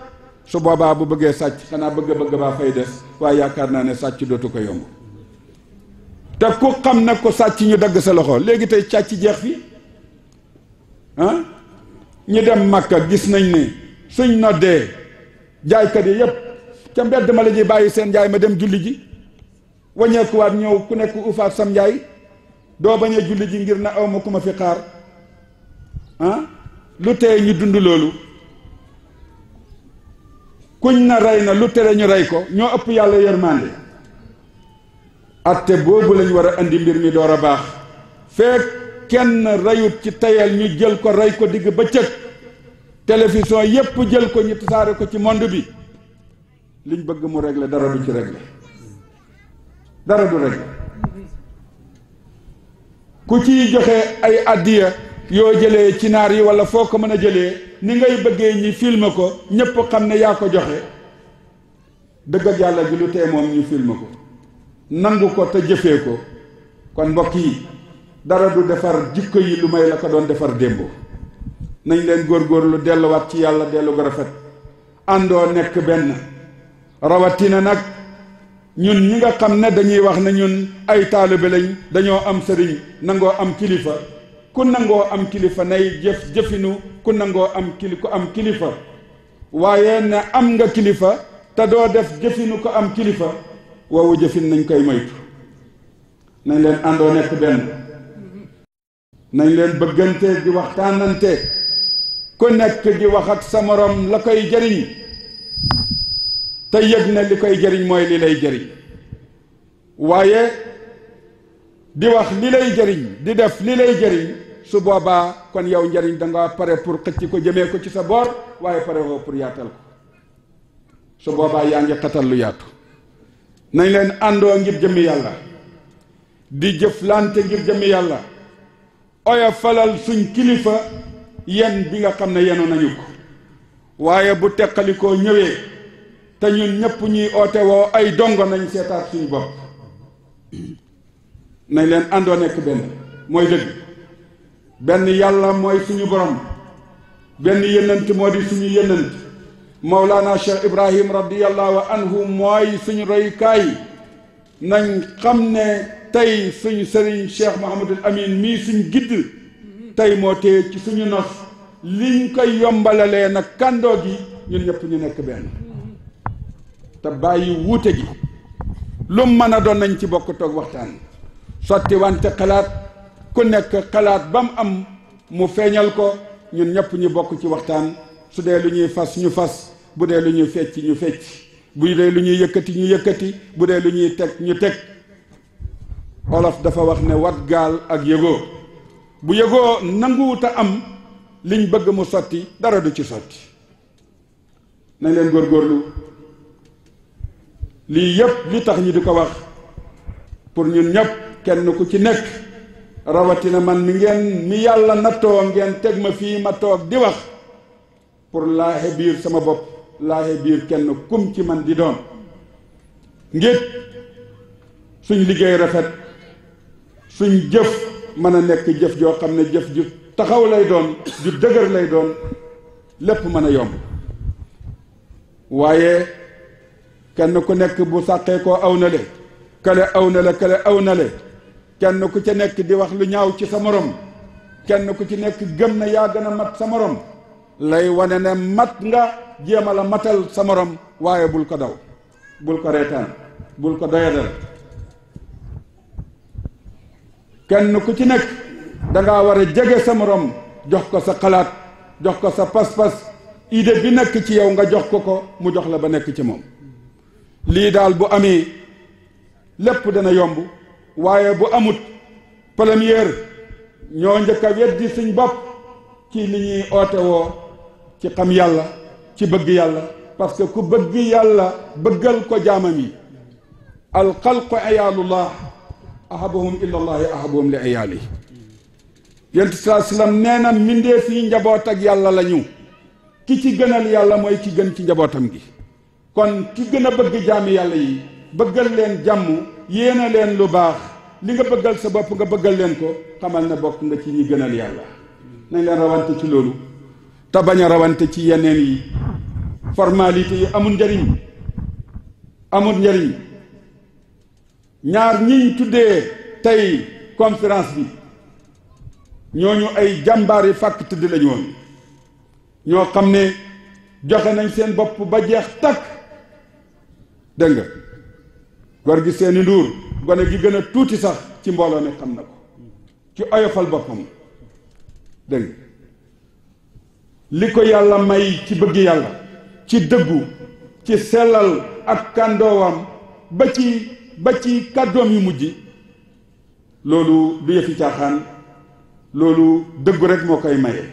su boobaa bu bëggee sàcc xanaa bëgg-bëgg baa fay des waaye yaakaar naa ne sàcc dootu ko yomb te ku xam nag ko sàcc ñu dagg sa loxo léegi tey càcc jeex fi ñu dem Makka gis nañ ne suñ noddee jaaykat yi yépp ca mbedd ma la ñuy bàyyi seen njaay ma dem julli ji wañeekuwaat ñëw ku nekk ufaat sam njaay doo bañ julli ji ngir na aw ma ku ma fi xaar ah lu tey ñu dund loolu kuñ na rey na lu tere ñu rey ko ñoo ëpp yàlla yërmande atte boobu lañu war a indi mbir mi door a baax fekk kenn reyut ci tayal ñu jël ko rey ko digg bëccëg télévision yépp jël ko ñu tasaare ko ci monde bi liñ bëgg mu régler dara du ci régler dara du régler ku ciy joxe ay addiya yoo jëlee ci naar yi wala foo ko mën a jëlee ni ngay bëggee ñi filmer ko ñépp xam ne yaa ko joxe dëgg ak yàlla gi lu tee moom ñu filmer ko nangu ko te jëfee ko kon mbokk yi dara du defar jikko yi lu may la ko doon defar démb nañ leen góor góorgóorlu delluwaat ci yàlla dellu ko rafet àndoo nekk benn na nag ñun ñi nga xam ne dañuy wax ne ñun ay taalibe lañ dañoo am sëriñ nangoo am kilifa ku nangoo am kilifa nay jëf jëfinu ku nangoo am kili kilifa waaye ne am nga kilifa te doo def jëfinu ko am kilifa woowu jëfin nañ koy moytu nañ leen àndoo nekk benn nañ leen bëggante di waxtaanante ku nekk di wax ak sa morom la koy jëriñ te yëg na li koy jëriñ mooy li lay jëriñ waaye di wax li lay jëriñ di def li lay jëriñ su boobaa kon yow njariñ danga pare pour xëcc ko jëmee ko ci sa boor waaye pare woo pour yaatal ko su boobaa yaa ngi xatal lu yaatu nañ leen àndoo ngir jëmmi yàlla di jëflante ngir jëmm yàlla oya falal suñ kilifa yen bi nga xam ne yenu nañu ko waaye bu teqalikoo ñëwee te ñun ñëpp ñuy oote woo ay dongo nañu seetaat suñ bopp nañ leen àndoo nekk benn mooy dëgg benn yàlla mooy suñu borom benn yënant moo di suñu yënant mawlaana cheikh ibrahim radiallahu anhu mooy suñu royukaay nañ xam ne tey suñu sëriñ cheikh mahamadul amin mii suñ gidd tey moo téye ci suñu nos liñ koy yombalalee nag kàndoo gi ñun ñëpp ñu nekk benn te bàyyi wuute gi lu mën a doon nañ ci bokk toog waxtaan sotti xalaat ku nekk xalaat ba mu am mu feeñal ko ñun ñëpp ñu bokk ci waxtaan su dee lu ñuy fas ñu fas bu dee lu ñuy fecc ñu fecc bu dee lu ñuy yëkkati ñu yëkkati bu dee lu ñuy teg ñu teg olof dafa wax ne wat gaal ak yëgoo bu yëgoo nanguwut am liñ bëgg mu sotti dara du ci sotti nañ leen góorgóorlu lii yëpp li tax ñu di ko wax pour ñun ñëpp kenn ku ci nekk rawatina man mi ngeen mi yàlla nattoo ngeen teg ma fii ma toog di wax pour laaxe biir sama bopp laaxe biir kenn kum ci man di doon ngir suñ liggéey rafet suñ jëf mën a nekk jëf joo xam ne jëf ju taxaw lay doon ju dëgër lay doon lépp mën a yomb waaye kenn ku nekk bu sàqee koo aw na le kale aw na le kale aw na le kenn ku ci nekk di wax lu ñaaw ci sa morom kenn ku ci nekk gëm na yaa gën a mat sa lay wane ne mat nga jéem a la matal sa waaye bul ko daw bul ko reetaan bul ko doyadal kenn ku ci nekk danga war a jege sa morom jox ko sa xalaat jox ko sa pas-pas bi nekk ci yow nga jox ko ko mu jox la ba nekk ci moom lii daal bu amee lépp dana yomb waaye bu amut première ñoo njëkk a weddi suñ bopp ci li ñuy oote woo ci xam yàlla ci bëgg yàlla parce que ku bëgg yàlla bëggal ko jaamam yi alxalqu ayaalullah ahabuhum illa allahi ahabuhum li ayaali yonent saa sallam nee na mbindeef yi njaboot ak yàlla la ñu ki ci gënal yàlla mooy ki gën ci njabootam gi kon ki jaami yàlla yi bëggal leen jàmm yéene leen lu baax li nga bëggal sa bopp nga bëggal leen ko xamal na bokk nga ci ñi gënal yàlla nañ leen rawante ci loolu te bañ a rawante ci yeneen yi formalité yi amul njariñ amul njariñ ñaar ñiñ tuddee tey conférence bi ñooñu ay jàmbaar yi fàkk tëdd lañu woon ñoo xam ne joxe nañ seen bopp ba jeex takk dégg nga gor gi seeni nduur gone gi gën a tuuti sax ci mbooloo ne xam na ko ci oyofal boppam dégg li ko yàlla may ci bëgg yàlla ci dëggu ci sellal ak kàndoowam ba ci ba ci kàddoom yu mujj loolu du caaxaan loolu dëggu rek moo koy maye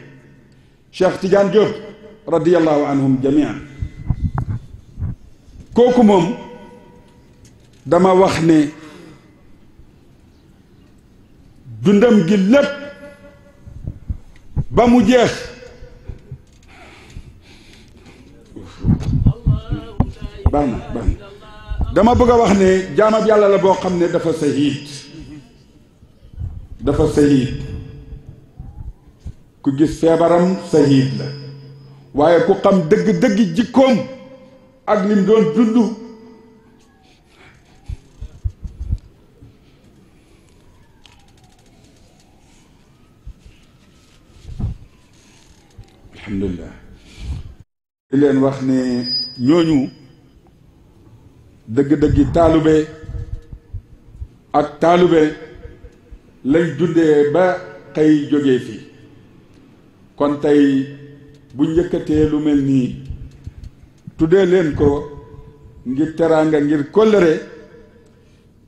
Cheikh Tidiane Diop radiyallahu anhum jamian kooku moom dama wax ne dundam gi lépp ba mu jeex dama bëgg a wax ne jaamab yàlla la boo xam ne dafa sahiid dafa sahiid ku gis feebaram sahiid la waaye ku xam dëgg-dëgg jikkoom ak lim doon dund alhamdulilah leen wax ne ñooñu dëgg-dëggi taalube ak taalube lañ dundee ba tey jógee fii kon tey bu njëkkatee lu mel nii tuddee leen ko ngir teraanga ngir kóllëre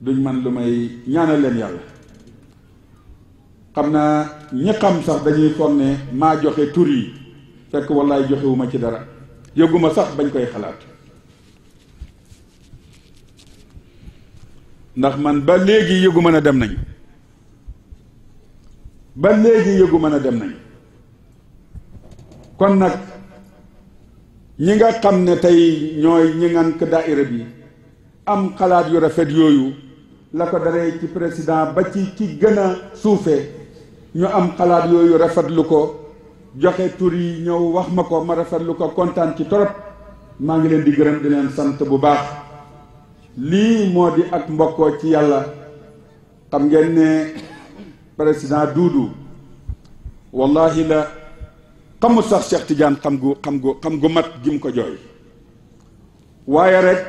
duñ man lu may ñaanal leen yàlla xam naa ñi xam sax dañuy foog ne maa joxe tur yi fekk wallaay joxewuma ci dara yëguma sax bañ koy xalaat ndax man ba léegi yëguma na dem nañ ba léegi yëguma na dem nañ kon nag ñi nga xam ne tey ñooy ñi daa daaira bi am xalaat yu rafet yooyu la ko daree ci président ba ci ci gën a suufee ñu am xalaat yooyu rafetlu ko joxe tur yi ñëw wax ma ko ma rafetlu ko kontaan ci torop maa ngi leen di gërëm di leen sant bu baax lii moo di ak mbokkoo ci yàlla xam ngeen ne président Doudou wallahi la xamul sax Cheikh Tidiane xam gu xam gu xam gu mat gi mu ko jooy waaye rek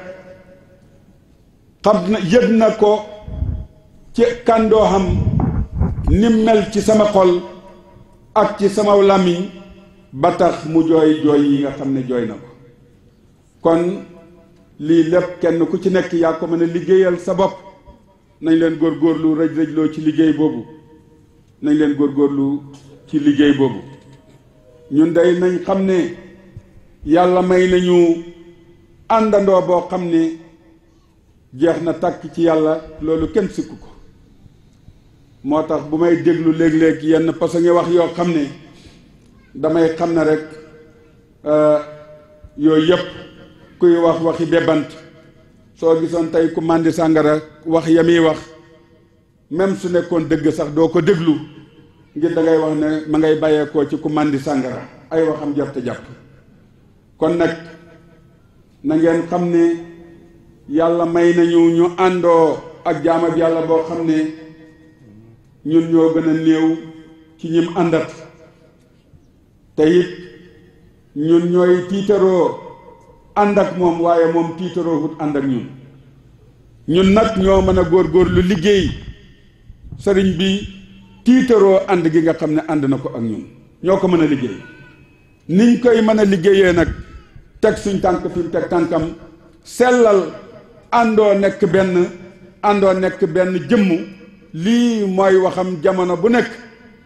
xam na yëg na ko ci kàndoo xam ni mel ci sama xol ak ci samaw làmmiñ ba tax mu jooy jooy yi nga xam ne jooy na ko kon lii lépp kenn ku ci nekk yaa ko mën a liggéeyal sa bopp nañ leen góor góorgóorlu rëj rëjloo ci liggéey boobu nañ leen góorgóorlu ci liggéey boobu ñun day nañ xam ne yàlla may nañu àndandoo boo xam ne jeex na takk ci yàlla loolu kenn sikku ko moo tax bu may déglu léeg-léeg yenn parce que ngi wax yoo xam ne damay xam na rek euh, yooyu yëpp kuy wax waxi bébant soo gisoon tey ku màndi sàngara wax ya muy wax même su nekkoon dégg sax doo ko déglu ngir da ngay wax ne ma ngay bàyyeekoo ci ku màndi sàngara ay waxam jarte jàpp kon nag na ngeen xam ne yàlla may nañu ñu àndoo ak jaamab yàlla boo xam ne ñun ñoo gën a néew ci ñim àndat te it ñun ñooy tiitaroo ànd ak moom waaye moom tiitaroo hut ànd ak ñun ñun nag ñoo mën a góor góor lu liggéey sëriñ bi tiitaroo ànd gi nga xam ne ànd na ko ak ñun ñoo ko mën a liggéey niñ koy mën a liggéeyee nag teg suñ tànk fi mu teg tànkam sellal àndoo nekk benn àndoo nekk benn jëmm lii mooy waxam jamono bu nekk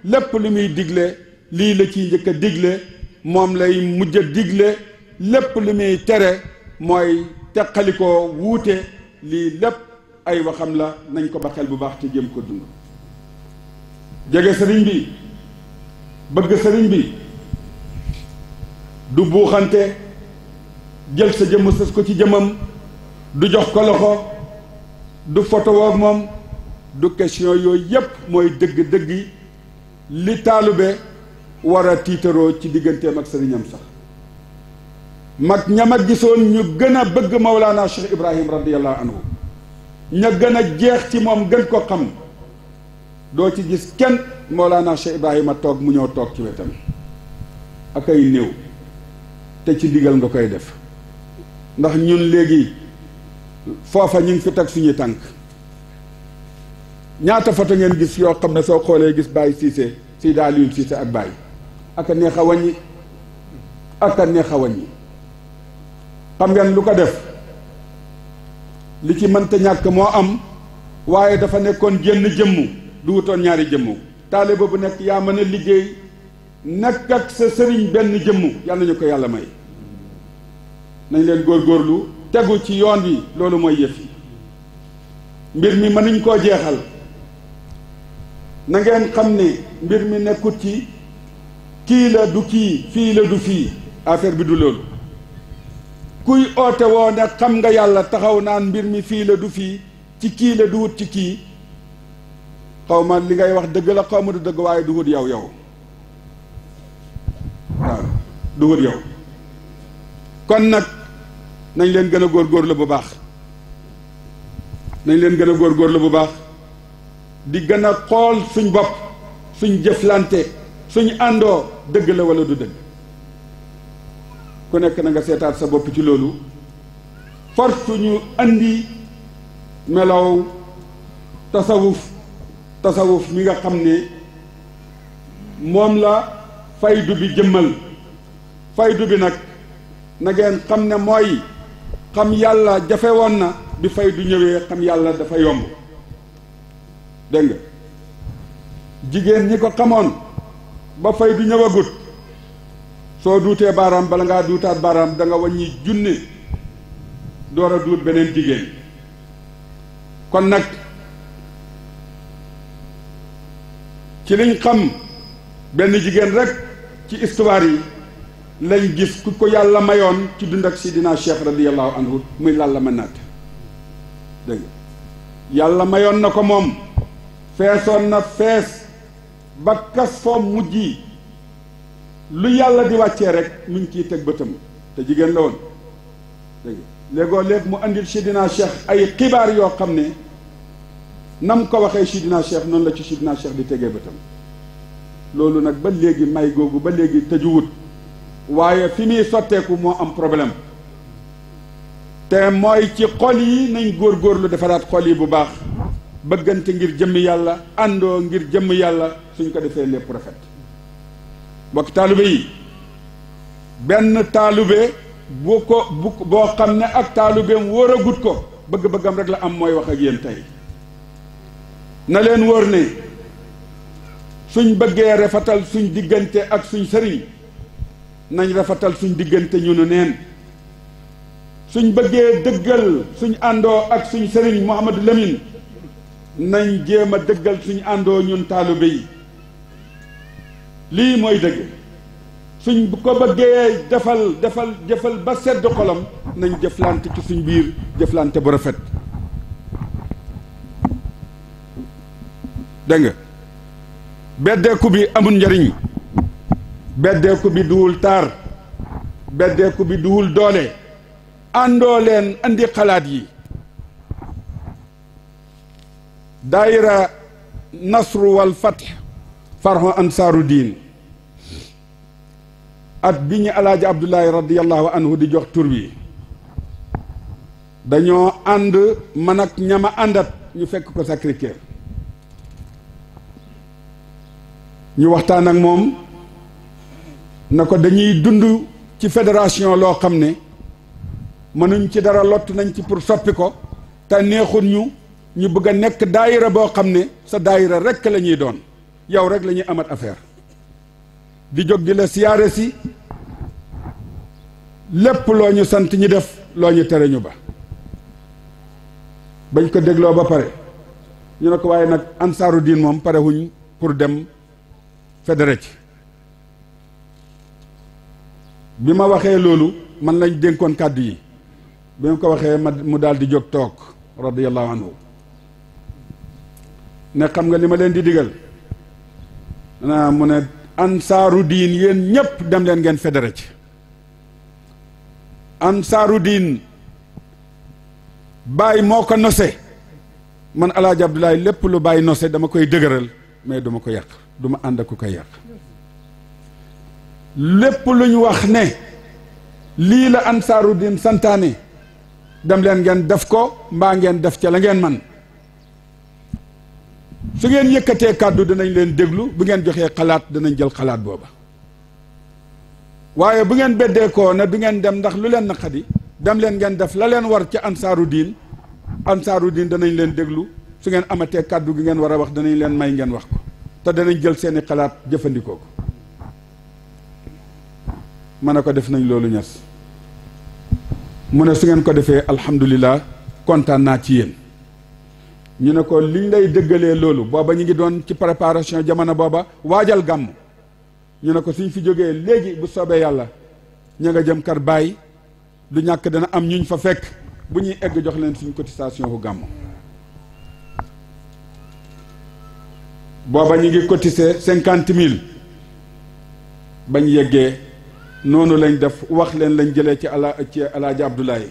lépp lu muy digle lii la ciy njëkk a digle moom lay mujj digle lépp lu muy tere mooy teqalikoo wuute lii lépp ay waxam la nañ ko ba xel bu baax ci jëm ko dund jege sëriñ bi bëgg sëriñ bi du buuxante jël sa jëmm sës ko ci jëmam du jox ko loxo du foto woog moom du question yooyu yépp mooy dëgg-dëgg yi li taalube war a tiitaroo ci digganteem ak sëriñam sax mag ña ma gisoon ñu gën a bëgg Mawlaana Cheikh Ibrahim radiyallahu anhu ña gën a jeex ci moom gën ko xam doo ci gis kenn Mawlaana Cheikh Ibrahima toog mu ñëw toog ci wetam ak ay néew te ci digal nga koy def ndax ñun léegi foofa ñu ngi fi teg suñuy tànk ñaata foto ngeen gis yoo xam ne soo xoolee gis Baye Cissé si daal yu Cissé ak Baye ak a neex a ak a neex a xam ngeen lu ko def li ci mënta ñàkk moo am waaye dafa nekkoon génn jëmm du wutoon ñaari jëmm taaliba bu nekk yaa mën a liggéey nekk ak sa sëriñ benn jëmm yàlla nañu ko yàlla may nañ leen góor góorlu tegu ci yoon yi loolu mooy yëf yi mbir mi mënuñ koo jeexal nangeen xam ne mbir mi nekkut ci kii la du kii fii la du fii affaire bi du loolu kuy oote woo ne xam nga yàlla taxaw naan mbir mi fii la du fii ci kii la du wut ci kii xaw ma li ngay wax dëgg la xaw du dëgg waaye du wut yaw yaw waaw du wut yow kon nag nañ leen gën a la bu baax nañ leen gën a la bu baax di gën a xool suñu bopp suñ jëflante suñu àndoo dëgg la wala du dëgg ku nekk na nga seetaat sa bopp ci loolu force ñu andi melow tasawuf tasawuf mi nga xam ne moom la faydu bi jëmmal faydu bi nag na xam ne mooy xam yàlla jafe woon na bi faydu ñëwee xam yàlla dafa yomb dégg nga jigéen ñi ko xamoon ba fay bi ñëwagut soo duutee baaraam bala ngaa duutaat baaraam da nga wàññi junne door a duut beneen jigéen kon nag ci liñ xam benn jigéen rek ci histoire yi lañ gis ku ko yàlla mayoon ci dund ak sidina cheikh radiallahu anhu muy lalla ma naat yàlla mayoon na ko moom feesoon na fees ba kas foom mujj yi lu yàlla di wàccee rek mu ngi ciy teg bëtam te jigéen la woon dégg léegoo léeg mu andil sidina cheikh ay xibaar yoo xam ne nam ko waxee sidina cheikh noonu la ci sidina cheikh di tegee bëtam loolu nag ba léegi may googu ba léegi tëjuwut waaye fi muy sotteeku moo am problème te mooy ci xol yi góor góor lu defaraat xol yi bu baax bëggante ngir jëmm yàlla àndoo ngir jëmm yàlla suñ ko defee lépp rafet mbokk taalibe yi benn taalibe bu ko bu boo xam ne ak taalibeem wóoragut ko bëgg-bëggam rek la am mooy wax ak yéen tey na leen wóor ne suñ bëggee rafetal suñ diggante ak suñ sëriñ nañ rafetal suñ diggante ñu nu neen suñ bëggee dëggal suñ àndoo ak suñ sëriñ Mouhamadou Lamine nañu jéem a dëggal suñu àndoo ñun taalibe yi lii mooy dëgg suñ bu ko bëggee defal defal jëfal ba sedd xolam nañ jëflante ci suñu biir jëflante bu rafet dégg nga beddeeku bi amul njariñ beddeeku bi duwul taar beddeeku bi duwul doole àndoo leen andi xalaat yi daayira nasru wal fath farho ansaaru diin at bi ñu alaaji abdullahi radiallahu anhu di jox tur bi dañoo ànd man ak ñama àndat ñu fekk ko Sacré-Cœur ñu waxtaan ak moom na ko dañuy dund ci fédération loo xam ne mënuñ ci dara lott nañ ci pour soppi ko te neexut ñu ñu bëgg a nekk daayira boo xam ne sa daayira rekk la ñuy doon yow rek lañuy amat affaire di jóg di la siyaare si lépp loo ñu sant ñi def loo ñu tere ñu ba bañ ko dégloo ba pare ñu ne ko waaye nag ansaaru diin moom pare pour dem fédéré ci bi ma waxee loolu man lañ dénkoon kàddu yi bi ma ko waxee ma mu daal di jóg toog radiyallahu anhu ne xam nga li ma leen di digal na mu ne ansaaru diin yéen ñépp dem leen ngeen fédéré ci ansaaru diin bàyyi moo ko nose man alaaji Abdoulaye lépp lu bàyyi nose dama koy dëgëral mais duma ko yàq duma ànd ak ku koy yàq lépp lu ñu wax ne lii la ansaaru diin santaane dem leen ngeen def ko mbaa ngeen def ca la ngeen man su ngeen yëkkatee kàddu danañ leen déglu bu ngeen joxee xalaat danañ jël xalaat booba waaye bu ngeen beddeekoo ne du ngeen dem ndax lu leen naqadi dem leen ngeen def la leen war ci ansaaru diin ansaaru diin danañ leen déglu su ngeen amatee kàddu gi ngeen war a wax danañ leen may ngeen wax ko te danañ jël seeni xalaat jëfandikoo ko ma ne ko def nañ loolu ñas mu ne su ngeen ko defee alhamdulilah kontaan naa ci yéen ñu ne ko liñ lay dëggalee loolu booba ñu ngi doon ci préparation jamono booba waajal gàmm ñu ne ko suñ fi jógee léegi bu soobee yàlla ña nga jëm kar bàyyi du ñàkk dana am ñuñ fa fekk bu ñuy egg jox leen suñ cotisation bu gàmm booba ñu ngi cotiser cinquante mille bañ yeggee noonu lañ def wax leen lañ jëlee ci ala ci alaaji Abdoulaye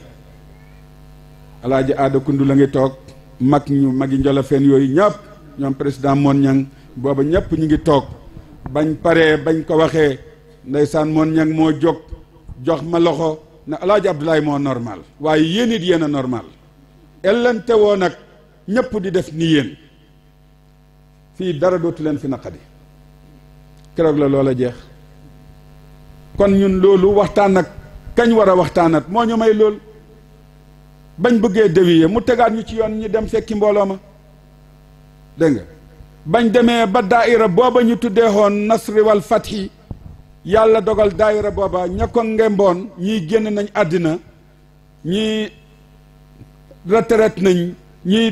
alaaji aada kundu la ngi toog mag ñu magi njolofeen yooyu ñëpp ñoom président moon ñang booba ñëpp ñu ngi toog bañ paree bañ ko waxee ndeysaan moon ñang moo jóg jox ma loxo ne alaaji Abdoulaye moo normal waaye yéen it yéen a normal ellante woo nag ñëpp di def ni yéen fii dara dootu leen fi naqadi keroog la a jeex kon ñun loolu waxtaan ak kañ war a waxtaanat moo ñu may lool bañ bëggee dévier mu tegaat ñu ci yoon ñu dem fekki mbooloo ma dégg bañ demee ba daaira booba ñu tuddee woon nasri wal yàlla dogal daaira booba ña ko ngemboon ñii génn nañu àddina ñii retraite nañu ñii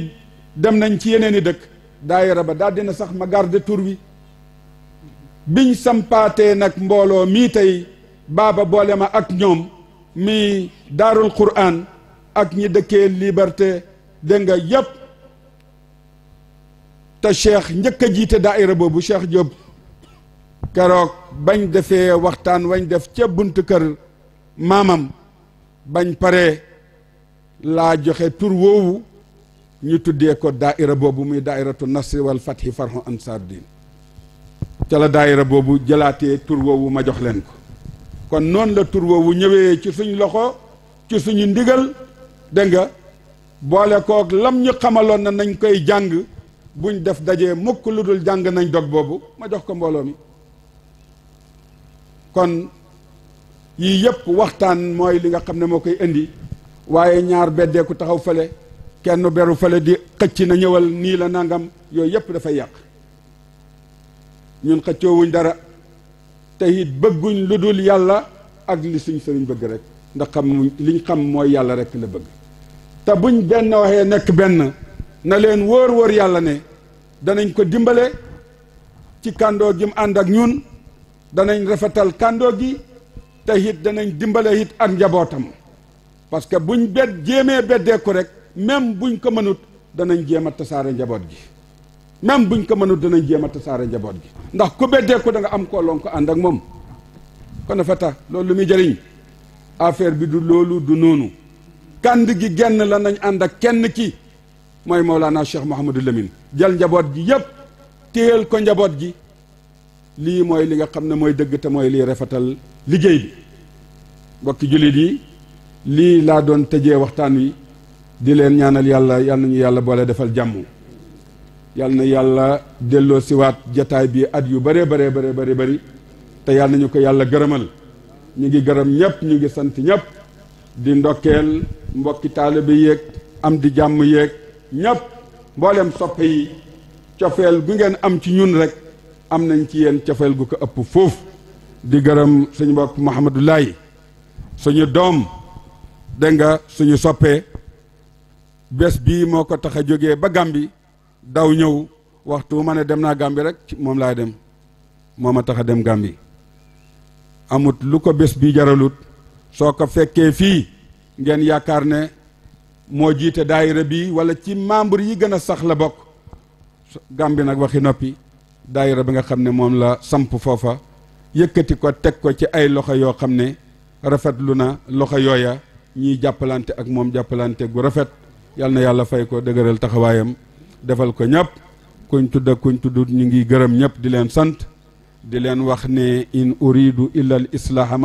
dem nañ ci yeneen i dëkk daayira ba daal dina sax ma garde tur wi biñ sampaatee nag mbooloo mii tey baaba boole ma ak ñoom mi daarul quraan ak ñi dëkkee liberté dégg nga yëpp te cheikh njëkk a jiite daaira boobu cheikh job keroog bañ defee waxtaan wañ def ca buntu kër maamam bañ pare laa joxe tur woowu ñu tuddee ko daaira boobu muy daairatu nasri wal fathi farhu ansar din ca la daaira boobu jëlaatee tur woowu ma jox leen ko kon noonu la tur woowu ñëwee ci suñ loxo ci suñu ndigal dégg nga boole kook lam ñu xamaloon na nañ koy jàng buñ def dajee mukk lu dul jàng nañ dog boobu ma jox ko mbooloo mi kon yii yëpp waxtaan mooy li nga xam ne moo koy indi waaye ñaar beddeeku taxaw fale kenn beru fale di xëcc na ñëwal nii la ndàngam yooyu yëpp dafay yàq ñun xëccoowuñ dara te bëgguñ lu dul yàlla ak li suñ sëriñ bëgg rek ndax xam liñ xam mooy yàlla rek la bëgg te buñ benn waxee nekk benn na leen wóor wóor yàlla ne danañ ko dimbale ci kàndoo gi mu ànd ak ñun danañ rafetal kàndoo gi te it danañ dimbale it ak njabootam parce que buñ bed jéemee beddeeku rek même buñ ko mënut danañ jéem a tasaare njaboot gi même buñ ko mënut danañ jéem a tasaare njaboot gi ndax ku beddeeku da am koo lonk ànd ak moom kon na loolu muy jëriñ affaire bi du loolu du noonu kànd gi genn la nañ ànd ak kenn ki mooy Mawlana Cheikh Mouhamadou Lamine jël njaboot gi yépp téyal ko njaboot gi lii mooy li nga xam ne mooy dëgg te mooy lii rafetal liggéey bi mbokki jullit yi lii laa doon tëjee waxtaan wi di leen ñaanal yàlla yal nañu yàlla boole defal jàmm yal na yàlla delloo siwaat jataay bi at yu bëree bëree bëree bëri bëri te yal nañu ko yàlla gërëmal ñu ngi gërëm ñëpp ñu ngi sant ñëpp di ndokkeel mbokki taalibe yéeg am di jàmm yéeg ñépp mbooleem soppe yi cofeel gu ngeen am ci ñun rek am nañ ci yéen cofeel gu ko ëpp foofu di gërëm suñu mbokk Mouhamadou suñu doom dégg nga suñu soppee bés bii moo ko tax a jógee ba Gàmbi daw ñëw waxtu ma ne dem naa Gàmbi rek moom laa dem moo ma tax dem Gàmbi amut lu ko bés bi jaralut soo ko fekkee fii ngeen yaakaar ne moo jiite daayira bi wala ci membre yi gën a sax la bokk Gàmbi nag waxi noppi daayira bi nga xam ne moom la samp foofa yëkkati ko teg ko ci ay loxo yoo xam ne rafetlu na loxo yooya ñiy jàppalante ak moom jàppalante gu rafet yal na yàlla fay ko dëgëral taxawaayam defal ko ñëpp kuñ tudd kuñ tudd ñu ngi gërëm ñëpp di leen sant di leen wax ne in uridu illa al islaaha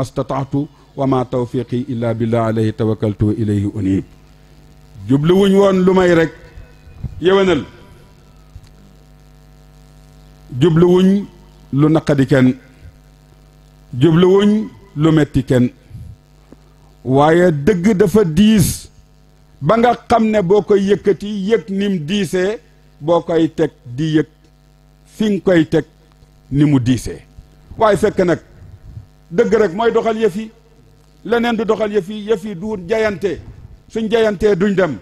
wa ma illa billah alayhi tawakkaltu wa ilayhi unib jubluwuñ woon lu may rek yéwénal jubluwuñ lu naqadi kenn jubluwuñ lu metti kenn waaye dëgg dafa diis ba nga xam ne boo ko yëkkati yëg nim diisee boo koy teg di yëg fi nga koy teg ni mu diisee waaye fekk nag dëgg rek mooy doxal yëf leneen du doxal yëf yi yëf yi du jayante suñ jayantee duñ dem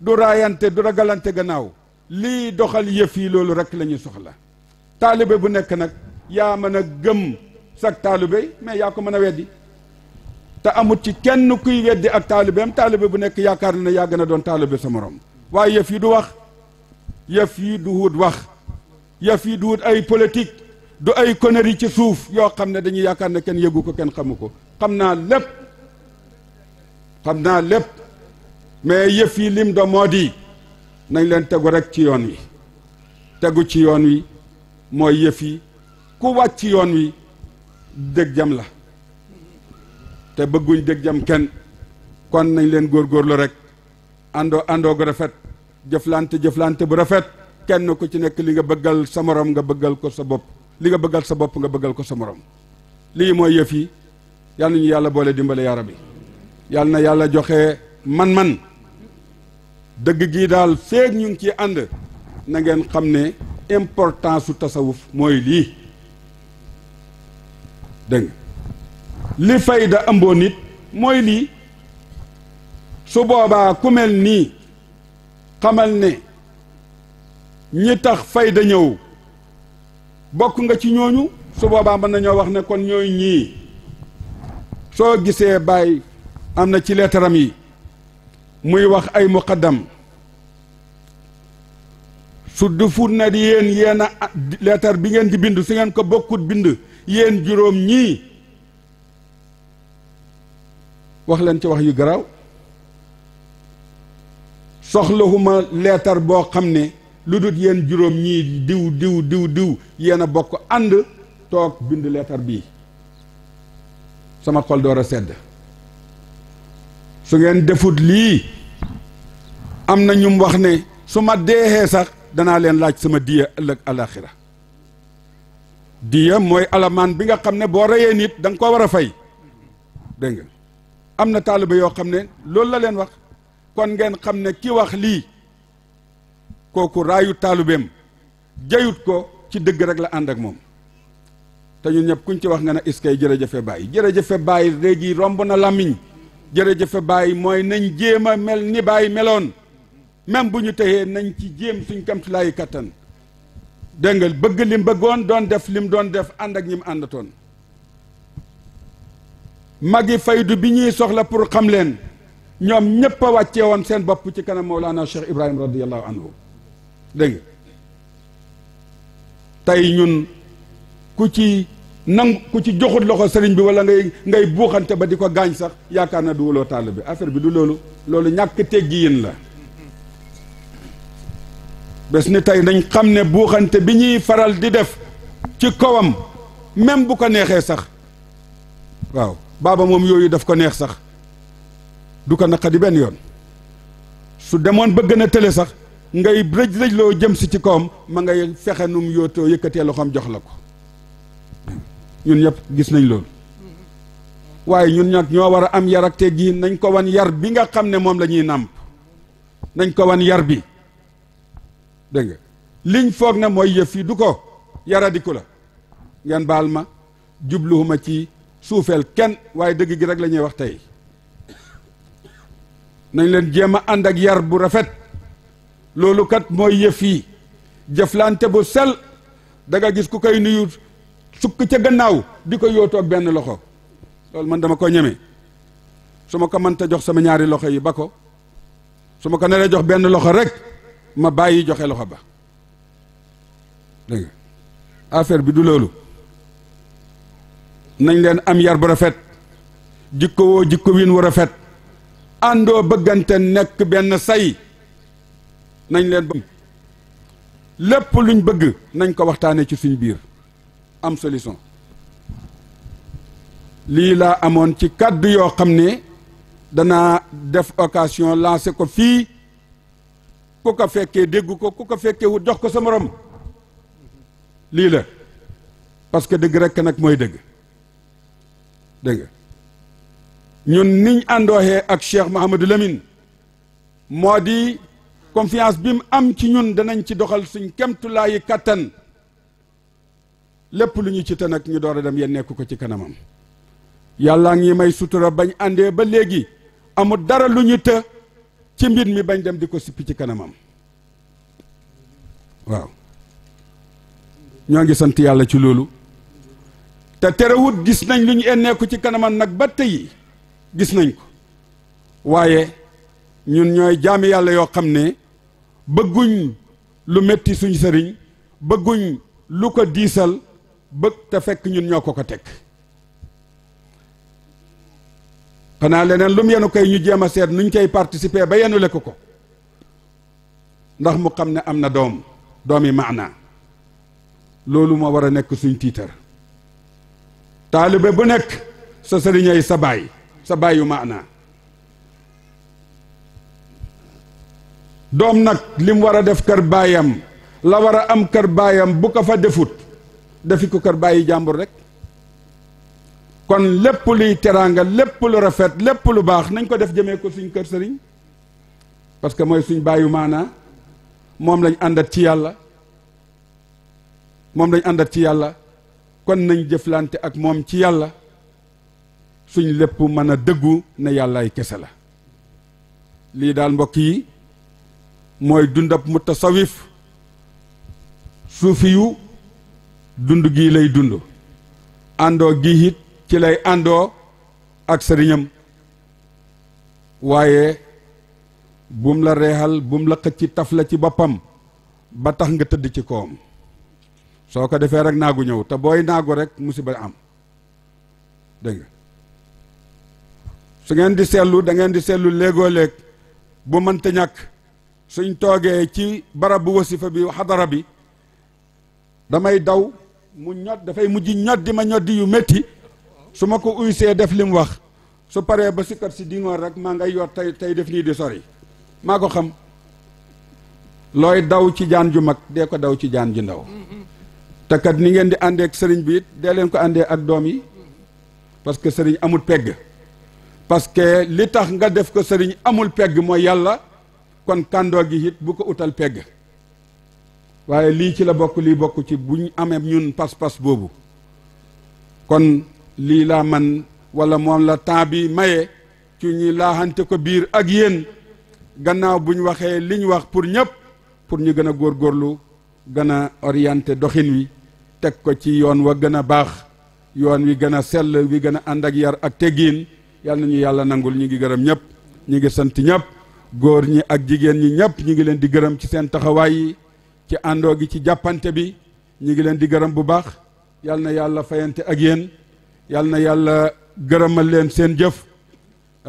du raayante du ragalante gannaaw lii doxal yëf yi loolu rek lañuy soxla taalibe bu nekk nag yaa mën a gëm sag taalibe mais yaa ko mën a weddi te amut ci kenn kuy weddi ak taalibeem taalibe bu nekk yaakaar na ne yaa gën a doon taalibe sa morom waaye yëf yi du wax yëf yi du wut wax yëf yi du wut ay politique du ay conneries ci suuf yoo xam ne dañuy yaakaar ne kenn yëgu ko kenn xamu ko xam naa lépp xam naa lépp mais yëf yi lim da moo di nañ leen tegu rek ci yoon wi tegu ci yoon wi mooy yëf yi ku wàcc ci yoon wi dëgg jam la te bëgguñ dëgg jam kenn kon nañ leen góor góorlu rek àndoo àndoo gu rafet jëflante jëflante bu rafet kenn ku ci nekk li nga bëggal sa morom nga bëggal ko sa bopp li nga bëggal sa bopp nga bëggal ko sa morom lii mooy yëf yi yal nañu yàlla boole dimbale yaa bi yal na yàlla joxe man-man dëgg gii daal feeg ñu ngi ciy ànd nangeen xam ne importance su tasawuf mooy lii dégg li fayda ëmboo nit mooy lii su boobaa ku mel nii xamal ne ñi tax fayda ñëw bokk nga ci ñooñu su boobaa mën nañoo wax ne kon ñooy ñii soo gisee Baye am na ci leetaram yi muy wax ay muqaddam su dufu na di yéen yéen a leetar bi ngeen di bind su ngeen ko bokkut bind yéen juróom ñii wax ci wax yu garaaw soxlahuma leetar boo xam ne lu dut yéen juróom ñii diw diw diw diw yéen a bokk ànd toog bind leetar bii sama xol door a sedd su ngeen defut lii am na ñum wax ne su ma deexee sax danaa leen laaj sama diya ëllëg alaxira diya mooy alamaan bi nga xam ne boo reyee nit danga nga ko war a fay dégg nga am na taaliba yoo xam ne loolu la leen wax kon ngeen xam ne ki wax lii kooku raayu taalibeem jayut ko ci dëgg rek la ànd ak moom te ñun ñëpp kuñ ci wax nga ne iskay jërëjëfe bàyyi jërëjëfe bàyyi léegi romb na làmmiñ jërëjëfe bàyyi mooy nañ jéem a mel ni bàyyi meloon même bu ñu tëyee nañ ci jéem suñ kamtulaayu kattan dégg nga bëgg lim bëggoon doon def lim doon def ànd ak ñim mu àndatoon magi faydu bi ñuy soxla pour xam leen ñoom ñëpp a wàccee woon seen bopp ci kanam Mawlana Cheikh Ibrahim radiyallahu anhu dégg tey ñun ku ci nangu ku ci joxut loxo sëriñ bi wala ngay ngay buuxante ba di ko gaañ sax yaakaar na duwuloo tàll bi affaire bi du loolu loolu ñàkk teggi yéen la bés ni tey dañ xam ne buuxante bi ñuy faral di def ci kawam même bu ko neexee sax waaw baaba moom yooyu daf ko neex sax du ko naqadi benn yoon su demoon bëgg na tële sax ngay rëj rëjloo jëm si ci kawam ma ngay fexe num yootoo yëkkatee loxoom jox la ko ñun ñëpp gis nañ loolu waaye ñun ñag ñoo war a am yar ak teggin nañ ko wan yar bi nga xam ne moom lañuy ñuy nàmp nañ ko wan yar bi dégg nga liñ foog na mooy yëf yi du ko yaradiku la ngeen baal ma jubluwuma ci suufeel kenn waaye dëgg gi rek lañuy wax tey nañ leen jéem a ànd ak yar bu rafet loolu kat mooy yëf yi jëflante bu sel danga gis ku koy nuyu sukk ca gannaaw di ko yóotoog benn loxo loolu man dama ko ñeme su ma ko mënta jox sama ñaari loxo yi ba ko su ma ko naree jox benn loxo rek ma bàyyi joxe loxo ba dégg affaire bi du loolu nañ leen am yar bu rafet jikko woo jikko win wu rafet àndoo bëggante nekk benn say nañ leen lépp luñ bëgg nañ ko waxtaane ci suñu biir am solution lii laa amoon ci kàddu yoo xam ne danaa def occasion lancé ko fii ku ko fekkee dégg ko ku ko fekkee wut jox ko sa morom lii la parce que dégg rekk nag mooy dëgg dégg nga ñun niñ àndooxee ak Cheikh Mouhamadou Lamine moo di confiance bi mu am ci ñun danañ ci doxal suñ kemtulaayi kàttan lépp lu ñu ci te nag ñu door a dem yéen nekk ko ci kanamam yàllaa ngi may sutura bañ àndee ba léegi amut dara lu ñu të ci mbir mi bañ dem di ko sippi ci kanamam waaw ñoo ngi sant yàlla ci loolu te terewut gis nañ lu ñu enneeku ci kanamam nag ba tey gis nañ ko waaye ñun ñooy jaami yàlla yoo xam ne bëgguñ lu metti suñu sëriñ bëgguñ lu ko diisal bëgg te fekk ñun ñoo ko ko teg xanaa leneen lum yenu koy ñu jéem a seet nuñ koy participer ba yenu lekk ko ndax mu xam ne am na doom doomi maanaa loolu moo war a nekk suñ tiitar taalibe bu nekk sa sëriñay sa baay sa baayu maanaa doom nag lim war a def kër baayam la war a am kër baayam bu ko fa defut dafi ko kër bàyyi jàmbur rek kon lépp luy teraanga lépp lu rafet lépp lu baax nañ ko def jëmee ko suñ kër sëriñ parce que mooy suñ bàyyu maanaa moom lañ àndat ci yàlla moom lañ àndat ci yàlla kon nañ jëflante ak moom ci yàlla suñ lépp mën a dëggu ne yàllaay kese la lii daal mbokk yi mooy dundab mutasawif suufi yu dund gii lay dund àndoo gii it ci lay àndoo ak sëriñam waaye bum la reexal bum la xëcc ci taf la ci boppam ba tax nga tëdd ci kawam soo ko defee rek naagu ñëw te booy naagu rek musiba am dégg su ngeen di seetlu dangeen di seetlu léegoo léeg bu mënta ñàkk suñ toogee ci barab bu wasifa bi xadara bi damay daw mu ñot dafay mujj ñot di ma ñoddi yu metti su ma ko uysee def li mu wax su paree ba sikkat si dingoor rek maa ngay yor tey tey def nii di sori maa ko xam looy daw ci jaan ju mag dee ko daw ci jaan ju ndaw te kat ni ngeen di àndee sëriñ bi it dee leen ko àndee ak doom yi parce que sëriñ amul pegg parce que li tax nga def ko sëriñ amul pegg mooy yàlla kon kàndoor gi it bu ko utal pegg waaye lii ci la bokk lii bokk ci bu ñu amee ñun pas-pas boobu kon lii laa man walla moom la temps bi maye ci ñi laaxante ko biir ak yéen gannaaw buñ waxee liñ wax pour ñëpp pour ñu gën a góorlu gën a orienté doxin wi teg ko ci yoon wa gën a baax yoon wi gën a sell wi gën a ànd ak yar ak teggiin yàlla nañu yàlla nangul ñu ngi gërëm ñëpp ñu ngi sant ñëpp góor ñi ak jigéen ñi ñëpp ñu ngi leen di gërëm ci seen taxawaay yi ci àndoo gi ci jàppante bi ñu ngi leen di gërëm bu baax yal na yàlla fayante ak yéen yal na yàlla gërëmal leen seen jëf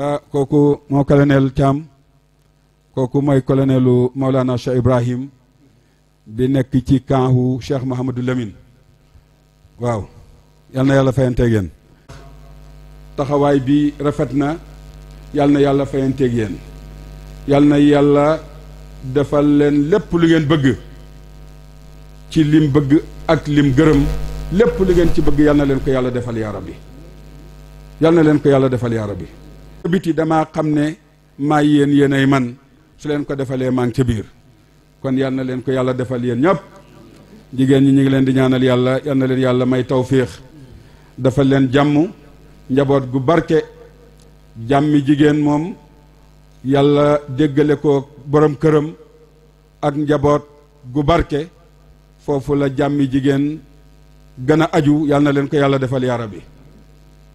ah, kooku moo colonel Thiam kooku mooy colonelu Maulana Cheikh Ibrahim bi nekk ci campu Cheikh Mouhamadou Lamine waaw yal na yàlla fayanteeg yéen taxawaay bi rafet na yal na yàlla fayanteeg yéen yal na yàlla defal leen lépp lu ngeen bëgg ci lim bëgg ak lim gërëm lépp li ngeen ci bëgg yal na leen ko yàlla defal yaa bi yal na leen ko yàlla defal yaa rabbi biti dama xam ne maa yéen yéen ay man su leen ko defalee maa ngi ca biir kon yal na leen ko yàlla defal yéen ñëpp jigéen ñi ñu ngi leen di ñaanal yàlla yal na leen yàlla may tawféex dafa leen jàmm njaboot gu barke jàmm jigéen moom yàlla déggale ko boroom këram ak njaboot gu barke foofu la jàmmi jigéen gën a aju yal na leen ko yàlla defal yaara bi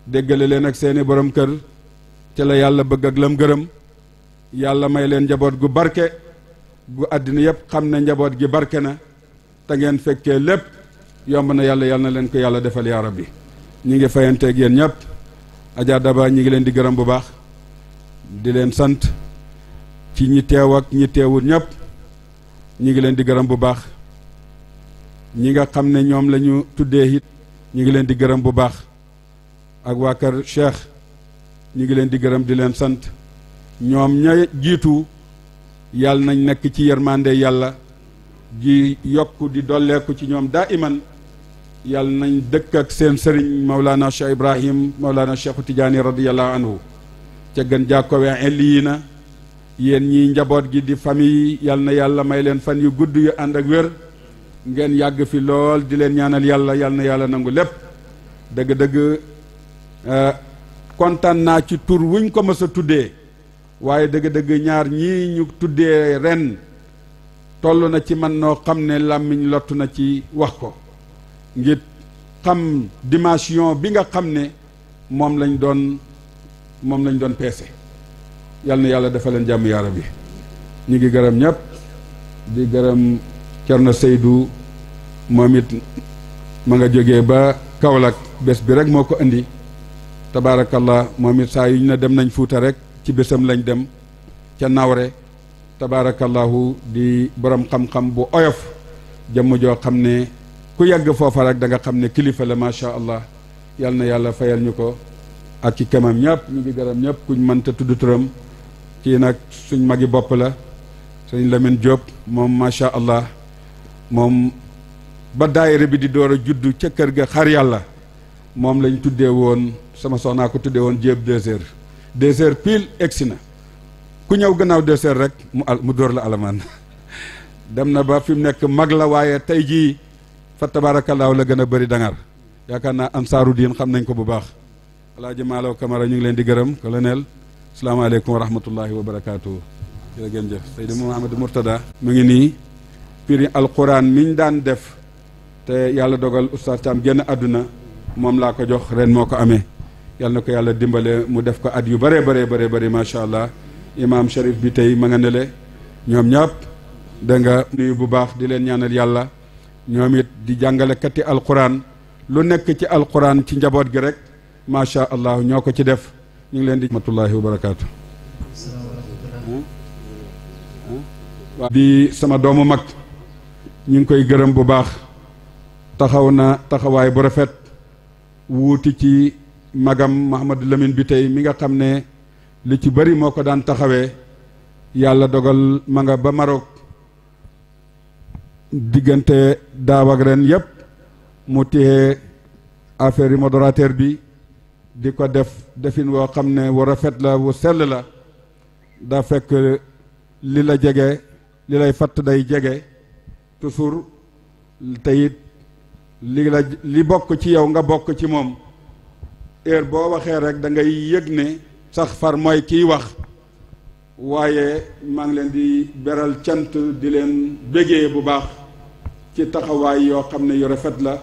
déggale leen ak seeni borom kër ca la yàlla bëgg ak lam gërëm yàlla may leen njaboot gu barke gu àddina yëpp xam ne njaboot gi barke na te ngeen fekkee lépp yomb na yàlla yal na leen ko yàlla defal yaara bi ñu ngi fayanteeg yéen ñëpp Adja ñu ngi leen di gërëm bu baax di leen sant ci ñi teew ak ñi teewul ñëpp ñu ngi leen di gërëm bu baax ñi nga xam ne ñoom lañu tuddee it ñu ngi leen di gërëm bu baax ak waa kër Cheikh ñu ngi leen di gërëm di leen sant ñoom ña jiitu yàlla nañ nekk ci yërmande yàlla ji yokk di dolleeku ci ñoom daa iman yàlla nañ dëkk ak seen sëriñ Maulana Cheikh Ibrahim Maulana Cheikh Tidiane radiyallahu anhu ca gën jàkkowe elli na yéen ñiy njaboot gi di famille yàlla na yàlla may leen fan yu gudd yu ànd ak wér ngeen yàgg fi lool di leen ñaanal yàlla yal na yàlla nangu lépp dëgg-dëgg euh, kontaan naa ci tur wuñ ko mës tuddee waaye dëgg-dëgg ñaar ñii ñu tuddee ren toll na ci man noo xam ne làmmiñ lottu na ci wax ko ngir xam dimension bi nga xam ne moom lañ doon moom lañ doon peese yal na yàlla dafa leen jàmm yaara bi ñu ngi gërëm ñëpp di gërëm Cerno Seydou moom it ma nga jóge ba Kaolack bés bi rek moo ko indi tabaarakallah moom it saa yu ñu ne dem nañ Fuuta rek ci bésam lañ dem ca nawre tabaarakallahu di borom xam-xam bu oyof jëmm joo xam ne ku yàgg foofa rek da xam ne kilifa la macha allah yal na yàlla fayal ñu ko ak ci kamam ñëpp ñu ngi gërëm ñëpp kuñ mënta tudd turam kii nag suñ magi bopp la sëñ Lamine Diop moom macha allah moom ba daayira bi di door a juddu ca kër ga xar yàlla moom lañ tuddee woon sama soxnaa ko tuddee woon jéeb deux heures deux heures pile egsi na ku ñëw gannaaw deux rek mu al mu dóor la alamaan dem na ba fi mu nekk mag la waaye tey jii fa tabaarakallaahu la gën a bëri dangar yaakaar naa ansaaru diin xam nañ ko bu baax alaaji maalaw kamara ñu ngi leen di gërëm colonel salaamaaleykum wa rahmatullahi wa barakaatu jërëjëf Seydi Mouhamadou Mourtada mu ngi nii firi alquran mi ñu daan def te yàlla dogal oustaz Thiam génn àdduna moom laa ko jox ren moo ko amee yàlla na ko yàlla dimbale mu def ko at yu bëree bëree bëree bëri macha allah imaam Cherif bi tey ma nga ne ñoom ñàpp da nga nuyu bu baax di leen ñaanal yàlla ñoom it di jàngalekati alquran lu nekk ci alquran ci njaboot gi rek macha allah ñoo ko ci def ñu ngi leen di. rahmatullahi wa barakaatu. di sama doomu mag. ñu ngi koy gërëm bu baax taxaw na taxawaay bu rafet wuuti ci magam Mahamadou Lamine bi tey mi nga xam ne li ci bari moo ko daan taxawee yàlla dogal ma nga ba marok diggante daaw ak yëpp mu téye affaire yi modérateur bi di ko def defin woo xam ne wu rafet la wu sell la daa fekk li la jege li lay fatt day jege toujours teyit li la li bokk ci yow nga bokk ci moom heure boo waxee rek da ngay yëg ne sax far mooy kiy wax waaye maa ngi leen di beral cant di leen bégee bu baax ci taxawaay yoo xam ne yu rafet la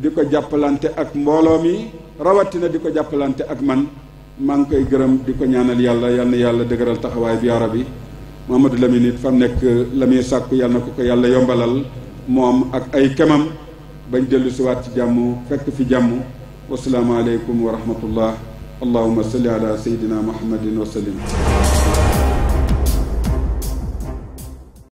di ko jàppalante ak mbooloo mi rawatina di ko jàppalante ak man maa ngi koy gërëm di ko ñaanal yàlla yal na yàlla dëgëral taxawaay bi yaara bi Mouhamadou Lamine it fam nekk la muy sàkku na ko ko yàlla yombalal moom ak ay kemam bañ dellu siwaat ci jàmm fekk fi jàmm wasalaamaaleykum wa rahmatullah allahuma salli ala sayidina muhammadin wa sallim